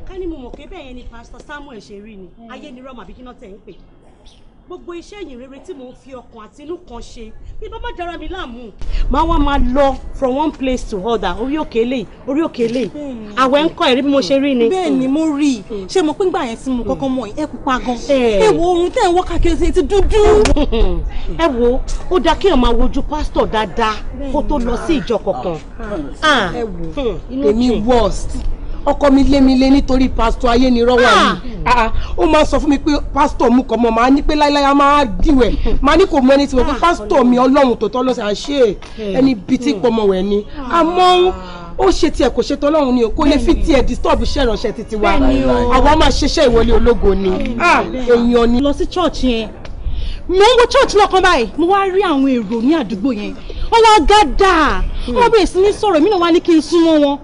C: ká ní mo mọ̀ pé bẹ́ẹ̀ yẹn ni Pastor Samuel ṣe rí ni hmm. ayé ni rọ́ọ̀mù àbí kí náà tẹ̀ ń pè gbogbo iṣẹ́ yìí rere tí mò ń fi ọkàn àti inú kan ṣe bí bá má dára mi láàmú. máa wá máa lọ from one place to other orí òkè eléyìí orí òkè eléyìí àwẹ̀ ń kọ́ ẹ̀rí bí mo ṣe rí
A: ni.
F: bẹ́ẹ̀
C: ni mo rí i hmm. ṣé mo pín gbà yẹn tí mo kọ́kọ́ mọ̀ ẹ pupa gan ẹ wo oorun tẹ́ ẹ wọ́ káàkiri ti dúdú. ẹ wo ó dáa kéèyàn máa wojú pásítọ̀ dáadáa kó tó lọ sí ìjọ kọ̀ọ̀kan. Ah. Ah. ẹ wo
D: hmm. èmi hmm. worst
C: ọkọ mi lé mi lé nítorí pásítọ̀ ayé ni rọ́wà yìí ah. Ah, ó máa sọ fún mi pé pásítọ̀ mú kọ́ mọ́ máa ní pé láíláí a máa dìwẹ̀ máa ní kò mọ ẹni tí wọ́n pé pásítọ̀ mi ọlọ́run tòótọ́ lọ́sẹ̀ àṣẹ hmm. ẹni bíi tí pọ̀ mọ̀ wẹ̀ ni ah. àmọ́ ó ṣe tiẹ̀ kò ṣe tọ́lọ́run ni o kò lè fi hmm. tiẹ̀ disturb iṣẹ́ ìránṣẹ́ títí wa àwa máa ṣiṣẹ́ ìwọlé ológo ni èèyàn ni. lọ sí church yẹn mo ń wo church lọ́kàn báyìí mo wá rí àwọn èrò ní àdúgbò yẹn wọ́n wá gádà hmm. wọ́n bẹ̀rẹ̀ sí ní sọ̀rọ̀ èmi náà wá ní kí n súnmọ́ wọn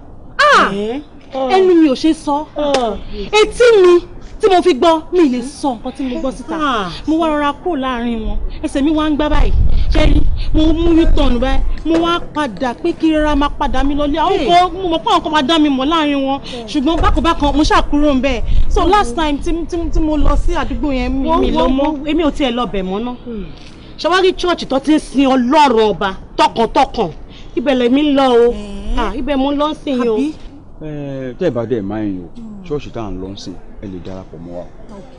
C: eh? Ah. ẹnu mi ò ṣe sọ ah. etí mi tí mo fi gbọ́ mi lè sọ nǹkan tí mo gbọ́ síta ah. mo wá rọra kúrò láàrin wọn ẹsẹ̀ mi wá ń gbá báyìí ṣẹ́rí mo mú u báyìí mo wá padà pé kí rárá máa padà mi lọ àwọn mo mọ̀ pé àwọn kan máa dá mi mọ̀ láàrin wọn ṣùgbọ́n bákanbákan mo ṣàkúrò ń bẹ́ẹ̀ so hmm. last time tí mo lọ sí àdúgbò yẹn mi lọ mọ́ èmi ò tiẹ̀ lọ bẹ̀ mọ́ náà hmm. ṣàwárí church tó ti ń sin ọlọ́run ọba tọkàntọkàn ibẹ̀ lèmi ń lọ o eh. ibẹ̀ mo lọ ń sìn o
G: Eh, tẹ́ ẹ̀ bá dẹ̀ máa ń yàn ṣọ́ọ̀ṣì tá à ń lọ sìn ẹ lè darapọ̀ mọ́ wa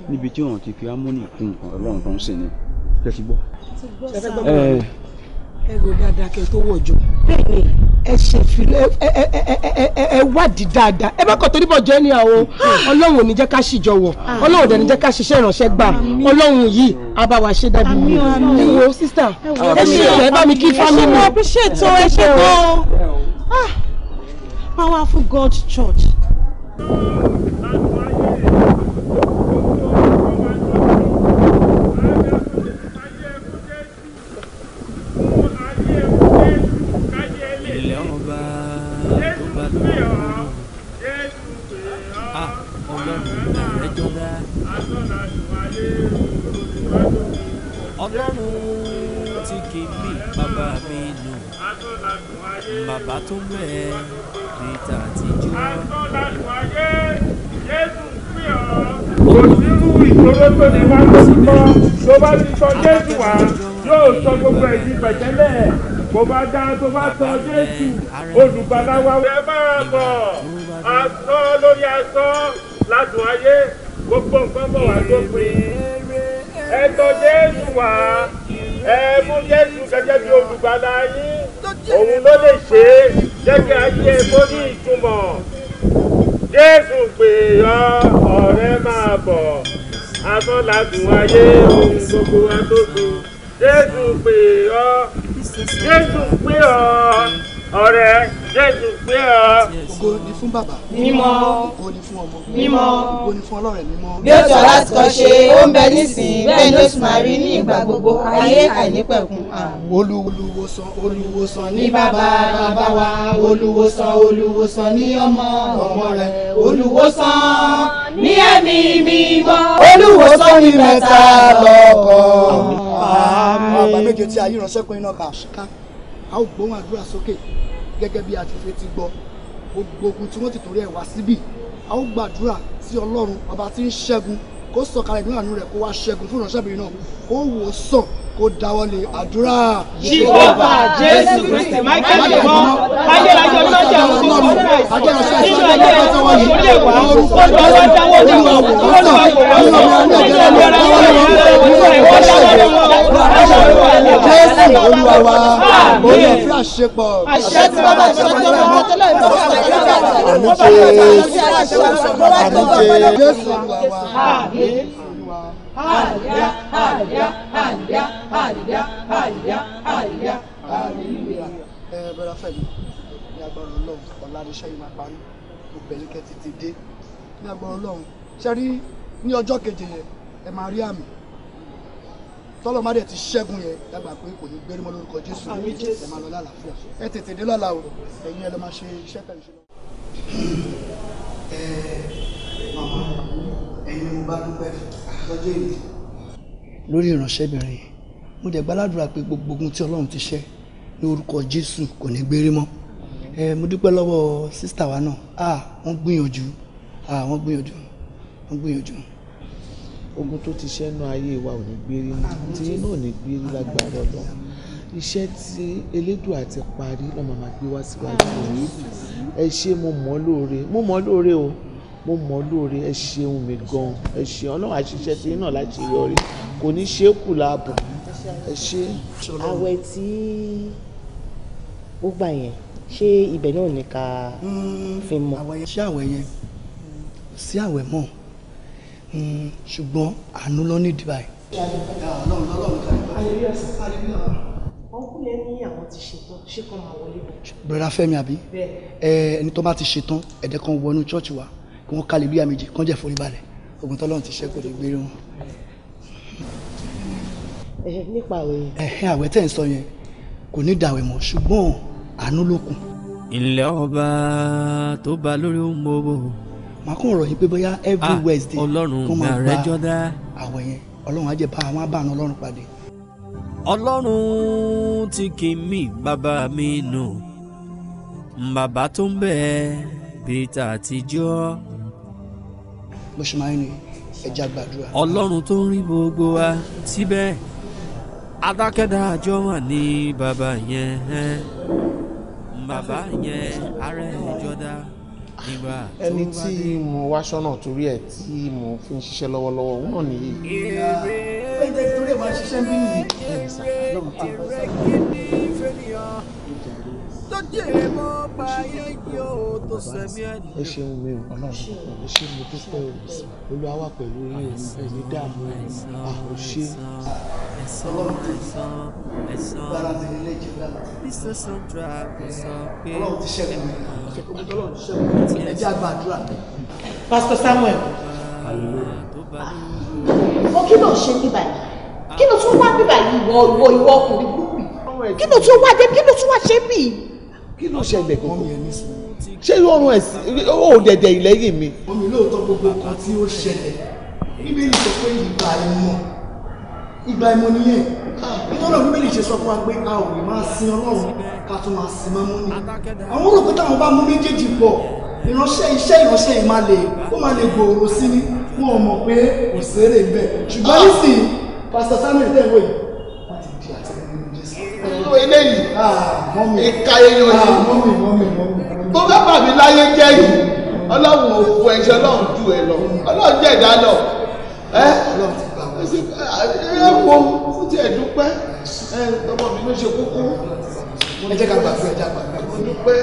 G: níbi tí wọ́n ti fi harmony kún nǹkan ọlọ́run tó ń sìn ni kẹ́ ti gbọ́. Eh.
C: ẹ rò dáadáa kẹ́ tó wọ̀jọ. bẹ́ẹ̀ni ẹ ṣe ìfilẹ ẹ wádìí dáadáa ẹ bá kọ torí bọ jẹ ní àwọn ọlọ́run ò ní jẹ́ ká ṣìjọ wọ ah. ọlọ́run ò dẹ̀ ní jẹ́ ká ṣiṣẹ́ ìrànṣẹ́ gbà ọlọ́run yìí a bá wa ṣe dábì mí ẹ wo sísá ẹ ṣe ìfẹ́ bá mi kí fámìlì. ẹ ṣe appreciate o ẹ ṣe gan-an. Powerful God Church. Ah,
E: bàbá tó mẹ́ẹ̀ẹ́ àtàtà àti ìjìnlẹ̀. àtọ́lànù
L: ayé jésù pè ọ́ kò sírú ìṣòro tó lè wá lórí mọ́ tó bá ti sọ jésù wá yóò sọ gbogbo ẹ̀yìn
H: pẹ̀tẹ́lẹ̀ bó bá dá tó bá sọ jésù olùgbàlà wa. ẹ máa bọ̀ aṣọ lórí aṣọ ládùn ayé gbogbo nǹkan bọ̀ wá lópin ẹ tọ̀ jésù wá ẹ mú jésù gẹ́gẹ́ bí olùgbàlà yín òun ló lè ṣe é jẹ́kẹ́ ayé kó ní ìtumọ̀ jésù pè ọ́ ọ̀rẹ́ máa bọ̀ asán ládùn ayé ohun gbogbo wa jésù pè ọ́ jésù
G: pè ọ́ ọ̀rẹ́ jésù gbé ọ. ògo ni fún bàbá.
E: mímọ́.
C: ògo ni fún
D: ọmọ.
E: mímọ́. ògo
C: ni fún ọlọ́rẹ̀ mímọ́. bí ó tọ́ láti kọ́ ṣe ó ń bẹ nísìnyí bẹ́ẹ̀ ni ó sì máa rí ní ìgbà gbogbo ayé àìnípẹ̀kun. olùwòsàn olùwòsàn ní bàbá bàbá wa olùwòsàn olùwòsàn ní ọmọ ọmọ rẹ̀ olùwòsàn ní ẹ̀mí mímọ́. olùwòsàn ní mẹ́ta lọ́kọ̀ọ́. àmín. àwọn àgbà méje tí ayé ránṣẹ́ pé iná kà a ó gbóhùn àdúrà sókè gẹ́gẹ́ bí a ti fẹ́ ti gbọ́ gbogbo ogun tí wọ́n ti torí ẹ̀ wá síbí a ó gbàdúrà sí ọlọ́run bàbá tí ń ṣẹ́gun kó sọ̀kalẹ̀ nínú àánú rẹ̀ kó wá ṣẹ́gun fún ìránṣẹ́bìnrin náà kó wò ó sàn kó dáwọ́lé àdúrà. jehova jésù kristi mákàlì mọ́ ayérayé ọlọ́jà òkú nínú ayé ìwòlẹ̀ wá olùwà dáwọ́lé wá olùwà jésù olúwa
D: wa olú ọ̀fẹ́ àṣepọ̀. àṣẹ tí bàbá àti ọjọ́ ọmọ tẹ́lẹ̀ ń bọ̀ wá àmì jésù àmì jésù olúwa wa. Hallelujah, hallelujah, hallelujah, hallelujah, hallelujah, hallelujah, hallelujah.
C: Ẹ bẹ́rẹ̀ fẹ́ mi, ní agbára Ọlọ́run, ọ̀làdíṣẹ́ yìí máa parí, mo bẹ̀rẹ̀ kẹ́tì ti dé. Ní agbára Ọlọ́run, ṣe rí ní ọjọ́ keje yẹn, ẹ máa rí àmì. Tọ́lọ́mọ dẹ̀ ti ṣẹ́gun yẹn, ẹ gbà pé kò ní gbérí mọ́ lórúkọ Jésù. Ẹ máa lọ lálàáfíà. Ẹ tètè dé lọ́la o,
L: ẹ̀yin ẹ lọ máa ṣe iṣẹ́ tẹ̀lé ṣe lọ. Ẹ
C: eh, màmá, ẹ̀yin mo bá dúpẹ́ lọ́jọ́ ìní. lórí ìránṣẹ́bìnrin mo dẹ̀ gbàládùra pé gbogbo ogun tí ọlọ́run ti ṣẹ́ ní orúkọ jésù kò ní gbérí mọ́ ẹ mo dúpẹ́ lọ́wọ́ sísítà wa náà ah wọ́n
B: gbìyànjú ah wọ́n gbìyànjú wọ́n gbìyànjú. ogun tó ti ṣẹ́ náà ayé wa ò ní gbérí mọ́ tí náà ò ní gbérí lágbára ọlọ́run iṣẹ́ tí elédùà ti parí lọ́mọ máa gbé wá síwájú ẹ ṣé mo mọ̀ lóore mo mọ̀ lóore o mo mọ̀ lóore ẹ ṣeun mi gan ẹ ṣeun ọlọ́run àṣìṣe tí náà láti yọrí kò ní ṣe é kù láàbọ̀ ẹ ṣe. àwẹ̀
C: tí ó gbà yẹn ṣé ibẹ̀ náà ní ká fi mọ̀. ṣé àwẹ̀ yẹn sí àwẹ̀ mọ́ hmm, ṣùgbọ́n àánú lọ ní dubai. ọkùnrin ní àwọn ti ṣetán ṣé kàn máa wọlé bọ̀. brother Fẹ́mi àbí ẹni tó bá ti ṣetán ẹ̀dẹ̀ kan wọnú ṣọ́ọ̀ṣì wa wọn kalẹ̀ lóyà méjì kán jẹ́ forí ogun tọ́lọ́run ti ṣe lè gbére wọn. nípa àwẹ̀ yẹn. ẹ̀hẹ́ àwẹ̀ tẹ̀ ń sọ yẹn kò ní dàwẹ̀ mọ́ ṣùgbọ́n àánú ló kù.
E: ilé ọba tó ba lórí òmòbò.
C: màá kàn rọ̀ yín pé bóyá every ah, Wednesday
E: kó máa gba
C: àwẹ̀ yẹn ọlọ́run á jẹ́ bá àwọn abáàna ọlọ́run pàdé.
E: ọlọ́run ti kì í mí bàbá mi nù bàbá tó ń bẹ Peter àtijọ́
C: bó ṣe máa ń ní ẹja gbàdúrà.
E: ọlọ́run tó ń rí gbogbo wa síbẹ̀ adákẹ́dá àjọ wà ní bàbá yẹn bàbá yẹn ààrẹ ìjọdá nígbà tó
I: bá dé. ẹni tí mo wá sọ́nà torí ẹ̀ tí mo fi ń ṣiṣẹ́ lọ́wọ́lọ́wọ́ òun náà nìyí.
E: èrè èrè torí ẹ̀ máa ṣiṣẹ́ bí nìyí
G: tó jèrè mọ́ pa yẹ́yẹ́ o tó sẹ̀mí ẹ̀
B: ẹ ṣeun mi o ọlọ́run ẹ ṣe mo dúpẹ́ o olúwa wà pẹ̀lú yín o ẹ̀mí dààmú ẹ̀ àwọn ṣe. ọlọ́run
C: Samuel. ó kí ló ń ṣe bíbáyìí kí ló tún wá bíbáyìí ìwọ ìwọ ìwọ ọkùnrin kí ló tún wá dé kí ló
B: tún wá ṣe bíi kí ló ṣẹlẹ̀ kókó ṣé ọrùn ẹ̀sìn ó dẹ̀dẹ̀ ìlẹ́yìn mi. omi
C: lóòótọ́ gbogbo nǹkan tí ó ṣẹlẹ̀ bíbélì sọ pé ìgbà ìmọ̀ ìgbà ìmọ̀ nìyẹn ìtọ́nà bíbélì ṣe sọ fún wa pé a ò lè máa sin ọlọ́run ká tún máa sin mọ́mú ni àwọn rò pé táwọn bá mú méjèèjì pọ̀ ìránṣẹ́ iṣẹ́ ìránṣẹ́ yìí máa lè ó máa lè gbòòrò sí ni wọn ò mọ̀ pé kò sérè bẹ́ẹ̀ ṣùgbọ́n ah. nísìnyí
B: pásítọ̀ samuel tẹ̀ wọ̀ yìí eléyìí ìka èèyàn yìí tó bá bàbí láyé jẹ́ yìí ọlọ́run òkú ẹ̀ṣẹ̀ ọlọ́run ju ẹ̀ lọ ọlọ́run jẹ́ ẹ̀dá lọ ẹ ẹ wo fún ti ẹ̀dúpẹ́ ẹ tọmọ mi ló ṣe kúkú
C: ẹ jẹ́ ká gbàgbé ẹ jẹ́ ká gbàgbé ẹ dúpẹ́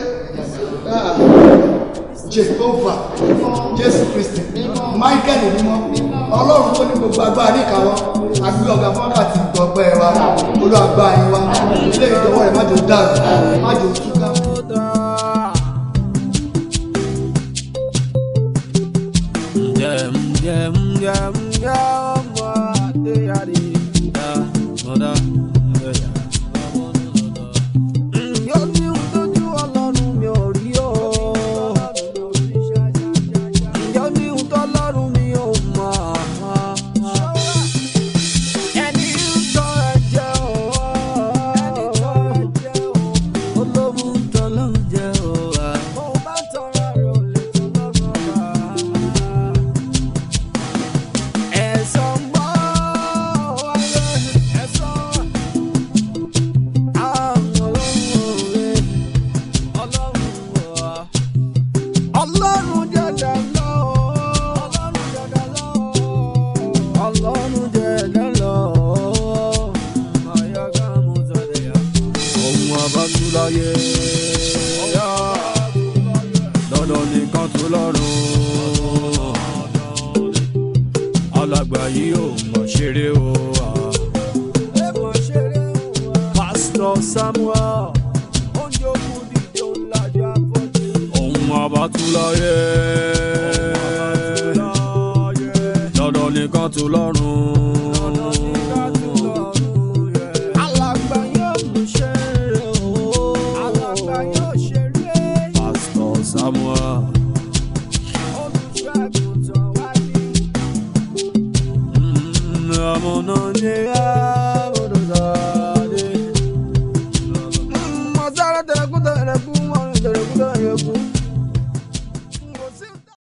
C: jehova jésù kristi michael mímọ́ ọlọ́run tó ní gbogbo agbára ní ìkáwọ́
B: àgbẹ̀ ọ̀gá fọ́nká ti gbọ́ ọgbẹ́ wa olúwàgbà yín wa ilé ìjọwọ́ rẹ̀ má jò dàrú má túká.
E: yeah.